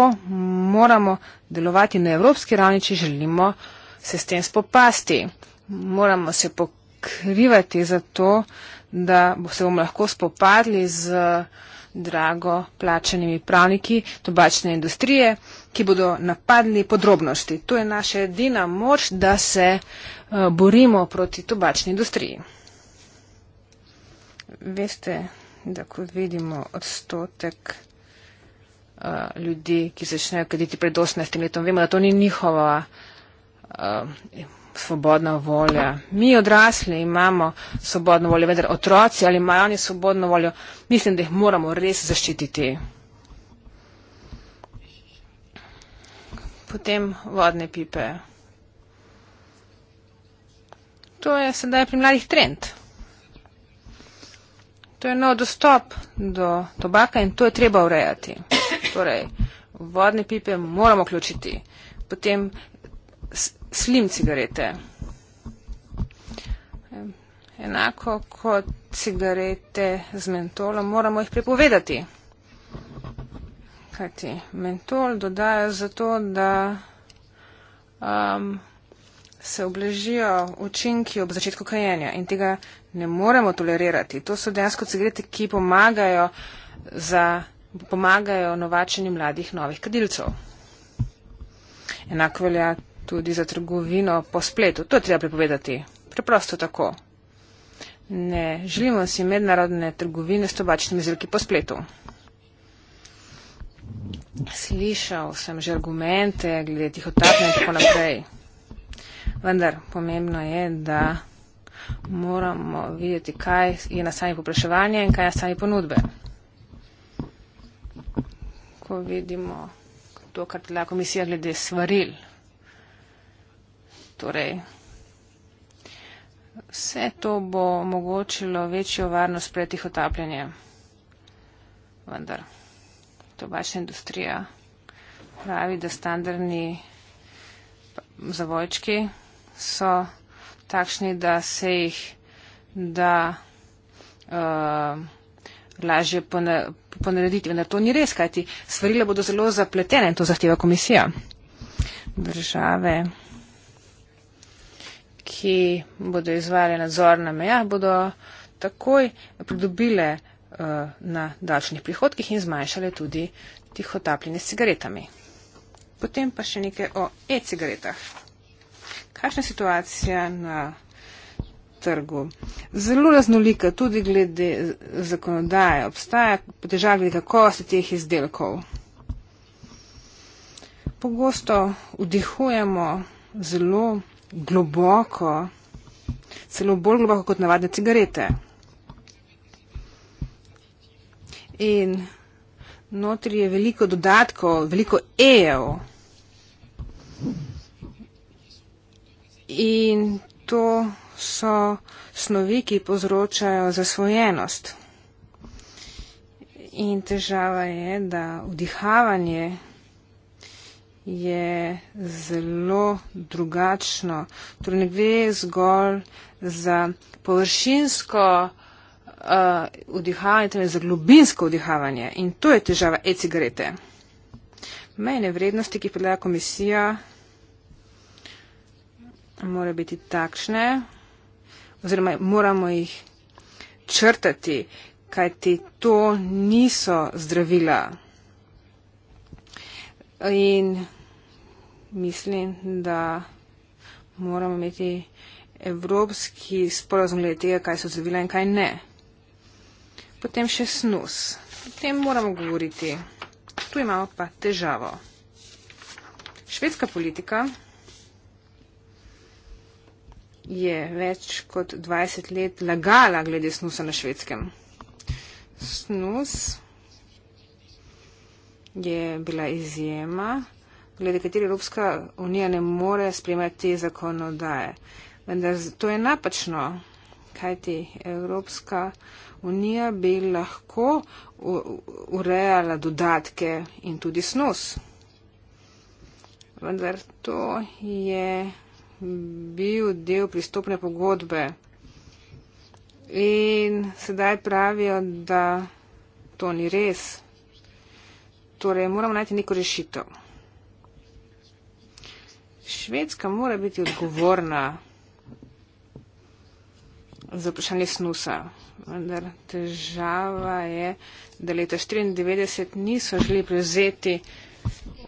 moramo delovati na evropski ravni, če želimo se s tem spopasti. Moramo se pokrivati za to, uh, da se bomo lahko spopadli z eh, drago plačenimi pravniki tobačne industrije, ki bodo napadli podrobnosti. To je naša edina moč, da se eh, borimo proti tobačni industriji. Veste, da ko vidimo odstotek eh, ljudi, ki začnejo kaditi pred 18 letom, vemo, da to ni njihova svobodna volja. Mi odrasli imamo svobodno voljo, vendar otroci ali imajo oni svobodno voljo, mislim, da jih moramo res zaščititi. Potem vodne pipe. To je sedaj pri mladih trend. To je nov dostop do tobaka in to je treba urejati. Torej, vodne pipe moramo vključiti. Potem slim cigarete. Enako kot cigarete z mentolom moramo jih prepovedati. Kajti mentol dodajo zato, da um, se obležijo učinki ob začetku kajenja in tega ne moremo tolerirati. To so dejansko cigarete, ki pomagajo, za, pomagajo novačenju mladih novih kadilcev. Enako velja tudi za trgovino po spletu. To je treba prepovedati. Preprosto tako. Ne želimo si mednarodne trgovine s tobačnimi izdelki po spletu. Slišal sem že argumente glede tih otapnih in tako naprej. Vendar pomembno je, da moramo videti, kaj je na sami popraševanje in kaj je na sami ponudbe. Ko vidimo to, kar dela komisija glede svaril. Torej, vse to bo omogočilo večjo varnost pred jih otapljanjem. Vendar, tobačna industrija pravi, da standardni zavojčki so takšni, da se jih da uh, lažje pone, ponarediti. Vendar to ni res, kajti svarila bodo zelo zapletene in to zahteva komisija. Države ki bodo izvajale nadzor na mejah, bodo takoj pridobile uh, na davčnih prihodkih in zmanjšale tudi tihotapljenje s cigaretami. Potem pa še nekaj o e-cigaretah. Kakšna je situacija na trgu? Zelo raznolika, tudi glede zakonodaje. Obstaja težava glede kakovosti teh izdelkov. Pogosto vdihujemo zelo globoko, celo bolj globoko kot navadne cigarete. In notri je veliko dodatkov, veliko ejev. In to so snovi, ki povzročajo zasvojenost. In težava je, da vdihavanje je zelo drugačno. Torej ne gre zgolj za površinsko uh, vdihavanje, temveč torej za globinsko vdihavanje. In to je težava e-cigarete. Mejne vrednosti, ki predlaga komisija, mora biti takšne, oziroma moramo jih črtati, kajti to niso zdravila. In mislim, da moramo imeti evropski sporozum glede tega, kaj so zdravila in kaj ne. Potem še snus. O tem moramo govoriti. Tu imamo pa težavo. Švedska politika je več kot 20 let lagala glede snusa na švedskem. Snus je bila izjema glede kateri Evropska unija ne more sprejemati te zakonodaje. Vendar to je napačno, kajti Evropska unija bi lahko urejala dodatke in tudi snus. Vendar to je bil del pristopne pogodbe. In sedaj pravijo, da to ni res. Torej, moramo najti neko rešitev. Švedska mora biti odgovorna za vprašanje snusa, vendar težava je, da leta 1994 niso želi prevzeti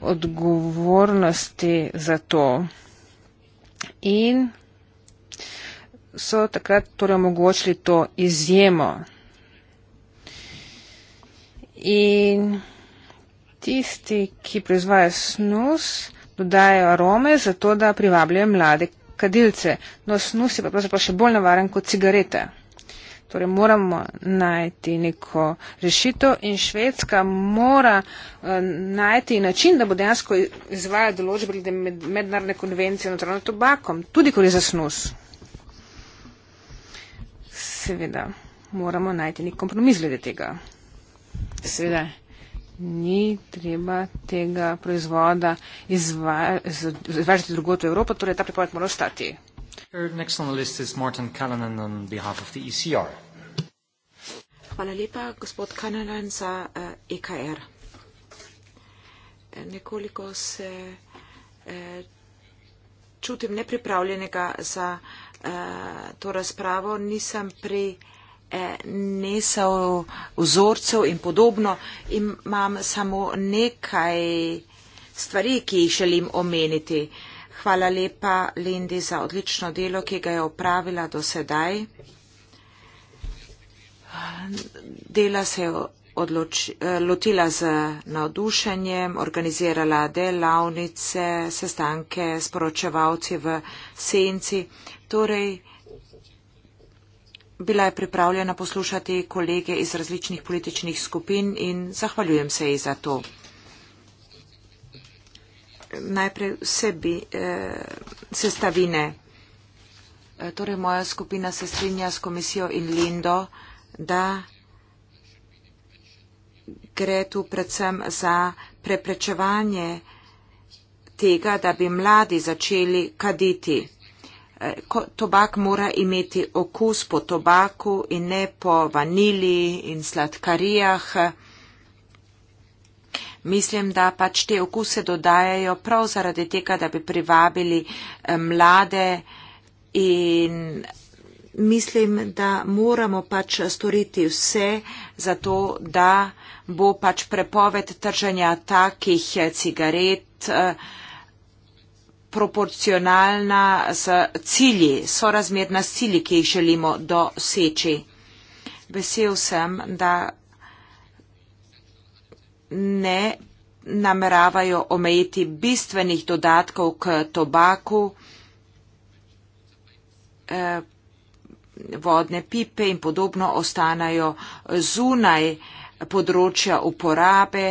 odgovornosti za to. In so takrat torej omogočili to izjemo. In tisti, ki proizvaja snus, dodajajo arome, zato da privabljajo mlade kadilce. No, snus je pa pravzaprav še bolj nevaren kot cigarete. Torej moramo najti neko rešitev in Švedska mora uh, najti način, da bo dejansko izvaja določbe glede mednarodne konvencije nad ravno tobakom, tudi ko je za snus. Seveda, moramo najti nek kompromis glede tega. Seveda. Seveda ni treba tega proizvoda izva izvažati drugot v Evropo, torej ta prepoved mora ostati. E Hvala lepa, gospod Kanelan, za uh, eh, EKR. Nekoliko se uh, čutim nepripravljenega za uh, to razpravo. Nisem pri uh, Eh, nesel vzorcev in podobno. In imam samo nekaj stvari, ki jih želim omeniti. Hvala lepa Lindi za odlično delo, ki ga je opravila do sedaj. Dela se je eh, lotila z navdušenjem, organizirala delavnice, sestanke s poročevalci v senci. Torej, bila je pripravljena poslušati kolege iz različnih političnih skupin in zahvaljujem se ji za to. Najprej vsebi eh, sestavine. Eh, torej moja skupina se strinja s komisijo in Lindo, da gre tu predvsem za preprečevanje tega, da bi mladi začeli kaditi. Eh, ko, tobak mora imeti okus po tobaku in ne po vanili in sladkarijah. Mislim, da pač te okuse dodajajo prav zaradi tega, da bi privabili eh, mlade in mislim, da moramo pač storiti vse za to, da bo pač prepoved trženja takih eh, cigaret. Uh, proporcionalna s cilji, sorazmerna s cilji, ki jih želimo doseči. Vesel sem, da ne nameravajo omejiti bistvenih dodatkov k tobaku, eh, vodne pipe in podobno ostanajo zunaj področja uporabe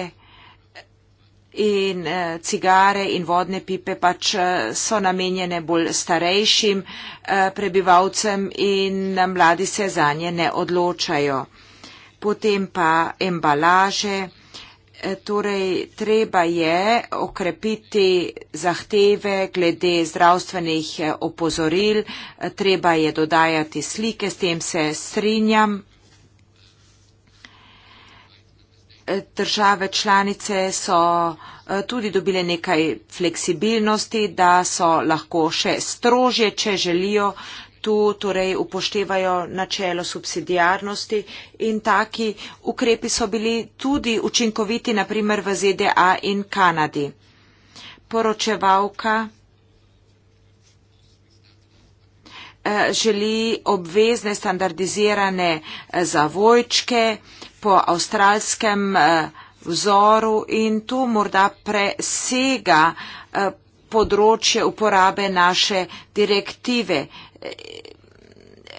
in eh, cigare in vodne pipe pač eh, so namenjene bolj starejšim eh, prebivalcem in eh, mladi se za nje ne odločajo. Potem pa embalaže. Eh, torej, treba je okrepiti zahteve glede zdravstvenih eh, opozoril, eh, treba je dodajati slike, s tem se strinjam. države članice so eh, tudi dobile nekaj fleksibilnosti, da so lahko še strožje, če želijo, tu torej upoštevajo načelo subsidijarnosti in taki ukrepi so bili tudi učinkoviti, naprimer v ZDA in Kanadi. Poročevalka eh, želi obvezne standardizirane eh, zavojčke, po avstralskem eh, vzoru in tu morda presega eh, področje uporabe naše direktive.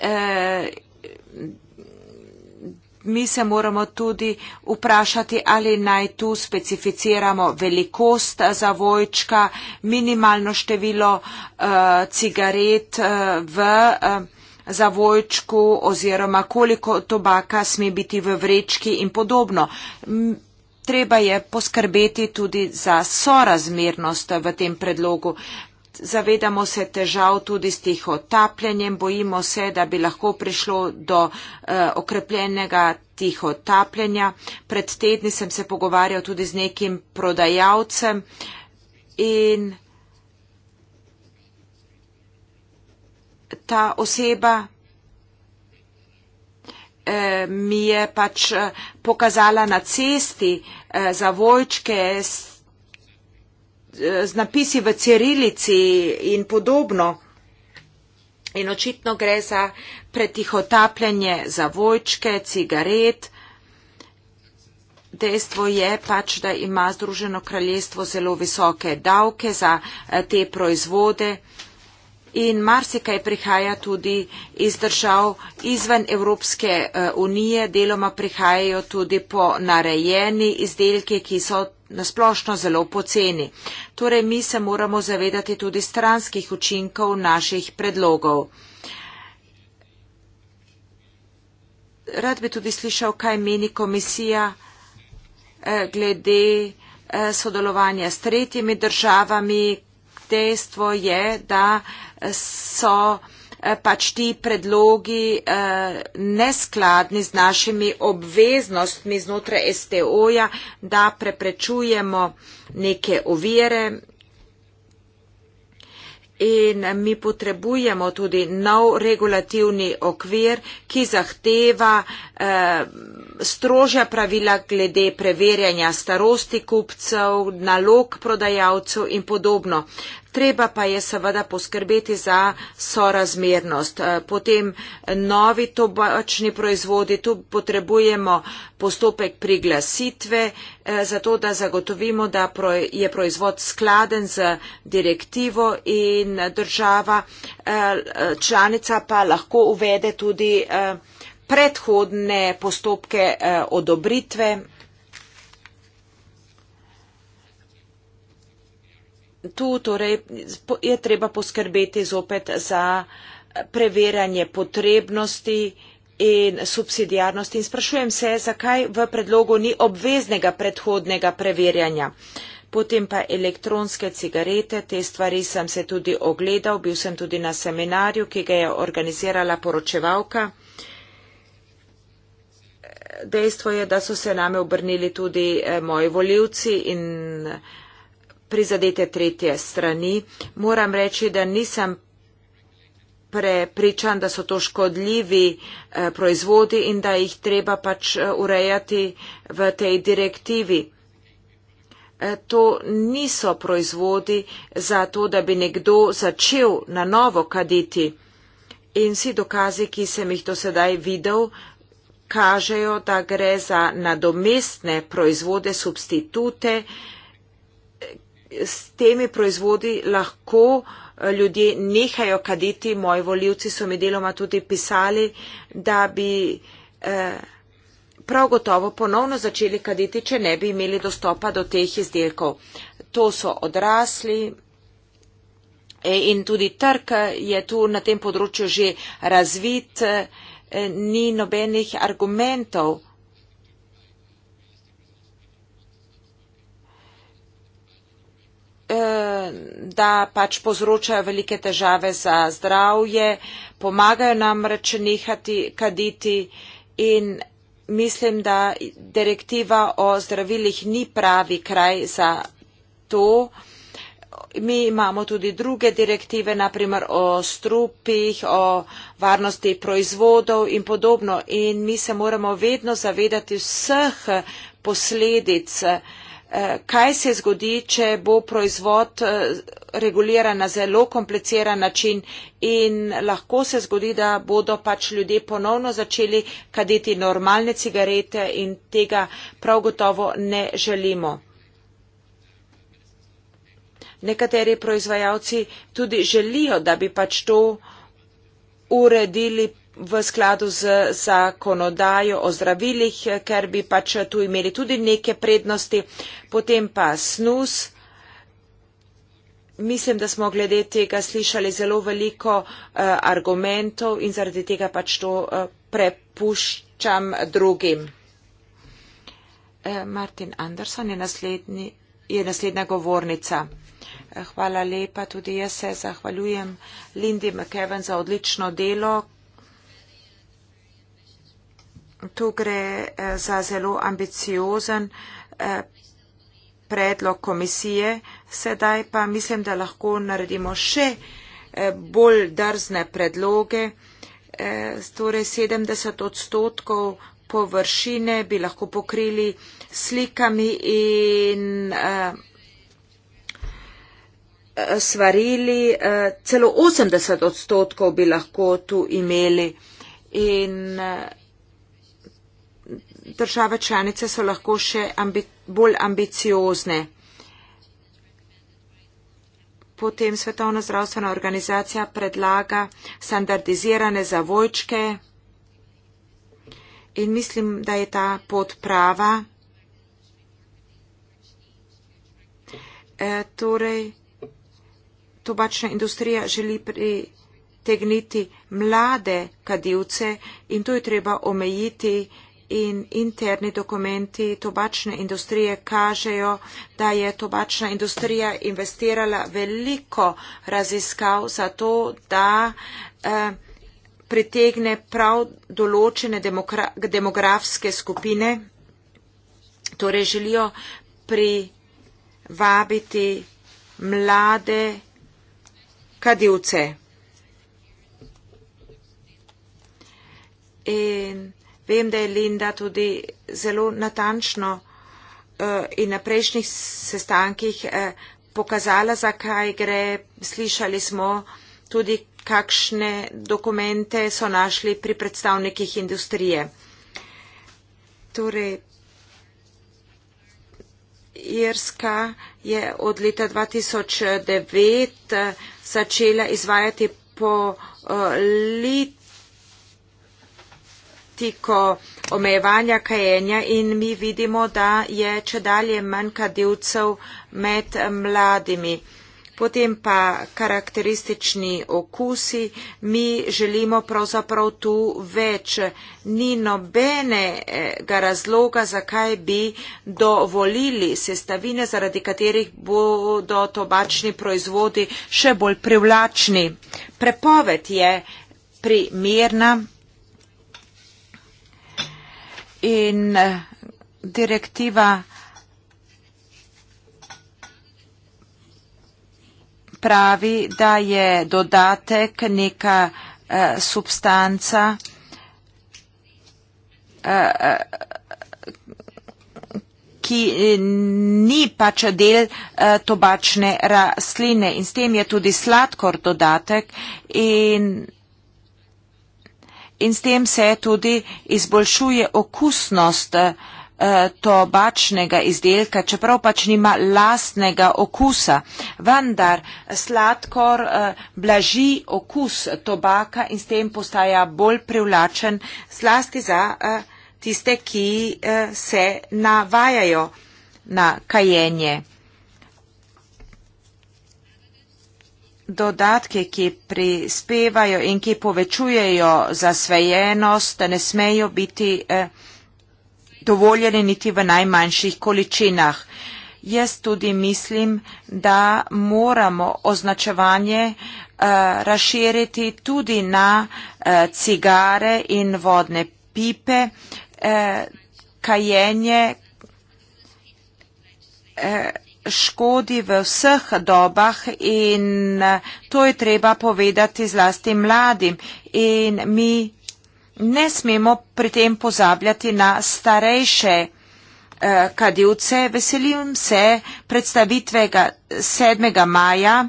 Eh, mi se moramo tudi vprašati, ali naj tu specificiramo velikost zavojčka, minimalno število uh, cigaret uh, v. Uh, za vojčku oziroma koliko tobaka sme biti v vrečki in podobno. Treba je poskrbeti tudi za sorazmernost v tem predlogu. Zavedamo se težav tudi s tiho tapljenjem, bojimo se, da bi lahko prišlo do uh, okrepljenega tiho tapljenja. Pred tedni sem se pogovarjal tudi z nekim prodajalcem in ta oseba eh, mi je pač eh, pokazala na cesti eh, za vojčke s, z napisi v cirilici in podobno. In očitno gre za pretihotapljanje za vojčke, cigaret. Dejstvo je pač, da ima Združeno kraljestvo zelo visoke davke za te proizvode in marsikaj prihaja tudi iz držav izven Evropske eh, unije, deloma prihajajo tudi po narejeni izdelki, ki so nasplošno zelo poceni. Torej mi se moramo zavedati tudi stranskih učinkov naših predlogov. Rad bi tudi slišal, kaj meni komisija eh, glede eh, sodelovanja s tretjimi državami. Dejstvo je, da so eh, pač ti predlogi eh, neskladni z našimi obveznostmi znotraj STO-ja, da preprečujemo neke ovire. In mi potrebujemo tudi nov regulativni okvir, ki zahteva eh, strožja pravila glede preverjanja starosti kupcev, nalog prodajalcev in podobno. Eh, Treba pa je seveda poskrbeti za sorazmernost. Eh, potem novi tobačni proizvodi, tu potrebujemo postopek priglasitve, eh, zato da zagotovimo, da je proizvod skladen z direktivo in država eh, članica pa lahko uvede tudi predhodne postopke odobritve tu torej je treba poskrbeti zopet za preverjanje potrebnosti in subsidijarnosti. In sprašujem se, zakaj v predlogu ni obveznega predhodnega preverjanja. Potem pa elektronske cigarete, te stvari sem se tudi ogledal, bil sem tudi na seminarju, ki ga je organizirala poročevalka. Dejstvo je, da so se name obrnili tudi eh, moji voljivci in prizadete tretje strani. Moram reči, da nisem prepričan, da so to škodljivi eh, proizvodi in da jih treba pač eh, urejati v tej direktivi. Eh, to niso proizvodi za to, da bi nekdo začel na novo kaditi. In vsi dokazi, ki sem jih do sedaj videl, kažejo, da gre za nadomestne proizvode, substitute, eh, s temi proizvodi lahko eh, ljudje nehajo kaditi. Moji voljivci so mi deloma tudi pisali, da bi eh, prav gotovo ponovno začeli kaditi, če ne bi imeli dostopa do teh izdelkov. To so odrasli. E, in tudi trg je tu na tem področju že razvit, e, ni nobenih argumentov. da pač povzročajo velike težave za zdravje, pomagajo nam reče nehati kaditi in mislim, da direktiva o zdravilih ni pravi kraj za to. Mi imamo tudi druge direktive, naprimer o strupih, o varnosti proizvodov in podobno. In mi se moramo vedno zavedati vseh posledic uh, Eh, kaj se zgodi, če bo proizvod eh, reguliran na zelo kompliciran način in lahko se zgodi, da bodo pač ljudje ponovno začeli kaditi normalne cigarete in tega prav gotovo ne želimo. Nekateri proizvajalci tudi želijo, da bi pač to uredili v skladu z zakonodajo o zdravilih, ker bi pač tu imeli tudi neke prednosti. Potem pa snus. Mislim, da smo glede tega slišali zelo veliko uh, argumentov in zaradi tega pač to uh, prepuščam drugim. Uh, Martin Anderson je, naslednji, je naslednja govornica. Hvala lepa, tudi jaz se zahvaljujem Lindy McEwen za odlično delo, Tu gre eh, za zelo ambiciozen eh, predlog komisije, sedaj pa mislim, da lahko naredimo še eh, bolj drzne predloge, torej 70 odstotkov površine bi lahko pokrili slikami in svarili, celo 80 odstotkov bi lahko tu imeli in vsega, države članice so lahko še ambi, bolj ambiciozne. Potem Svetovna zdravstvena organizacija predlaga standardizirane zavojčke in mislim, da je ta pot prava. E, torej, tobačna industrija želi pritegniti mlade kadivce in to je treba omejiti in interni dokumenti tobačne industrije kažejo, da je tobačna industrija investirala veliko raziskav za to, da eh, pritegne prav določene demografske skupine, torej želijo privabiti mlade kadilce. In Vem, da je Linda tudi zelo natančno eh, in na prejšnjih sestankih eh, pokazala, zakaj gre. Slišali smo tudi, kakšne dokumente so našli pri predstavnikih industrije. Torej, Irska je od leta 2009 eh, začela izvajati po lit politiko omejevanja kajenja in mi vidimo, da je čedalje manj kadilcev med mladimi. Potem pa karakteristični okusi. Mi želimo pravzaprav tu več. Ni nobenega razloga, zakaj bi dovolili sestavine, zaradi katerih bodo tobačni proizvodi še bolj privlačni. Prepoved je primerna in eh, direktiva pravi, da je dodatek neka uh, substanca, uh, ki ni pač del uh, tobačne rastline in s tem je tudi sladkor dodatek in in s tem se tudi izboljšuje okusnost eh, tobačnega izdelka, čeprav pač nima lastnega okusa. Vendar sladkor eh, blaži okus tobaka in s tem postaja bolj privlačen zlasti za eh, tiste, ki se navajajo na kajenje. dodatki, ki prispevajo in ki povečujejo zasvejenost, ne smejo biti eh, dovoljeni niti v najmanjših količinah. Jaz tudi mislim, da moramo označevanje eh, razširiti tudi na eh, cigare in vodne pipe, kajenje, kajenje, škodi v vseh dobah in eh, to je treba povedati zlasti mladim. In mi ne smemo pri tem pozabljati na starejše eh, kadilce. Veselim se predstavitve 7. maja,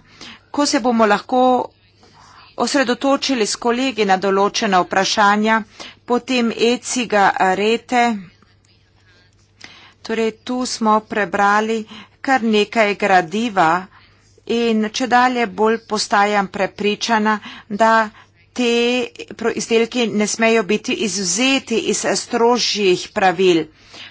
ko se bomo lahko osredotočili s kolegi na določena vprašanja, potem eciga rete. Torej, tu smo prebrali kar nekaj gradiva in če dalje bolj postajam prepričana, da te izdelki ne smejo biti izvzeti iz strožjih pravil.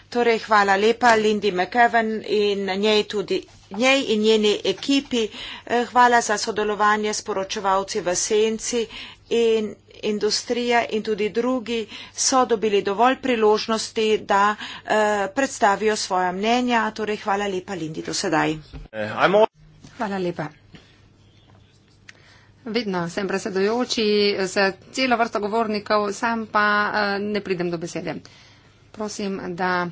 Torej, hvala lepa Lindy McEwen in njej tudi njej in njeni ekipi. Eh, hvala za sodelovanje s poročevalci v Senci in industrija in tudi drugi so dobili dovolj priložnosti, da eh, predstavijo svoja mnenja. Torej, hvala lepa, Lindi, do sedaj. Eh, hvala lepa. Vedno sem presedojoči eh, za celo vrsto govornikov, sam pa eh, ne pridem do besede. Prosim, da.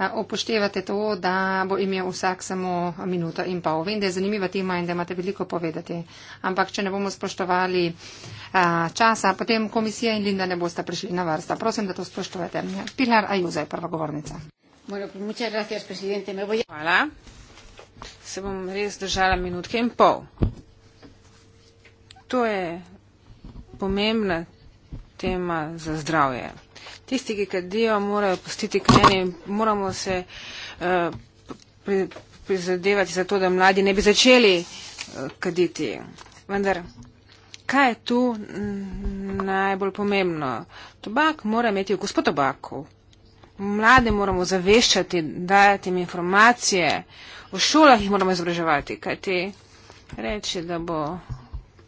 Eh, upoštevate to, da bo imel vsak samo minuto in pol. Vem, da je zanimiva tema in da imate veliko povedati, ampak če ne bomo spoštovali a, eh, časa, potem komisija in Linda ne boste prišli na vrsta. Prosim, da to spoštujete. Pilar Ajuza je prva govornica. Hvala. Se bom res držala minutke in pol. To je pomembna tema za zdravje tisti, ki kadijo, morajo postiti kajenje in moramo se uh, prizadevati za to, da mladi ne bi začeli uh, kaditi. Vendar, kaj je tu mm, najbolj pomembno? Tobak mora imeti okus po tobaku. Mlade moramo zaveščati, dajati jim informacije, v šolah jih moramo izobraževati, kaj ti reči, da bo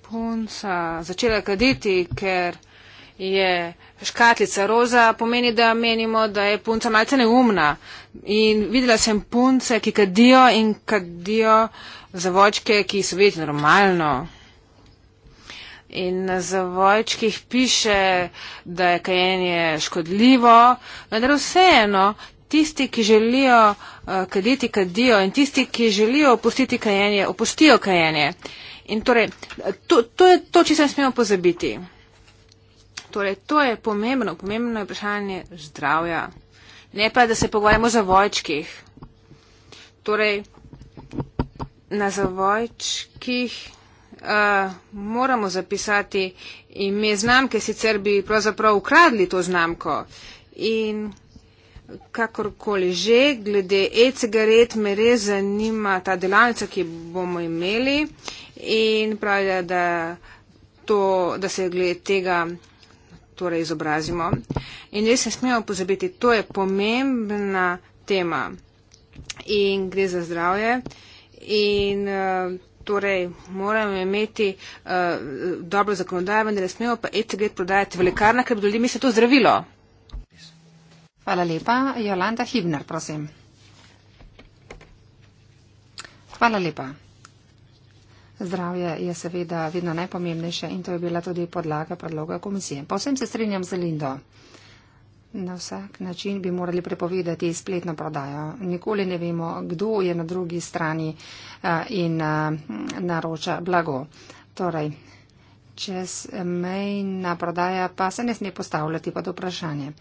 punca začela kaditi, ker je. Yeah škatlica. Roza pomeni, da menimo, da je punca malce neumna. In videla sem punce, ki kadijo in kadijo zavočke, ki so videti normalno. In na zavojčkih piše, da je kajenje škodljivo, vendar vseeno tisti, ki želijo uh, kaditi, kadijo in tisti, ki želijo opustiti kajenje, opustijo kajenje. In torej, to, to je to, če se smemo pozabiti. Torej, to je pomembno, pomembno je vprašanje zdravja. Ne pa, da se pogovarjamo o zavojčkih. Torej, na zavojčkih uh, moramo zapisati ime znamke, sicer bi pravzaprav ukradli to znamko. In kakorkoli že, glede e-cigaret me res zanima ta delavnica, ki bomo imeli in pravi, da, to, da se glede tega torej izobrazimo. In res se smemo pozabiti, to je pomembna tema in gre za zdravje. In eh, torej moramo imeti uh, dobro zakonodajo, vendar ne smemo pa ECG prodajati v lekarnah, ker bodo ljudi mislili, da je to zdravilo. Hvala lepa. Jolanda Hibner, prosim. Hvala lepa. Zdravje je seveda vedno najpomembnejše in to je bila tudi podlaga predloga komisije. Povsem se strinjam z Lindo. Na vsak način bi morali prepovedati spletno prodajo. Nikoli ne vemo, kdo je na drugi strani eh, in eh, naroča blago. Torej, čez mejna prodaja pa se ne sme postavljati pod vprašanje.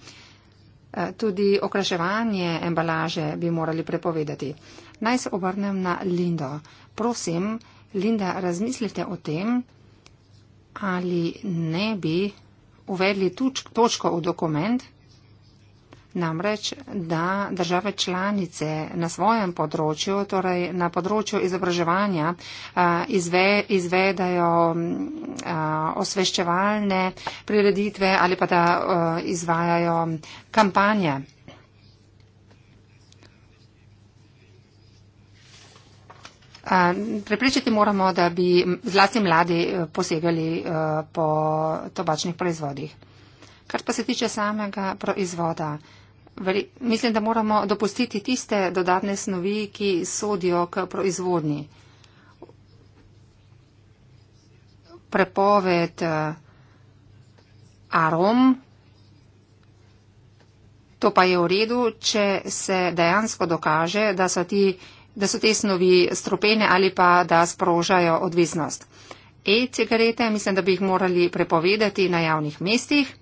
Eh, tudi okraševanje embalaže bi morali prepovedati. Naj se obrnem na Lindo. Prosim, Linda, razmislite o tem, ali ne bi uvedli tuč, točko v dokument, namreč, da države članice na svojem področju, torej na področju izobraževanja, izve, izvedajo osveščevalne prireditve ali pa da izvajajo kampanje. Preprečiti moramo, da bi zlasti mladi eh, posegali eh, po tobačnih proizvodih. Kar pa se tiče samega proizvoda, mislim, da moramo dopustiti tiste dodatne snovi, ki sodijo k proizvodni. Prepoved eh, arom, to pa je v redu, če se dejansko dokaže, da so ti da so te snovi stropene ali pa da sprožajo odvisnost. E-cigarete mislim, da bi jih morali prepovedati na javnih mestih,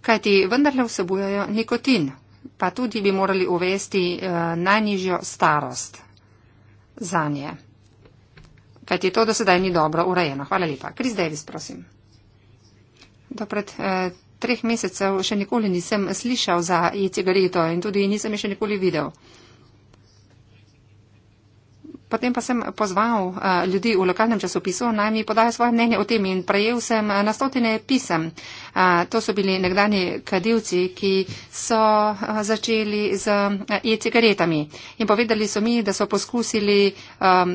kajti vendarle vsebujajo nikotin, pa tudi bi morali uvesti eh, najnižjo starost za nje. Kajti to do sedaj ni dobro urejeno. Hvala lepa. Kris Davis, prosim. Do pred eh, treh mesecev še nikoli nisem slišal za e-cigareto in tudi nisem jih še nikoli videl. Potem pa sem pozval uh, ljudi v lokalnem časopisu, naj mi podajo svoje mnenje o tem in prejel sem eh, na stotine pisem. Uh, to so bili nekdani kadilci, ki so uh, začeli z uh, e-cigaretami in povedali so mi, da so poskusili um,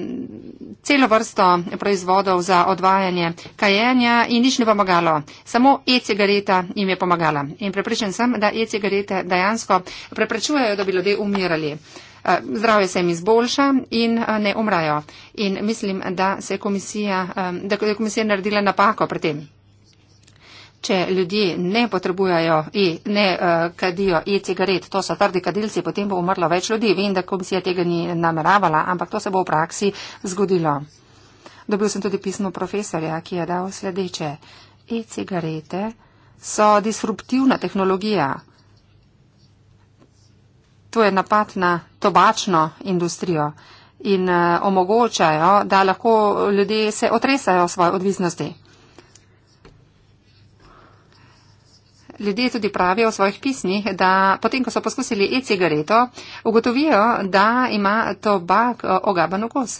celo vrsto proizvodov za odvajanje kajenja in nič ne pomagalo. Samo e-cigareta jim je pomagala. In prepričan sem, da e-cigarete dejansko preprečujejo, da bi ljudje umirali. Uh, Eh, zdravje se jim izboljša in eh, ne umrajo. In mislim, da se komisija, eh, da je komisija naredila napako pri tem. Če ljudje ne potrebujejo in e, ne uh, kadijo e-cigaret, to so trdi kadilci, potem bo umrlo več ljudi. Vem, da komisija tega ni nameravala, ampak to se bo v praksi zgodilo. Dobil sem tudi pismo profesorja, ki je dal sledeče. E-cigarete so disruptivna tehnologija to je napad na tobačno industrijo in eh, omogočajo, da lahko ljudje se otresajo svoje odvisnosti. Ljudje tudi pravijo v svojih pismih, da potem, ko so poskusili e-cigareto, ugotovijo, da ima tobak eh, ogaben okus.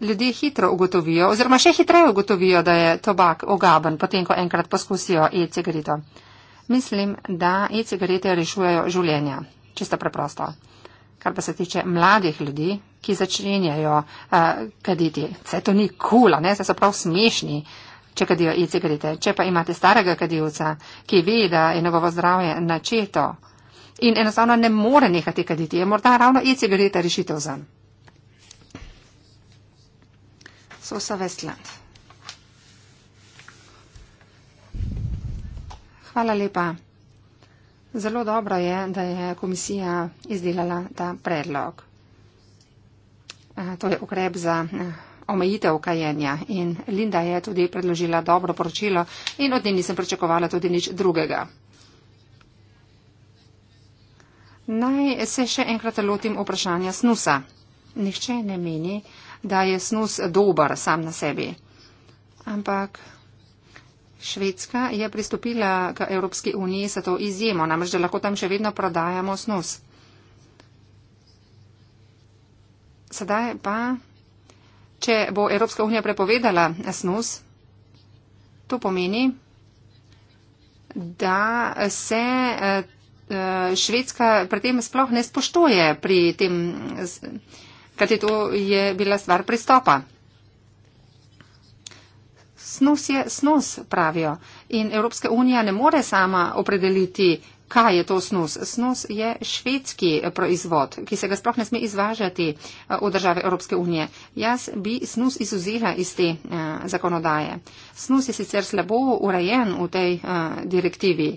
Ljudje hitro ugotovijo, oziroma še hitreje ugotovijo, da je tobak ogaben, potem, ko enkrat poskusijo e-cigareto. Mislim, da e-cigarete rešujejo življenja. Čisto preprosto. Kar pa se tiče mladih ljudi, ki začenjajo uh, kaditi, vse to ni kul, cool, vse so prav smešni, če kadijo e-cigarete. Če pa imate starega kadivca, ki ve, da je njegovo zdravje načeto in enostavno ne more nehati kaditi, je morda ravno e-cigarete rešitev za. So vse vestland. Hvala lepa. Zelo dobro je, da je komisija izdelala ta predlog. Eh, to je ukrep za eh, omejitev kajenja in Linda je tudi predložila dobro poročilo in od nje nisem pričakovala tudi nič drugega. Naj se še enkrat lotim vprašanja snusa. Nihče ne meni, da je snus dober sam na sebi. Ampak Švedska je pristopila k Evropski uniji za to izjemo, namreč da lahko tam še vedno prodajamo snus. Sedaj pa, če bo Evropska unija prepovedala snus, to pomeni, da se eh, eh, Švedska pri tem sploh ne spoštuje, pri tem, kajti to je bila stvar pristopa snus je snus, pravijo. In Evropska unija ne more sama opredeliti, kaj je to snus. Snus je švedski proizvod, ki se ga sploh ne sme izvažati v eh, države Evropske unije. Jaz bi snus izuzela iz te eh, zakonodaje. Snus je sicer slabo urejen v tej eh, direktivi.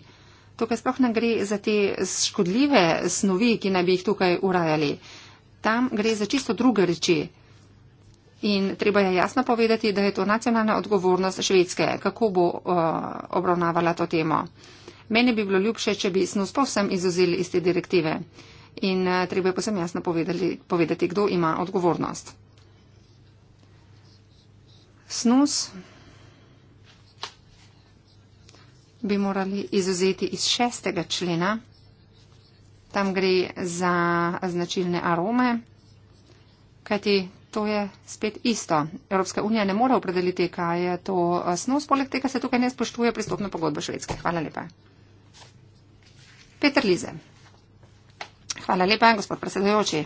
Tukaj sploh ne gre za te škodljive snovi, ki naj bi jih tukaj urajali. Tam gre za čisto druge reči in treba je jasno povedati, da je to nacionalna odgovornost Švedske, kako bo uh, obravnavala to temo. Meni bi bilo ljubše, če bi snus povsem izuzeli iz te direktive in uh, treba je posem jasno povedali, povedati, kdo ima odgovornost. Snus bi morali izuzeti iz šestega člena. Tam gre za značilne arome, kajti to je spet isto. Evropska unija ne more opredeliti, kaj je to eh, snus, poleg tega se tukaj ne spoštuje pristopna pogodba Švedske. Hvala lepa. Peter Lize. Hvala lepa, gospod predsedujoči.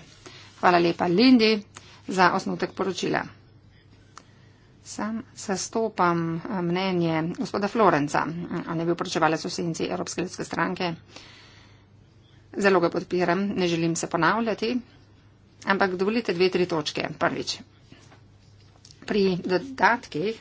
Hvala lepa, Lindi, za osnutek poročila. Sam zastopam eh, mnenje gospoda Florenca. On je bil poročevalec v senci Evropske ljudske stranke. Zelo ga podpiram, ne želim se ponavljati. Ampak dovolite dve, tri točke. Prvič. Pri dodatkih,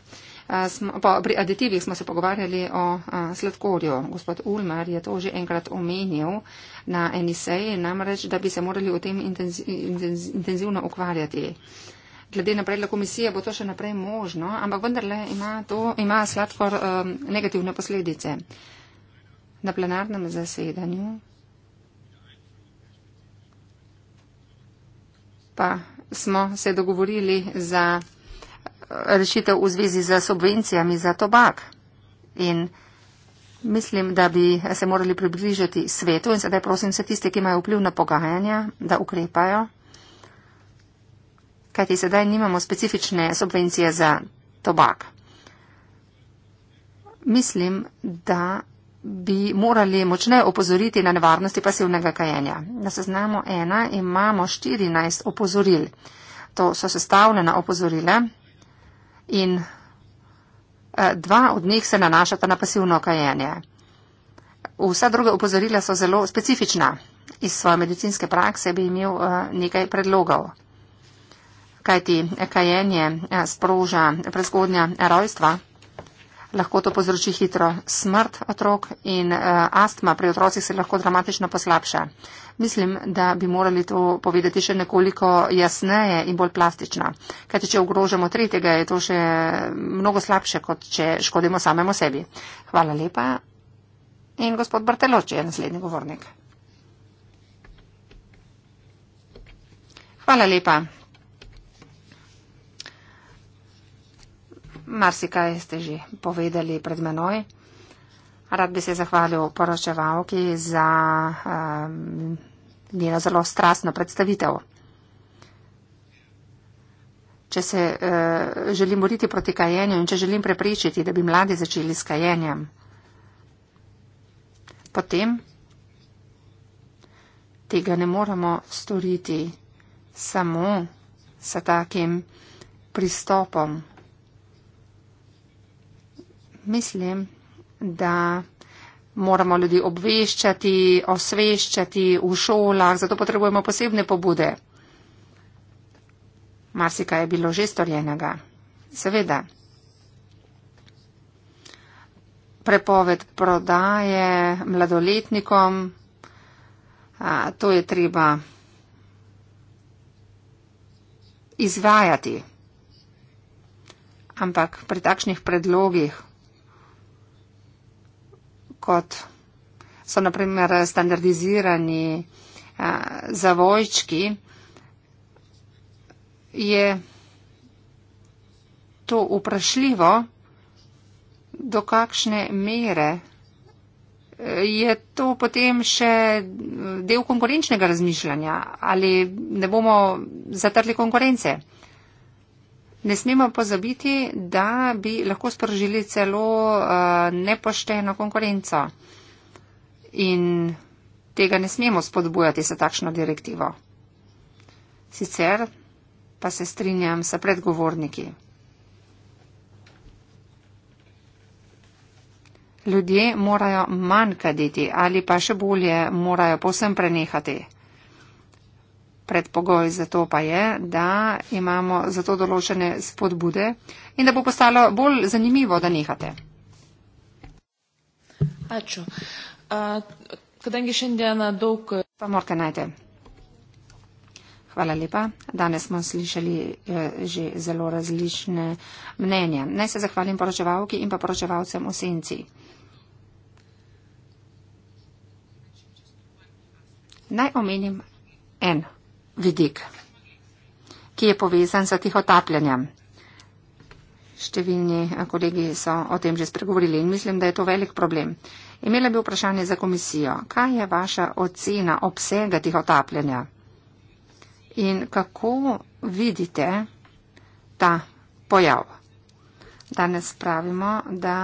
smo, po, pri aditivih smo se pogovarjali o a, sladkorju. Gospod Ulmer je to že enkrat omenil na NSA, namreč, da bi se morali o tem intenzi, intenzivno ukvarjati. Glede na predlog komisije bo to še naprej možno, ampak vendarle ima, to, ima sladkor a, negativne posledice. Na plenarnem zasedanju pa smo se dogovorili za eh, rešitev v zvezi z subvencijami za tobak. In mislim, da bi se morali približati svetu in sedaj prosim vse tiste, ki imajo vpliv na pogajanja, da ukrepajo. Kajti sedaj nimamo specifične subvencije za tobak. Mislim, da bi morali močneje opozoriti na nevarnosti pasivnega kajenja. Na seznamu ena imamo 14 opozoril. To so sestavljena opozorile in eh, dva od njih se nanašata na pasivno kajenje. Vsa druga opozorila so zelo specifična. Iz svoje medicinske prakse bi imel eh, nekaj predlogov. Kajti eh, kajenje sproža prezgodnja rojstva lahko to povzroči hitro smrt otrok in uh, astma pri otrocih se lahko dramatično poslabša. Mislim, da bi morali to povedati še nekoliko jasneje in bolj plastično. Kajti, če ogrožamo tretjega, je to še mnogo slabše, kot če škodimo samemu sebi. Hvala lepa. In gospod Brteloč je naslednji govornik. Hvala lepa. Marsikaj ste že povedali pred menoj. Rad bi se zahvalil poročevalki za um, njeno zelo strastno predstavitev. Če se uh, želim boriti proti kajenju in če želim prepričati, da bi mladi začeli s kajenjem, potem tega ne moremo storiti samo s takim pristopom, mislim, da moramo ljudi obveščati, osveščati v šolah, zato potrebujemo posebne pobude. Marsika je bilo že storjenega. Seveda. Prepoved prodaje mladoletnikom, a, to je treba izvajati. Ampak pri takšnih predlogih kot so naprimer standardizirani zavojčki, je to vprašljivo, do kakšne mere e, je to potem še del konkurenčnega razmišljanja ali ne bomo zatrli konkurence. Ne smemo pozabiti, da bi lahko sprožili celo uh, nepošteno konkurenco in tega ne smemo spodbujati sa takšno direktivo. Sicer pa se strinjam sa predgovorniki. Ljudje morajo manj kaditi ali pa še bolje morajo povsem prenehati. Predpogoj za to pa je, da imamo za to določene spodbude in da bo postalo bolj zanimivo, da nehate. Ačo. Kadangi še dan dolg. Pa morate najte. Hvala lepa. Danes smo slišali e, že zelo različne mnenja. Naj se zahvalim poročevalki in pa poročevalcem v senci. Naj omenim eno vidik, ki je povezan z tihotapljanjem. Številni eh, kolegi so o tem že spregovorili in mislim, da je to velik problem. Imela bi vprašanje za komisijo, kaj je vaša ocena obsega tihotapljanja in kako vidite ta pojav. Danes pravimo, da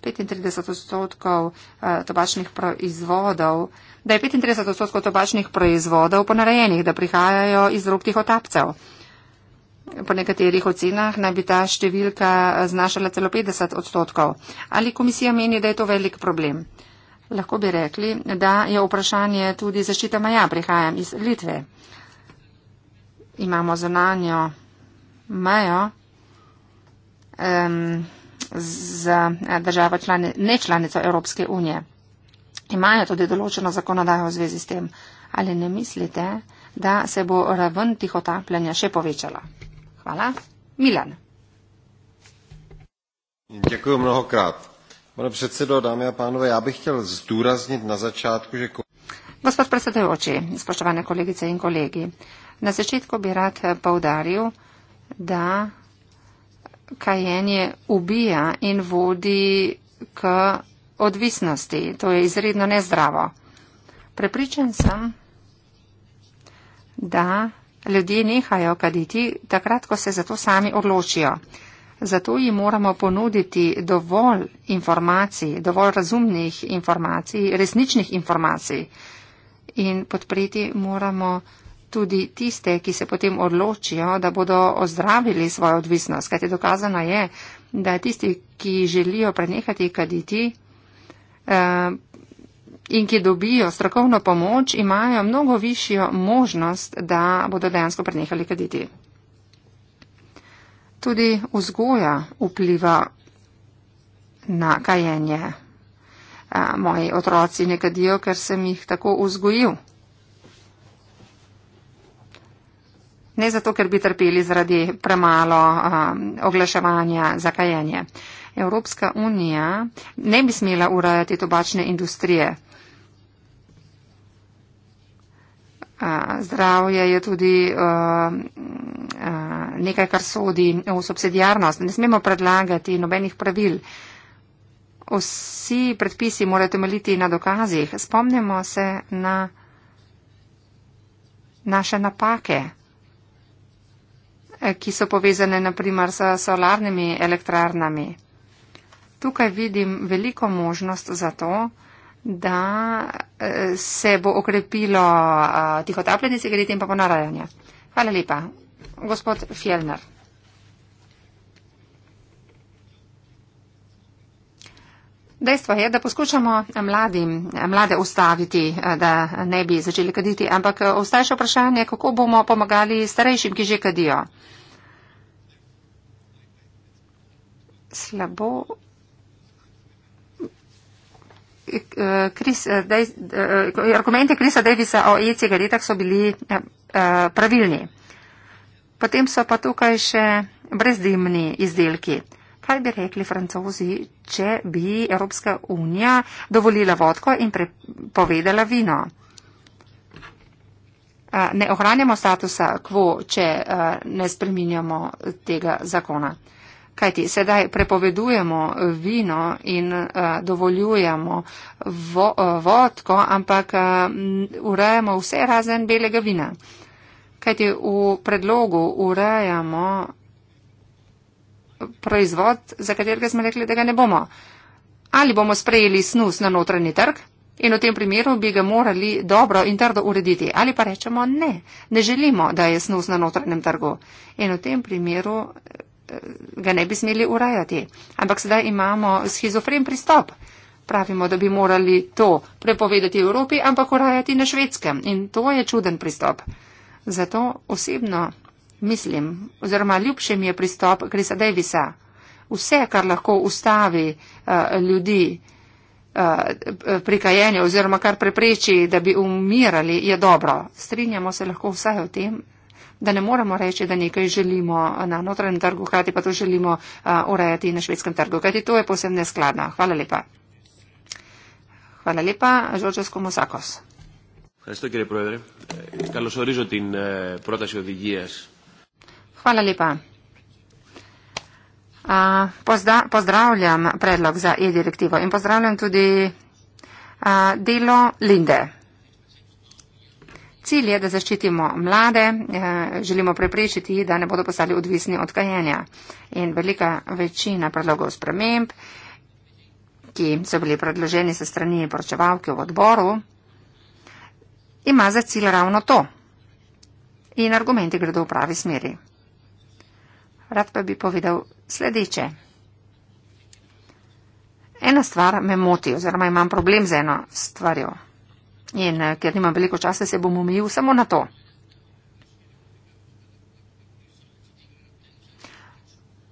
35 odstotkov eh, tobačnih proizvodov, da je 35 odstotkov tobačnih proizvodov ponarejenih, da prihajajo iz rok tih otapcev. Po nekaterih ocenah naj bi ta številka eh, znašala celo 50 odstotkov. Ali komisija meni, da je to velik problem? Lahko bi rekli, da je vprašanje tudi zaščita maja. Prihajam iz Litve. Imamo zunanjo majo. Um, za eh, države člani, ne članice Evropske unije. Imajo tudi določeno zakonodajo v zvezi s tem. Ali ne mislite, da se bo raven tihotapljanja še povečala? Hvala. Milan. Děkuji mnohokrát. Pane předsedo, dámy a pánové, já bych chtěl zdůraznit na začátku, že. Gospod predsedujoči, spoštovane kolegice in kolegi, na začetku bi rad poudaril, da kajenje ubija in vodi k odvisnosti. To je izredno nezdravo. Prepričan sem, da ljudje nehajo kaditi takrat, ko se za to sami odločijo. Zato jim moramo ponuditi dovolj informacij, dovolj razumnih informacij, resničnih informacij in podpreti moramo tudi tiste, ki se potem odločijo, da bodo ozdravili svojo odvisnost. Kajte dokazano je, da tisti, ki želijo prenehati kaditi eh, in ki dobijo strokovno pomoč, imajo mnogo višjo možnost, da bodo dejansko prenehali kaditi. Tudi vzgoja vpliva na kajenje. Eh, moji otroci ne kadijo, ker sem jih tako vzgojil. ne zato, ker bi trpeli zaradi premalo um, oglaševanja za kajenje. Evropska unija ne bi smela urajati tobačne industrije. Uh, zdravje je tudi uh, uh, nekaj, kar sodi v subsidijarnost. Ne smemo predlagati nobenih pravil. Vsi predpisi morajo temeljiti na dokazih. Spomnimo se na naše napake. Eh, ki so povezane naprimer s solarnimi elektrarnami. Tukaj vidim veliko možnost za to, da eh, se bo okrepilo eh, tihotapljenje cigaret in pa ponarajanje. Hvala lepa. Gospod Fjellner. Dejstvo je, da poskušamo eh, mladi, eh, mlade ustaviti, eh, da ne bi začeli kaditi, ampak ostaje še vprašanje, kako bomo pomagali starejšim, ki že kadijo. Slabo. Chris, argumente Krisa Davisa o e-cigaretah so bili pravilni. Potem so pa tukaj še brezdimni izdelki kaj bi rekli francozi, če bi Evropska unija dovolila vodko in prepovedala vino. Eh, ne ohranjamo statusa kvo, če eh, ne spreminjamo tega zakona. Kajti sedaj prepovedujemo vino in uh, dovoljujemo vo, uh, vodko, ampak uh, urejamo vse razen belega vina. Kajti v predlogu urejamo proizvod, za katerega smo rekli, da ga ne bomo. Ali bomo sprejeli snus na notranji trg in v tem primeru bi ga morali dobro in trdo urediti. Ali pa rečemo ne, ne želimo, da je snus na notranjem trgu in v tem primeru eh, ga ne bi smeli urajati. Ampak sedaj imamo schizofren pristop. Pravimo, da bi morali to prepovedati v Evropi, ampak urajati na švedskem. In to je čuden pristop. Zato osebno mislim, oziroma ljubše mi je pristop Krisa Davisa. Vse, kar lahko ustavi uh, ljudi uh, prikajenje oziroma kar prepreči, da bi umirali, je dobro. Strinjamo se lahko vse o tem, da ne moremo reči, da nekaj želimo na notranjem trgu, hkrati pa to želimo uh, urejati na švedskem trgu, kajti to je posebno neskladno. Hvala lepa. Hvala lepa, Žočas Komosakos. Hvala lepa, predsednik. Kalosorizo tin protaši odigijas. Hvala lepa. Uh, pozdra pozdravljam predlog za e-direktivo in pozdravljam tudi uh, delo Linde. Cilj je, da zaščitimo mlade, eh, želimo preprečiti, da ne bodo postali odvisni od kajenja. In velika večina predlogov sprememb, ki so bili predloženi se strani poročevalke v odboru, ima za cilj ravno to. In argumenti gredo v pravi smeri. Rappe bi povedal sledeče. Ena stvar me moti, oziroma imam problem z eno stvarjo. In eh, ker nimam veliko časa, se bom umil samo na to.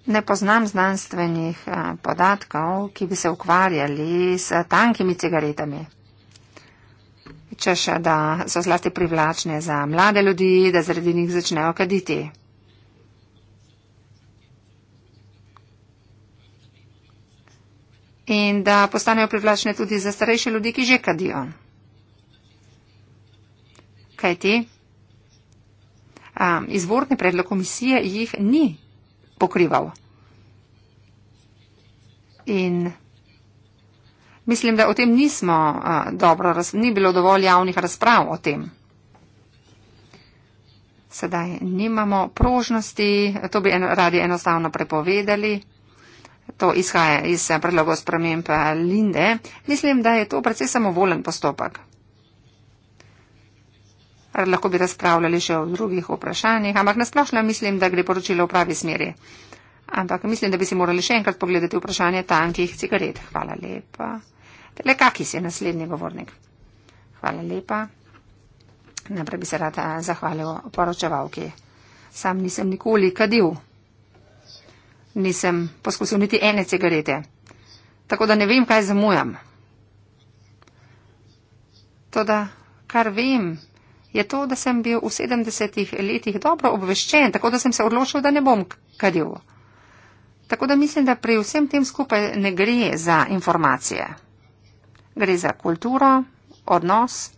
Ne poznam znanstvenih eh, podatkov, ki bi se ukvarjali s tankimi cigaretami. Češ, eh, da so zlasti privlačne za mlade ljudi, da zaradi njih začnejo kaditi. in da postanejo privlačne tudi za starejše ljudi, ki že kadijo. Kaj ti? Um, izvorni predlog komisije jih ni pokrival. In mislim, da o tem nismo uh, dobro, raz, ni bilo dovolj javnih razprav o tem. Sedaj nimamo prožnosti, to bi en, radi enostavno prepovedali to izhaja iz predlogo sprememb eh, Linde, mislim, da je to predvsej samovolen postopek. Rad lahko bi razpravljali še o drugih vprašanjih, ampak nasplošno mislim, da gre poročilo v pravi smeri. Ampak mislim, da bi si morali še enkrat pogledati vprašanje tankih cigaret. Hvala lepa. Tele, kakis je naslednji govornik? Hvala lepa. Najprej bi se rada zahvalil poročevalki. Sam nisem nikoli kadil nisem poskusil niti ene cigarete. Tako da ne vem, kaj zamujam. Toda, kar vem, je to, da sem bil v 70-ih letih dobro obveščen, tako da sem se odločil, da ne bom kadil. Tako da mislim, da pri vsem tem skupaj ne gre za informacije. Gre za kulturo, odnos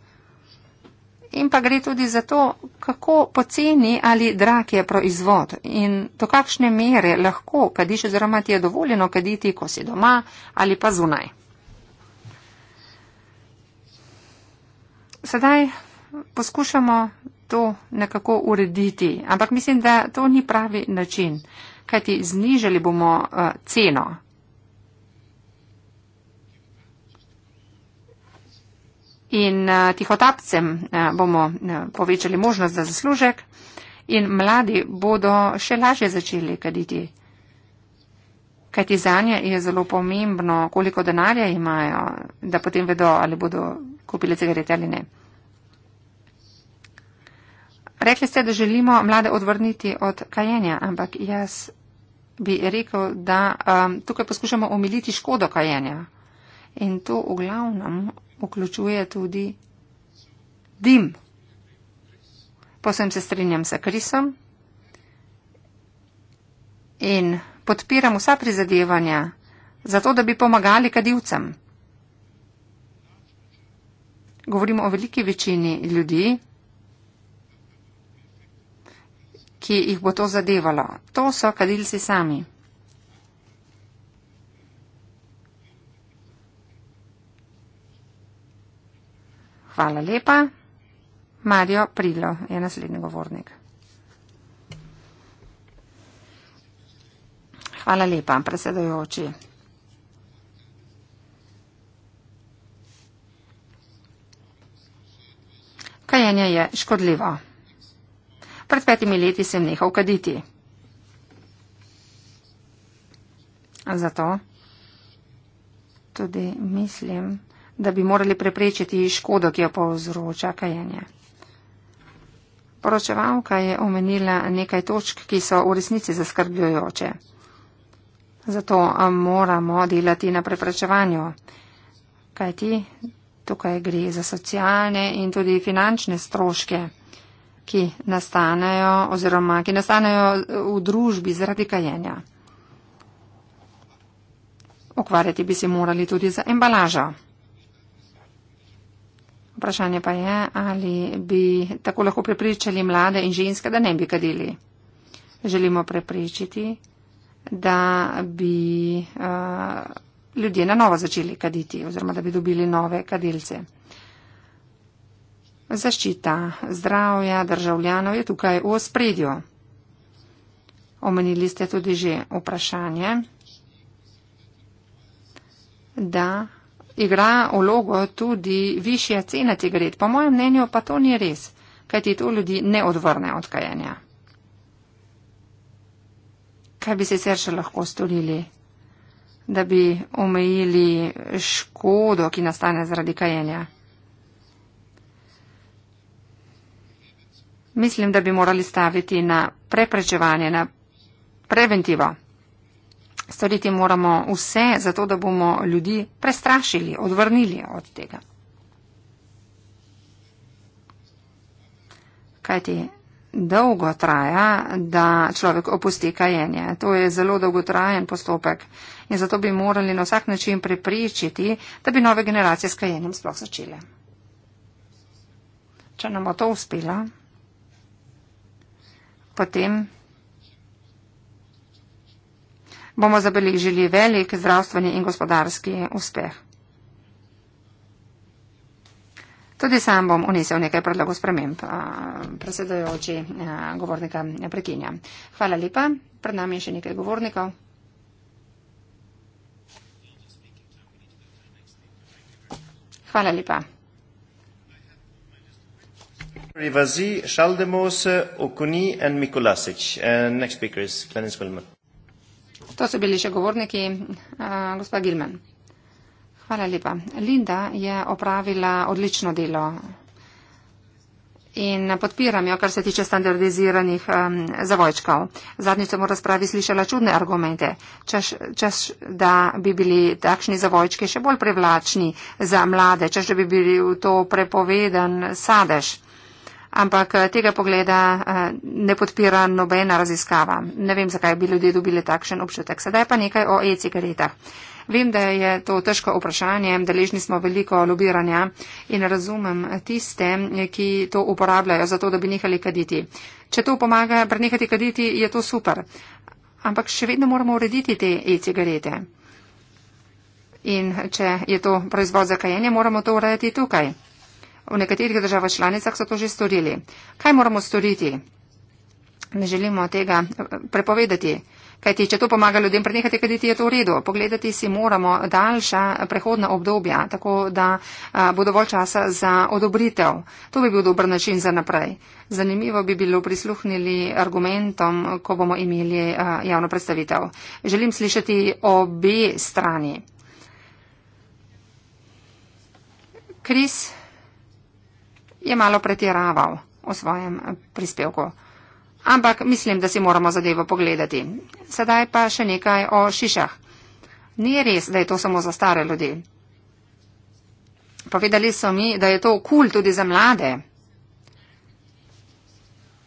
In pa gre tudi za to, kako poceni ali drag je proizvod in do kakšne mere lahko kadiš oziroma ti je dovoljeno kaditi, ko si doma ali pa zunaj. Sedaj poskušamo to nekako urediti, ampak mislim, da to ni pravi način, kajti znižali bomo eh, ceno. in eh, tihotapcem eh, bomo eh, povečali možnost za zaslužek in mladi bodo še lažje začeli kaditi. Kajti zanje je zelo pomembno, koliko denarja imajo, da potem vedo, ali bodo kupili cigarete ali ne. Rekli ste, da želimo mlade odvrniti od kajenja, ampak jaz bi rekel, da um, tukaj poskušamo omiliti škodo kajenja. In to v glavnem vključuje tudi dim. Posem se strinjam s Krisom in podpiram vsa prizadevanja za to, da bi pomagali kadivcem. Govorimo o veliki večini ljudi, ki jih bo to zadevalo. To so kadilci sami. Hvala lepa. Mario Prilo je naslednji govornik. Hvala lepa, predsedojoči. Kajenje je škodljivo. Pred petimi leti sem nehal kaditi. Zato tudi mislim, da da bi morali preprečiti škodo, ki jo povzroča kajenje. Poročevalka je omenila nekaj točk, ki so v resnici zaskrbljujoče. Zato moramo delati na preprečevanju, kajti tukaj gre za socialne in tudi finančne stroške, ki nastanejo oziroma ki nastanejo v družbi zaradi kajenja. Okvarjati bi se morali tudi za embalažo. Vprašanje pa je, ali bi tako lahko prepričali mlade in ženske, da ne bi kadili. Želimo prepričati, da bi uh, ljudje na novo začeli kaditi oziroma da bi dobili nove kadilce. Zaščita zdravja državljanov je tukaj v ospredju. Omenili ste tudi že vprašanje, da igra vlogo tudi višja cena cigaret. Po mojem mnenju pa to ni res, kajti to ljudi ne odvrne od kajenja. Kaj bi se sicer še lahko storili, da bi omejili škodo, ki nastane zaradi kajenja? Mislim, da bi morali staviti na preprečevanje, na preventivo. Storiti moramo vse, zato da bomo ljudi prestrašili, odvrnili od tega. Kajti dolgo traja, da človek opusti kajenje. To je zelo dolgotrajen postopek in zato bi morali na vsak način prepričiti, da bi nove generacije s kajenjem sploh začele. Če nam bo to uspelo, potem bomo zabeležili velik zdravstveni in gospodarski uspeh. Tudi sam bom unesel nekaj predlogov sprememb. Predsedojoči govornika prekinja. Hvala lepa. Pred nami je še nekaj govornikov. Hvala lepa. Rivazi, Šaldemos, Okuni in Mikulasič. Uh, next speaker is Clarence Wilmot. To so bili še govorniki uh, gospa Gilman. Hvala lepa. Linda je opravila odlično delo in podpiram jo, kar se tiče standardiziranih um, zavojčkov. Zadnjič sem v razpravi slišala čudne argumente, češ, češ, da bi bili takšni zavojčki še bolj privlačni za mlade, češ, da bi bili v to prepovedan sadež ampak eh, tega pogleda eh, ne podpira nobena raziskava. Ne vem, zakaj bi ljudje dobili takšen občutek. Sedaj pa nekaj o e-cigaretah. Vem, da je to težko vprašanje, deležni smo veliko lobiranja in razumem tiste, ki to uporabljajo za to, da bi nehali kaditi. Če to pomaga prenehati kaditi, je to super. Ampak še vedno moramo urediti te e-cigarete. In če je to proizvod za kajenje, moramo to urediti tukaj. V nekaterih državah članicah so to že storili. Kaj moramo storiti? Ne želimo tega eh, prepovedati. Kajti, če to pomaga ljudem prenehati kaditi, je to v redu. Pogledati si moramo daljša prehodna obdobja, tako da a, eh, bo dovolj časa za odobritev. To bi bil dober način za naprej. Zanimivo bi bilo prisluhnili argumentom, ko bomo imeli a, eh, javno predstavitev. Želim slišati obe strani. Kris je malo pretiraval v svojem prispevku. Ampak mislim, da si moramo zadevo pogledati. Sedaj pa še nekaj o šišah. Ni res, da je to samo za stare ljudi. Povedali so mi, da je to kul cool tudi za mlade.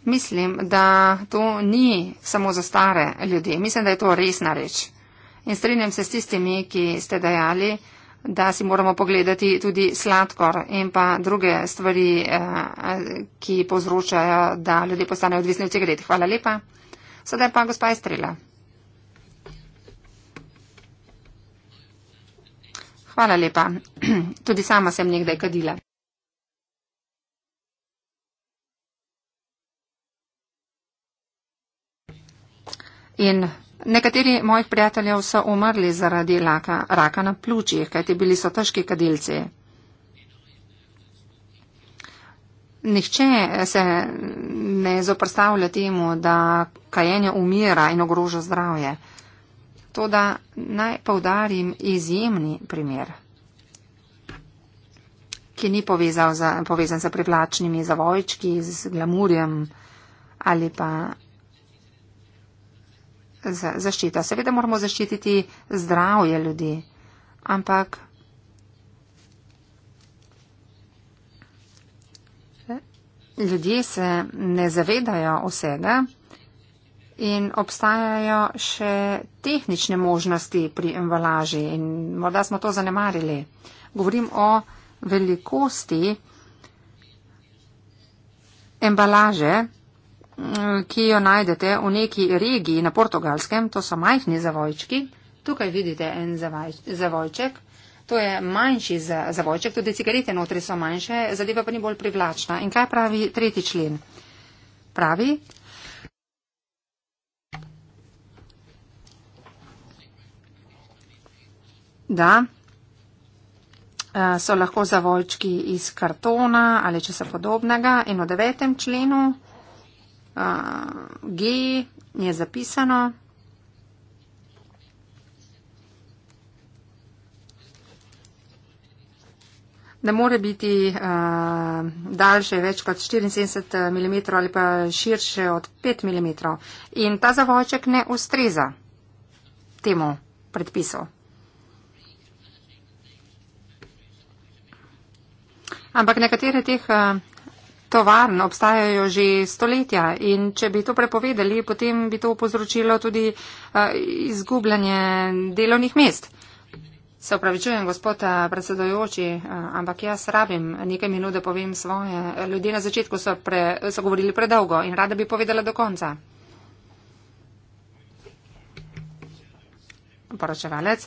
Mislim, da to ni samo za stare ljudi. Mislim, da je to resna reč. In strinjam se s tistimi, ki ste dejali, da si moramo pogledati tudi sladkor in pa druge stvari, eh, ki povzročajo, da ljudje postanejo odvisni od cigaret. Hvala lepa. Sedaj pa gospa Estrela. Hvala lepa. Tudi sama sem nekdaj kadila. In Nekateri mojih prijateljev so umrli zaradi laka, raka na pljučih, kajti bili so težki kadilci. Nihče se ne zoprstavlja temu, da kajenje umira in ogroža zdravje. Toda naj povdarim izjemni primer, ki ni povezan z privlačnimi zavojčki, z glamurjem ali pa zaščita. Seveda moramo zaščititi zdravje ljudi, ampak eh, ljudje se ne zavedajo vsega in obstajajo še tehnične možnosti pri embalaži in morda smo to zanemarili. Govorim o velikosti embalaže, ki jo najdete v neki regiji na portugalskem, to so majhni zavojčki. Tukaj vidite en zavojček, to je manjši zavojček, tudi cigarete notri so manjše, zadeva pa ni bolj privlačna. In kaj pravi tretji člen? Pravi. Da eh, so lahko zavojčki iz kartona ali česa podobnega. In v devetem členu uh, geji, je zapisano. Ne more biti uh, daljše več kot 74 eh, mm ali pa širše od 5 mm. In ta zavoček ne ustreza temu predpisu. Ampak nekatere teh uh, tovarn obstajajo že stoletja in če bi to prepovedali, potem bi to povzročilo tudi uh, izgubljanje delovnih mest. Se upravičujem, gospod eh, predsedojoči, eh, ampak jaz rabim nekaj minut, da povem svoje. Ljudje na začetku so, pre, so govorili predolgo in rada bi povedala do konca. Poročevalec.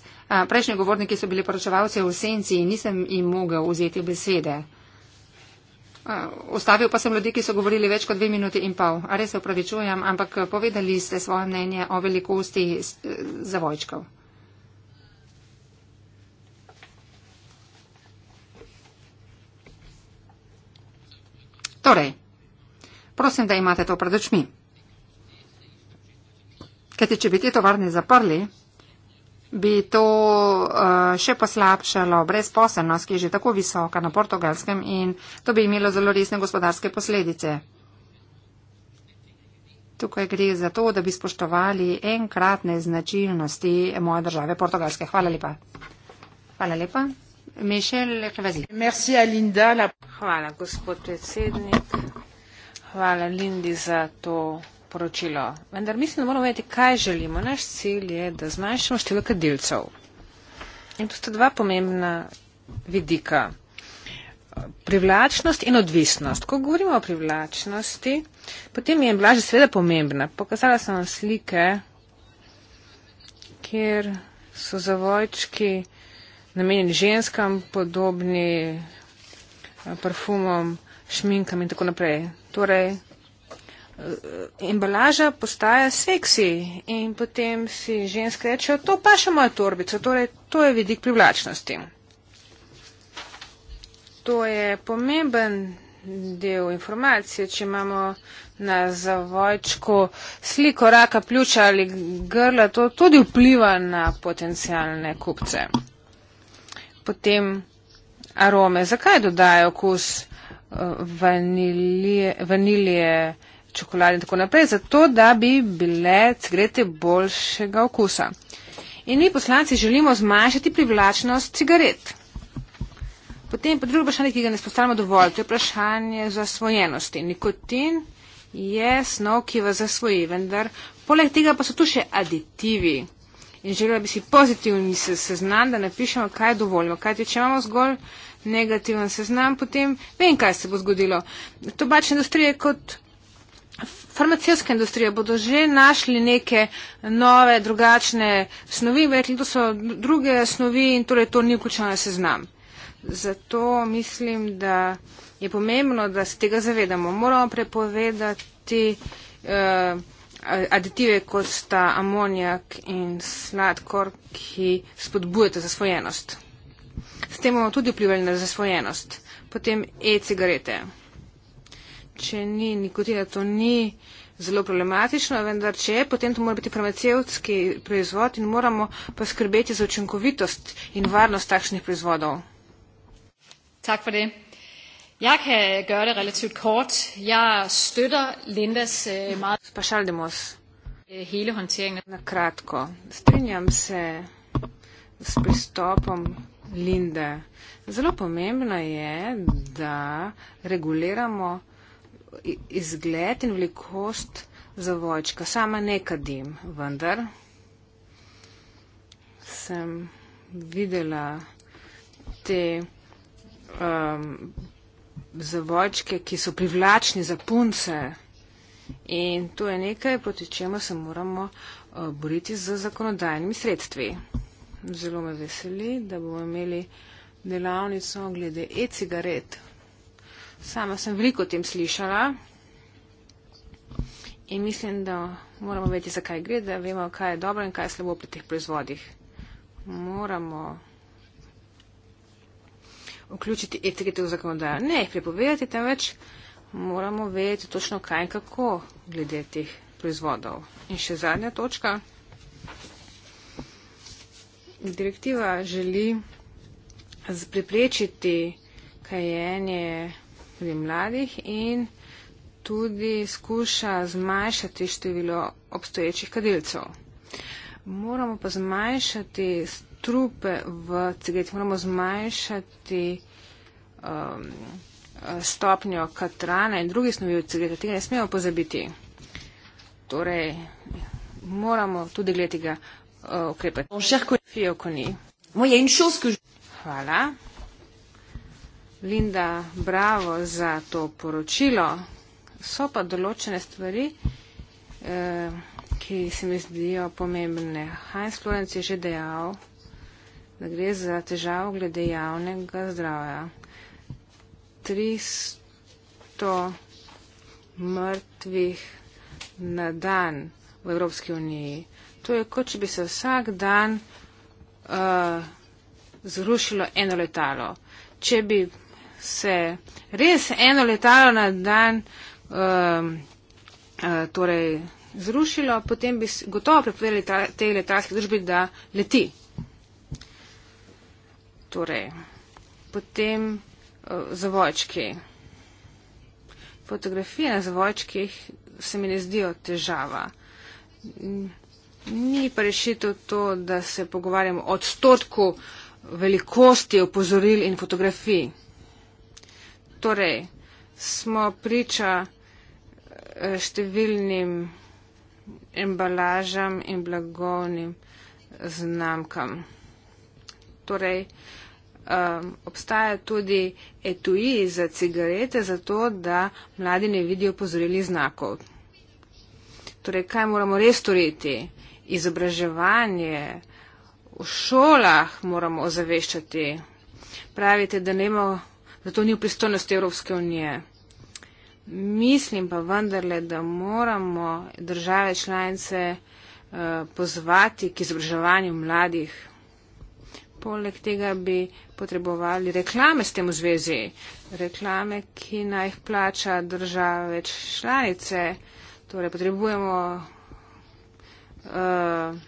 Prejšnji govorniki so bili poročevalci v senci in nisem jim mogel vzeti besede. Eh, ustavil pa sem ljudi, ki so govorili več kot dve minuti in pol. A res se upravičujem, ampak eh, povedali ste svoje mnenje o velikosti eh, zavojčkov. Torej, prosim, da imate to pred očmi. Kajti, če bi te tovarne zaprli, bi to uh, še poslabšalo brezposelnost, ki je že tako visoka na portugalskem in to bi imelo zelo resne gospodarske posledice. Tukaj gre za to, da bi spoštovali enkratne značilnosti moje države portugalske. Hvala lepa. Hvala lepa. Mišel Kvazi. Hvala, gospod predsednik. Hvala, Lindi, za to poročilo. Vendar mislim, da moramo vedeti, kaj želimo. Naš cilj je, da zmanjšamo število kadilcev. In tu sta dva pomembna vidika. Privlačnost in odvisnost. Ko govorimo o privlačnosti, potem je blaže sveda pomembna. Pokazala sem vam slike, kjer so zavojčki namenjeni ženskam, podobni eh, parfumom, šminkam in tako naprej. Torej, embalaža postaja seksi in potem si ženske rečejo, to pa še moja torbica, torej to je vidik privlačnosti. To je pomemben del informacije, če imamo na zavojčku sliko raka pljuča ali grla, to tudi vpliva na potencijalne kupce. Potem arome, zakaj dodajo okus eh, vanilije, vanilije čokolade in tako naprej, zato da bi bile cigarete boljšega okusa. In mi poslanci želimo zmanjšati privlačnost cigaret. Potem pa drugo vprašanje, ki ga ne spostavljamo dovolj, to je vprašanje zasvojenosti. Nikotin je snov, ki vas zasvoji, vendar poleg tega pa so tu še aditivi. In želela bi si pozitivni se seznam, da napišemo, kaj dovoljimo. Kaj ti, če imamo zgolj negativen seznam, potem vem, kaj se bo zgodilo. Tobačna industrija je kot farmacijska industrija bodo že našli neke nove, drugačne snovi, verjetno to so druge snovi in torej to ni vključeno na seznam. Zato mislim, da je pomembno, da se tega zavedamo. Moramo prepovedati eh, aditive, kot sta amonijak in sladkor, ki spodbujate zasvojenost. S tem bomo tudi vplivali na zasvojenost. Potem e-cigarete če ni nikotina, to ni zelo problematično, vendar če je, potem to mora biti farmacevtski proizvod in moramo poskrbeti za učinkovitost in varnost takšnih proizvodov. Tak for det. Jeg kan gøre det relativt kort. Jeg støtter Lindas uh, meget... Spasjaldemos. Øh, hele håndteringen. Na kratko. Strinjam se s pristopom Linde. Zelo pomembno je, da reguliramo izgled in velikost zavojčka. Sama ne kadim, vendar sem videla te um, zavojčke, ki so privlačni za punce. In to je nekaj, proti čemu se moramo uh, boriti z zakonodajnimi sredstvi. Zelo me veseli, da bomo imeli delavnico glede e-cigaret. Sama sem veliko o tem slišala in mislim, da moramo vedeti, zakaj gre, da vemo, kaj je dobro in kaj je slabo pri teh proizvodih. Moramo vključiti etikete v zakonodajo. Ne jih prepovedati, temveč moramo vedeti točno, kaj in kako glede teh proizvodov. In še zadnja točka. Direktiva želi preprečiti kajenje. Kaj pri mladih in tudi skuša zmanjšati število obstoječih kadilcev. Moramo pa zmanjšati strupe v cigareti, moramo zmanjšati um, stopnjo katrana in drugih snovi v cigareti. Tega ne smemo pozabiti. Torej, moramo tudi gledati ga uh, ukrepati. Hvala. Linda, bravo za to poročilo. So pa določene stvari, eh, ki se mi zdijo pomembne. Heinz Florenc je že dejal, da gre za težavo glede javnega zdravja. 300 mrtvih na dan v Evropski uniji. To je kot, če bi se vsak dan uh, zrušilo eno letalo. Če bi se res eno letalo na dan uh, uh, torej zrušilo, potem bi gotovo prepovedali tej letalski družbi, da leti. Torej, potem uh, zavojčki. Fotografije na zavojčkih se mi ne zdijo težava. Ni pa rešitev to, da se pogovarjamo o odstotku velikosti opozoril in fotografij. Torej, smo priča eh, številnim embalažam in blagovnim znamkam. Torej, um, obstaja tudi etui za cigarete, zato da mladi ne vidijo pozorili znakov. Torej, kaj moramo res storiti? Izobraževanje v šolah moramo ozaveščati. Pravite, da nemamo zato ni v pristojnosti Evropske unije. Mislim pa vendarle, da moramo države članice eh, pozvati k izobraževanju mladih. Poleg tega bi potrebovali reklame s tem v zvezi. Reklame, ki naj jih plača države članice. Torej, potrebujemo uh,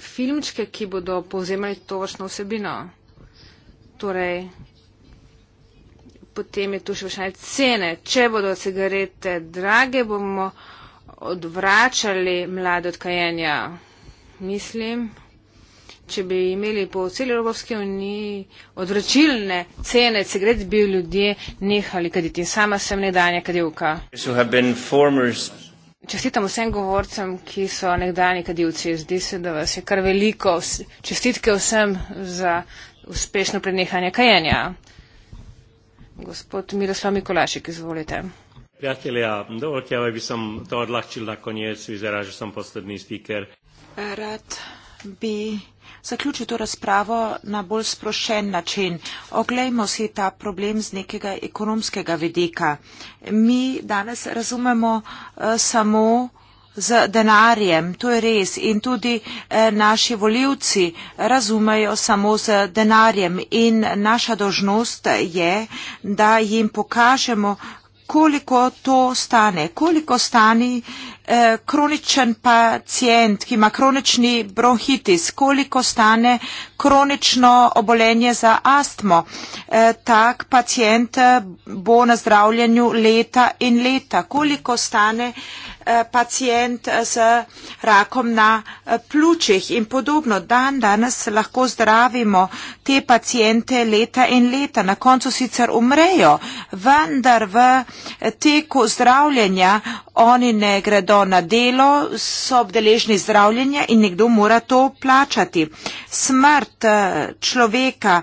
filmčke, ki bodo povzemali to vrstno vsebino. Torej, potem je tu še vprašanje cene. Če bodo cigarete drage, bomo odvračali mlade od kajenja. Mislim, če bi imeli po celi Evropski uniji odvračilne cene cigaret, bi ljudje nehali kaditi. Sama sem nedanja kadivka. Čestitam vsem govorcem, ki so nekdani kadivci. Zdi se, da vas je kar veliko. Čestitke vsem za uspešno prenehanje kajenja. Gospod Miroslav Mikolašik, izvolite. Priatelia, dovolte, aby som to odľahčil na koniec. Vyzerá, že som posledný speaker. Rad bi zaključil to razpravo na bolj sprošen način. Oglejmo si ta problem z nekega ekonomskega vedika. Mi danes razumemo uh, samo uh, z denarjem, to je res. In tudi eh, naši voljivci razumejo samo z denarjem. In naša dožnost je, da jim pokažemo, koliko to stane, koliko stani eh, kroničen pacijent, ki ima kronični bronhitis, koliko stane kronično obolenje za astmo. Eh, tak pacijent eh, bo na zdravljenju leta in leta. Koliko stane eh, pacijent z rakom na eh, pljučih in podobno. Dan danes lahko zdravimo te pacijente leta in leta, na koncu sicer umrejo, vendar v teku zdravljenja oni ne gredo na delo, so obdeležni zdravljenja in nekdo mora to plačati. Smrt eh, človeka,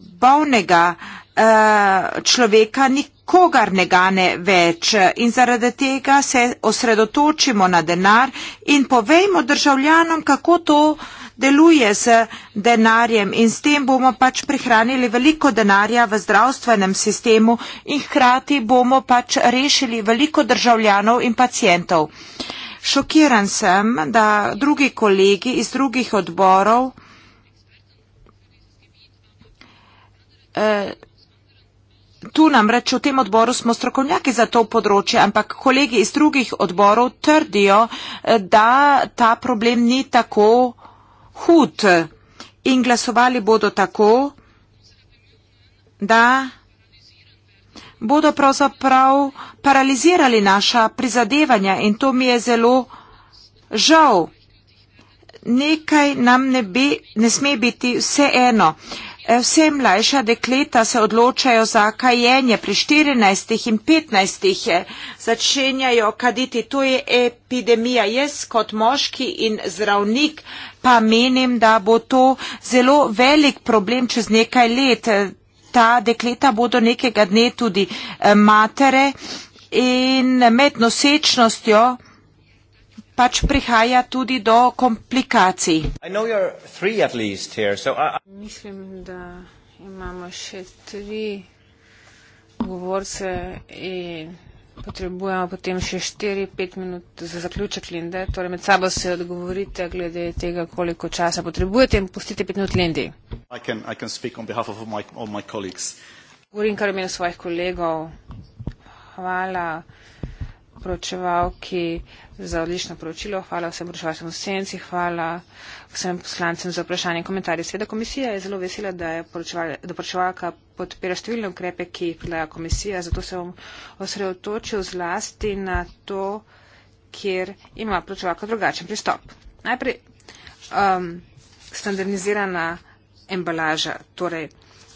bolnega eh, človeka nikoli nikogar ne gane več in zaradi tega se osredotočimo na denar in povejmo državljanom, kako to deluje z denarjem in s tem bomo pač prihranili veliko denarja v zdravstvenem sistemu in hkrati bomo pač rešili veliko državljanov in pacijentov. Šokiran sem, da drugi kolegi iz drugih odborov eh, tu namreč v tem odboru smo strokovnjaki za to področje, ampak kolegi iz drugih odborov trdijo, eh, da ta problem ni tako hud in glasovali bodo tako, da bodo pravzaprav paralizirali naša prizadevanja in to mi je zelo žal. Nekaj nam ne, bi, ne sme biti vse eno. Uh, Eh, vse mlajša dekleta se odločajo za kajenje pri 14 in 15 eh, začenjajo kaditi. To je epidemija. Jaz kot moški in zdravnik pa menim, da bo to zelo velik problem čez nekaj let. Eh, ta dekleta bodo nekega dne tudi matere in med nosečnostjo pač prihaja tudi do komplikacij. Here, so I... Mislim, da imamo še tri govorce in potrebujemo potem še 4-5 minut za zaključek Linde. Torej med sabo se odgovorite glede tega, koliko časa potrebujete in pustite 5 minut Lindi. Govorim kar imenu svojih kolegov. Hvala proučevalki za odlično poročilo, hvala vsem proučevalcem v senci, hvala vsem poslancem za vprašanje in komentarje. Sveda komisija je zelo vesela, da je poročevalka podpira številne ukrepe, ki jih predlaga komisija, zato se bom osredotočil zlasti na to, kjer ima proučevalka drugačen pristop. Najprej um, standardizirana embalaža, torej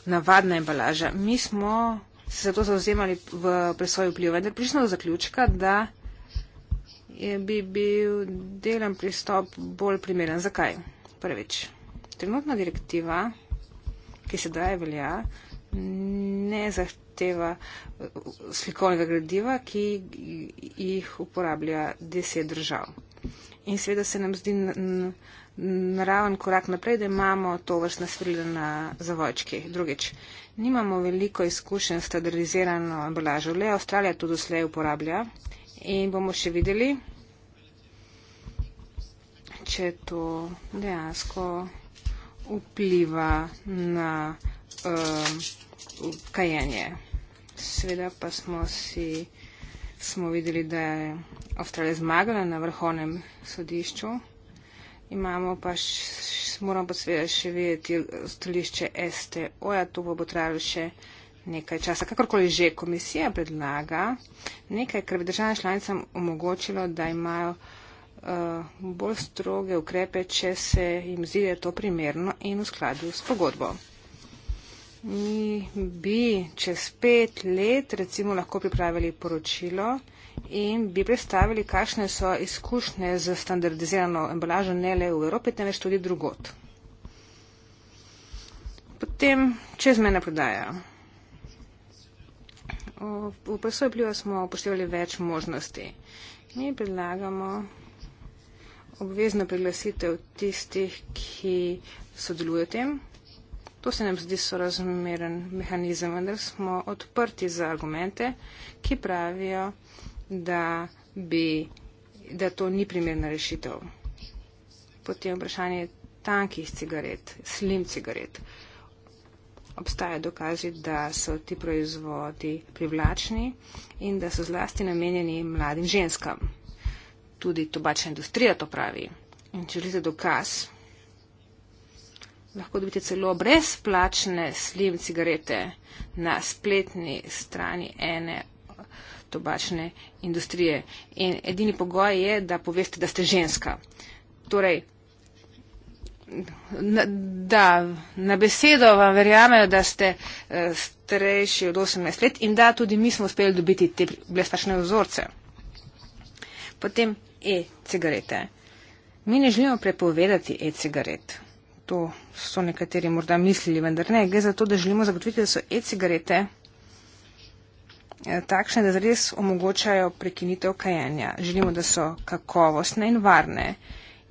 navadna embalaža. Mi smo se za to zauzemali v presoji vpliva. Vendar prišli smo do zaključka, da bi bil delen pristop bolj primeren. Zakaj? Prvič, trenutna direktiva, ki se daje velja, ne zahteva uh, slikovnega gradiva, ki jih uporablja deset držav. In seveda se nam zdi naraven korak naprej, da imamo to vrstno svilo na zavojčki. Drugič, nimamo veliko izkušenj s standardizirano embalažo. Le Avstralija to doslej uporablja in bomo še videli, če to dejansko vpliva na uh, kajenje. Sveda pa smo si smo videli, da je Avstralija zmagala na vrhovnem sodišču imamo pa še, moramo pa seveda še videti stolišče STO, ja, to bo trajalo še nekaj časa. Kakorkoli že komisija predlaga nekaj, kar bi državam članicam omogočilo, da imajo uh, bolj stroge ukrepe, če se jim zdi, da je to primerno in v skladu s pogodbo. Mi bi čez pet let recimo lahko pripravili poročilo, in bi predstavili, kakšne so izkušnje z standardizirano embalažo ne le v Evropi, temveč tudi drugot. Potem čezmena prodaja. V presoji vpliva smo upoštevali več možnosti. Mi predlagamo obvezno priglasitev tistih, ki sodelujo tem. To se nam zdi sorazmeren mehanizem, vendar smo odprti za argumente, ki pravijo, da, bi, da to ni primerna rešitev. Potem vprašanje tankih cigaret, slim cigaret. Obstajajo dokazi, da so ti proizvodi privlačni in da so zlasti namenjeni mladim ženskam. Tudi tobačna industrija to pravi. In če želite dokaz, lahko dobite celo brezplačne slim cigarete na spletni strani ene tobačne industrije. In edini pogoj je, da poveste, da ste ženska. Torej, na, da, na besedo vam verjamejo, da ste uh, starejši od 18 let in da tudi mi smo uspeli dobiti te blestačne vzorce. Potem e-cigarete. Mi ne želimo prepovedati e-cigaret. To so nekateri morda mislili, vendar ne. Gre za to, da želimo zagotoviti, da so e-cigarete takšne, da res omogočajo prekinitev kajenja. Želimo, da so kakovostne in varne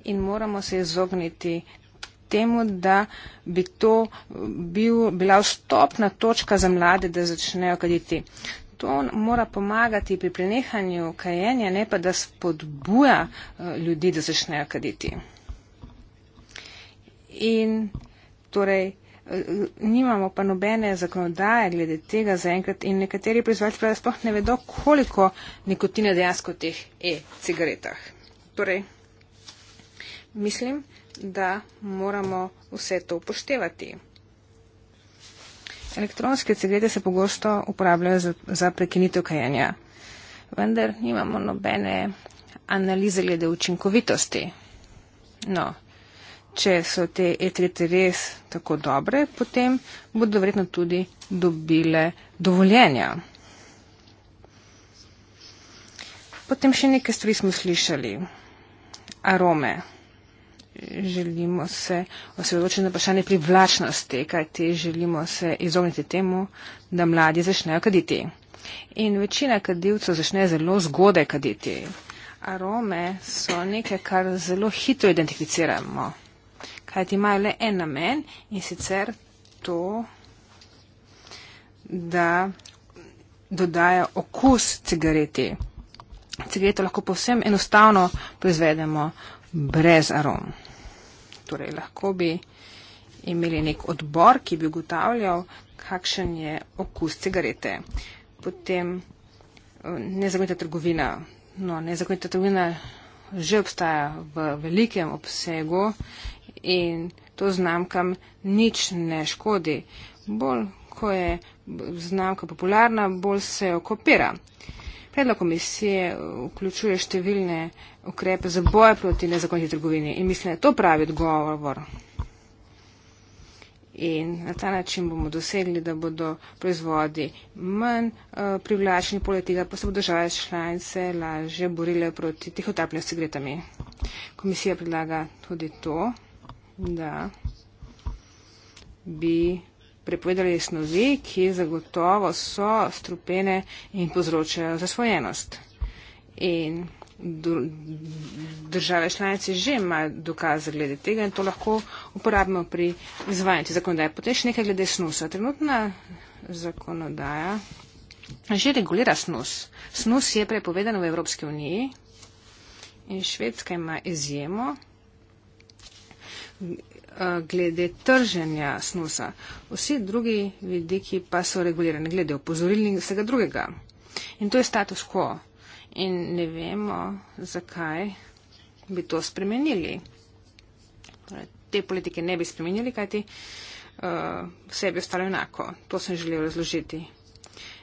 in moramo se izogniti temu, da bi to bil, bila vstopna točka za mlade, da začnejo kaditi. To mora pomagati pri prenehanju kajenja, ne pa da spodbuja eh, ljudi, da začnejo kaditi. In torej, nimamo pa nobene zakonodaje glede tega zaenkrat in nekateri proizvajalci pravijo, da sploh ne vedo, koliko nikotina dejansko v teh e-cigaretah. Torej, mislim, da moramo vse to upoštevati. Elektronske cigarete se pogosto uporabljajo za, za prekinitev kajenja, vendar nimamo nobene analize glede učinkovitosti. No, če so te E3-te res tako dobre, potem bodo verjetno tudi dobile dovoljenja. Potem še nekaj stvari smo slišali. Arome. Želimo se osredotočiti na vprašanje privlačnosti, kajti želimo se izogniti temu, da mladi začnejo kaditi. In večina kadilcev začne zelo zgodaj kaditi. Arome so nekaj, kar zelo hitro identificiramo kajti imajo le en namen in sicer to, da dodajo okus cigareti. Cigareto lahko povsem enostavno proizvedemo brez arom. Torej, lahko bi imeli nek odbor, ki bi ugotavljal, kakšen je okus cigarete. Potem eh, nezakonita trgovina. No, nezakonita trgovina že obstaja v velikem obsegu in to znamkam nič ne škodi. Bolj, ko je znamka popularna, bolj se jo kopira. Predlog komisije vključuje številne ukrepe za boje proti nezakonji trgovini in mislim, da je to pravi odgovor. In na ta način bomo dosegli, da bodo proizvodi manj uh, privlačni, poleg tega pa se bodo države članice lažje borile proti tih otapljenih cigaretami. Komisija predlaga tudi to da bi prepovedali snovi, ki zagotovo so strupene in povzročajo zasvojenost. In države članice že imajo dokaze glede tega in to lahko uporabimo pri izvajanju zakonodaje. Potem še nekaj glede snusa. Trenutna zakonodaja že regulira snus. Snus je prepovedan v Evropski uniji in Švedska ima izjemo. Eh, glede trženja snusa. Vsi drugi vidiki pa so regulirani glede opozorilnih in vsega drugega. In to je status quo. In ne vemo, zakaj bi to spremenili. Torej, te politike ne bi spremenili, kajti uh, vse bi ostalo enako. To sem želel razložiti.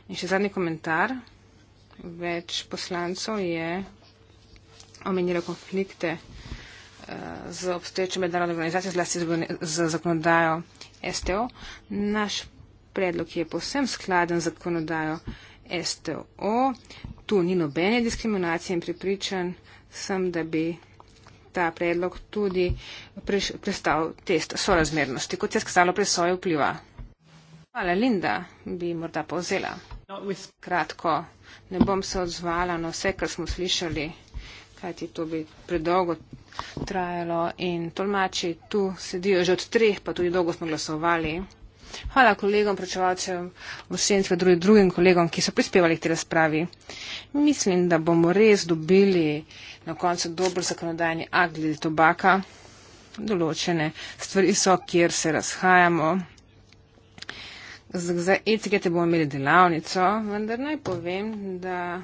In še zadnji komentar. Več poslancov je omenjalo konflikte z obstoječe mednarodne organizacije, zlasti z zakonodajo STO. Naš predlog je posem skladen z zakonodajo STO. Tu ni nobene diskriminacije in pripričan sem, da bi ta predlog tudi prestal test sorazmernosti, kot je skazalo presoje vpliva. Hvala, Linda, bi morda povzela. Kratko, ne bom se odzvala na vse, kar smo slišali, kajti to bi predolgo trajalo in tolmači tu sedijo že od treh, pa tudi dolgo smo glasovali. Hvala kolegom, prečevalcem, vsem svetu drugim, drugim kolegom, ki so prispevali k tej razpravi. Mislim, da bomo res dobili na koncu dober zakonodajni akt glede tobaka. Določene stvari so, kjer se razhajamo. Za etikete bomo imeli delavnico, vendar naj povem, da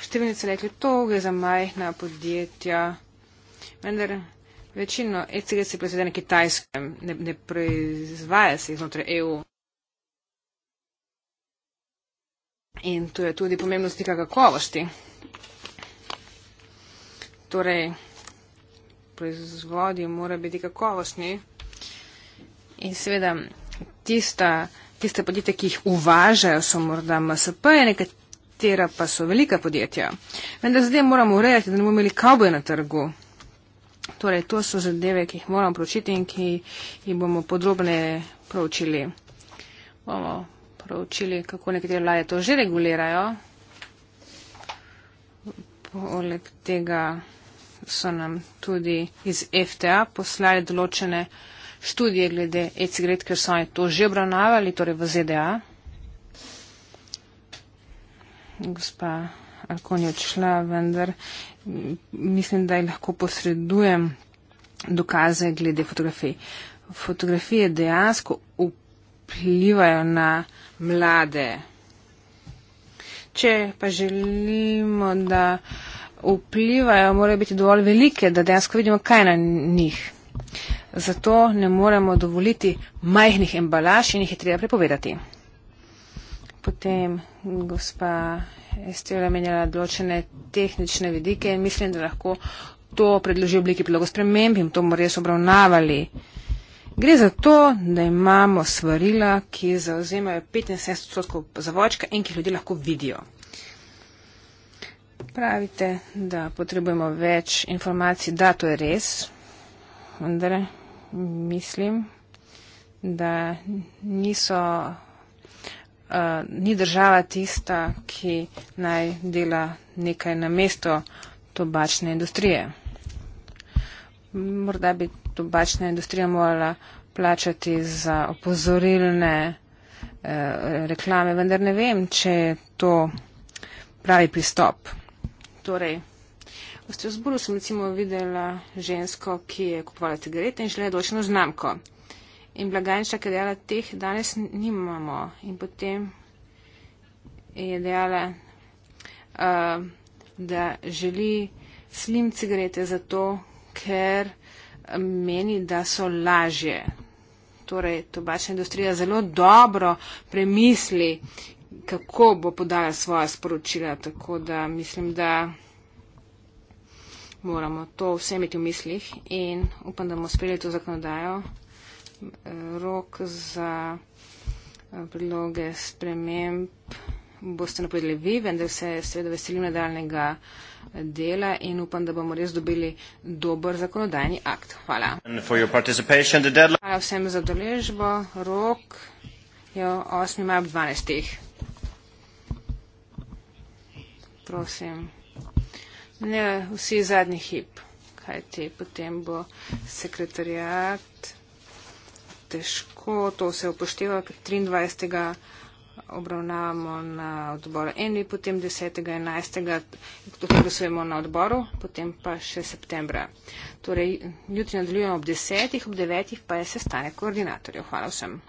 številni so rekli, to gre za majhna podjetja vendar večino e-cigaret se proizvede na kitajskem, ne, ne proizvaja se iznotraj EU. In tu je tudi pomembno stika kakovosti. Torej, proizvodi mora biti kakovostni. In seveda, tista, tiste podjetja, ki jih uvažajo, so morda MSP, nekatera pa so velika podjetja. Vendar zdaj moramo urejati, da ne bomo imeli kavboje na trgu. Torej, to so zadeve, ki jih moramo pročiti in ki jih bomo podrobne pročili. Bomo pročili, kako nekatere vlade to že regulirajo. Poleg tega so nam tudi iz FTA poslali določene študije glede e-cigaret, ker so to že obravnavali, torej v ZDA. Gospa ali ko je odšla, vendar mm, mislim, da ji lahko posredujem dokaze glede fotografij. Fotografije dejansko vplivajo na mlade. Če pa želimo, da vplivajo, morajo biti dovolj velike, da dejansko vidimo, kaj na njih. Zato ne moremo dovoliti majhnih embalaž in jih je treba prepovedati potem gospa Estela menjala določene tehnične vidike in mislim, da lahko to predloži v obliki predlogo sprememb in to bomo res obravnavali. Gre za to, da imamo svarila, ki zauzemajo 75% zavočka in ki ljudje lahko vidijo. Pravite, da potrebujemo več informacij, da to je res, vendar mislim, da niso uh, ni država tista, ki naj dela nekaj na mesto tobačne industrije. Morda bi tobačna industrija morala plačati za opozorilne eh, reklame, vendar ne vem, če je to pravi pristop. Torej, v Strasburu sem recimo videla žensko, ki je kupovala cigarete in želela določeno znamko in blagajničarke dela teh danes nimamo. In potem je dejala, uh, da želi slim cigarete zato, ker meni, da so lažje. Torej, tobačna industrija zelo dobro premisli, kako bo podala svoja sporočila. Tako da mislim, da moramo to vse imeti v mislih in upam, da bomo sprejeli to zakonodajo rok za eh, priloge sprememb boste napovedali vi, vendar se seveda veselim nadaljnega eh, dela in upam, da bomo res dobili dober zakonodajni akt. Hvala. Hvala vsem za doležbo. Rok je 8. maj ob 12. Prosim. Ne, vsi zadnji hip, kajti potem bo sekretarjat težko, to se upošteva, ker 23. obravnavamo na odboru eni, potem 10. 11. to glasujemo na odboru, potem pa še septembra. Torej, jutri nadaljujemo ob 10. ob 9. pa je sestanek koordinatorjev. Hvala vsem.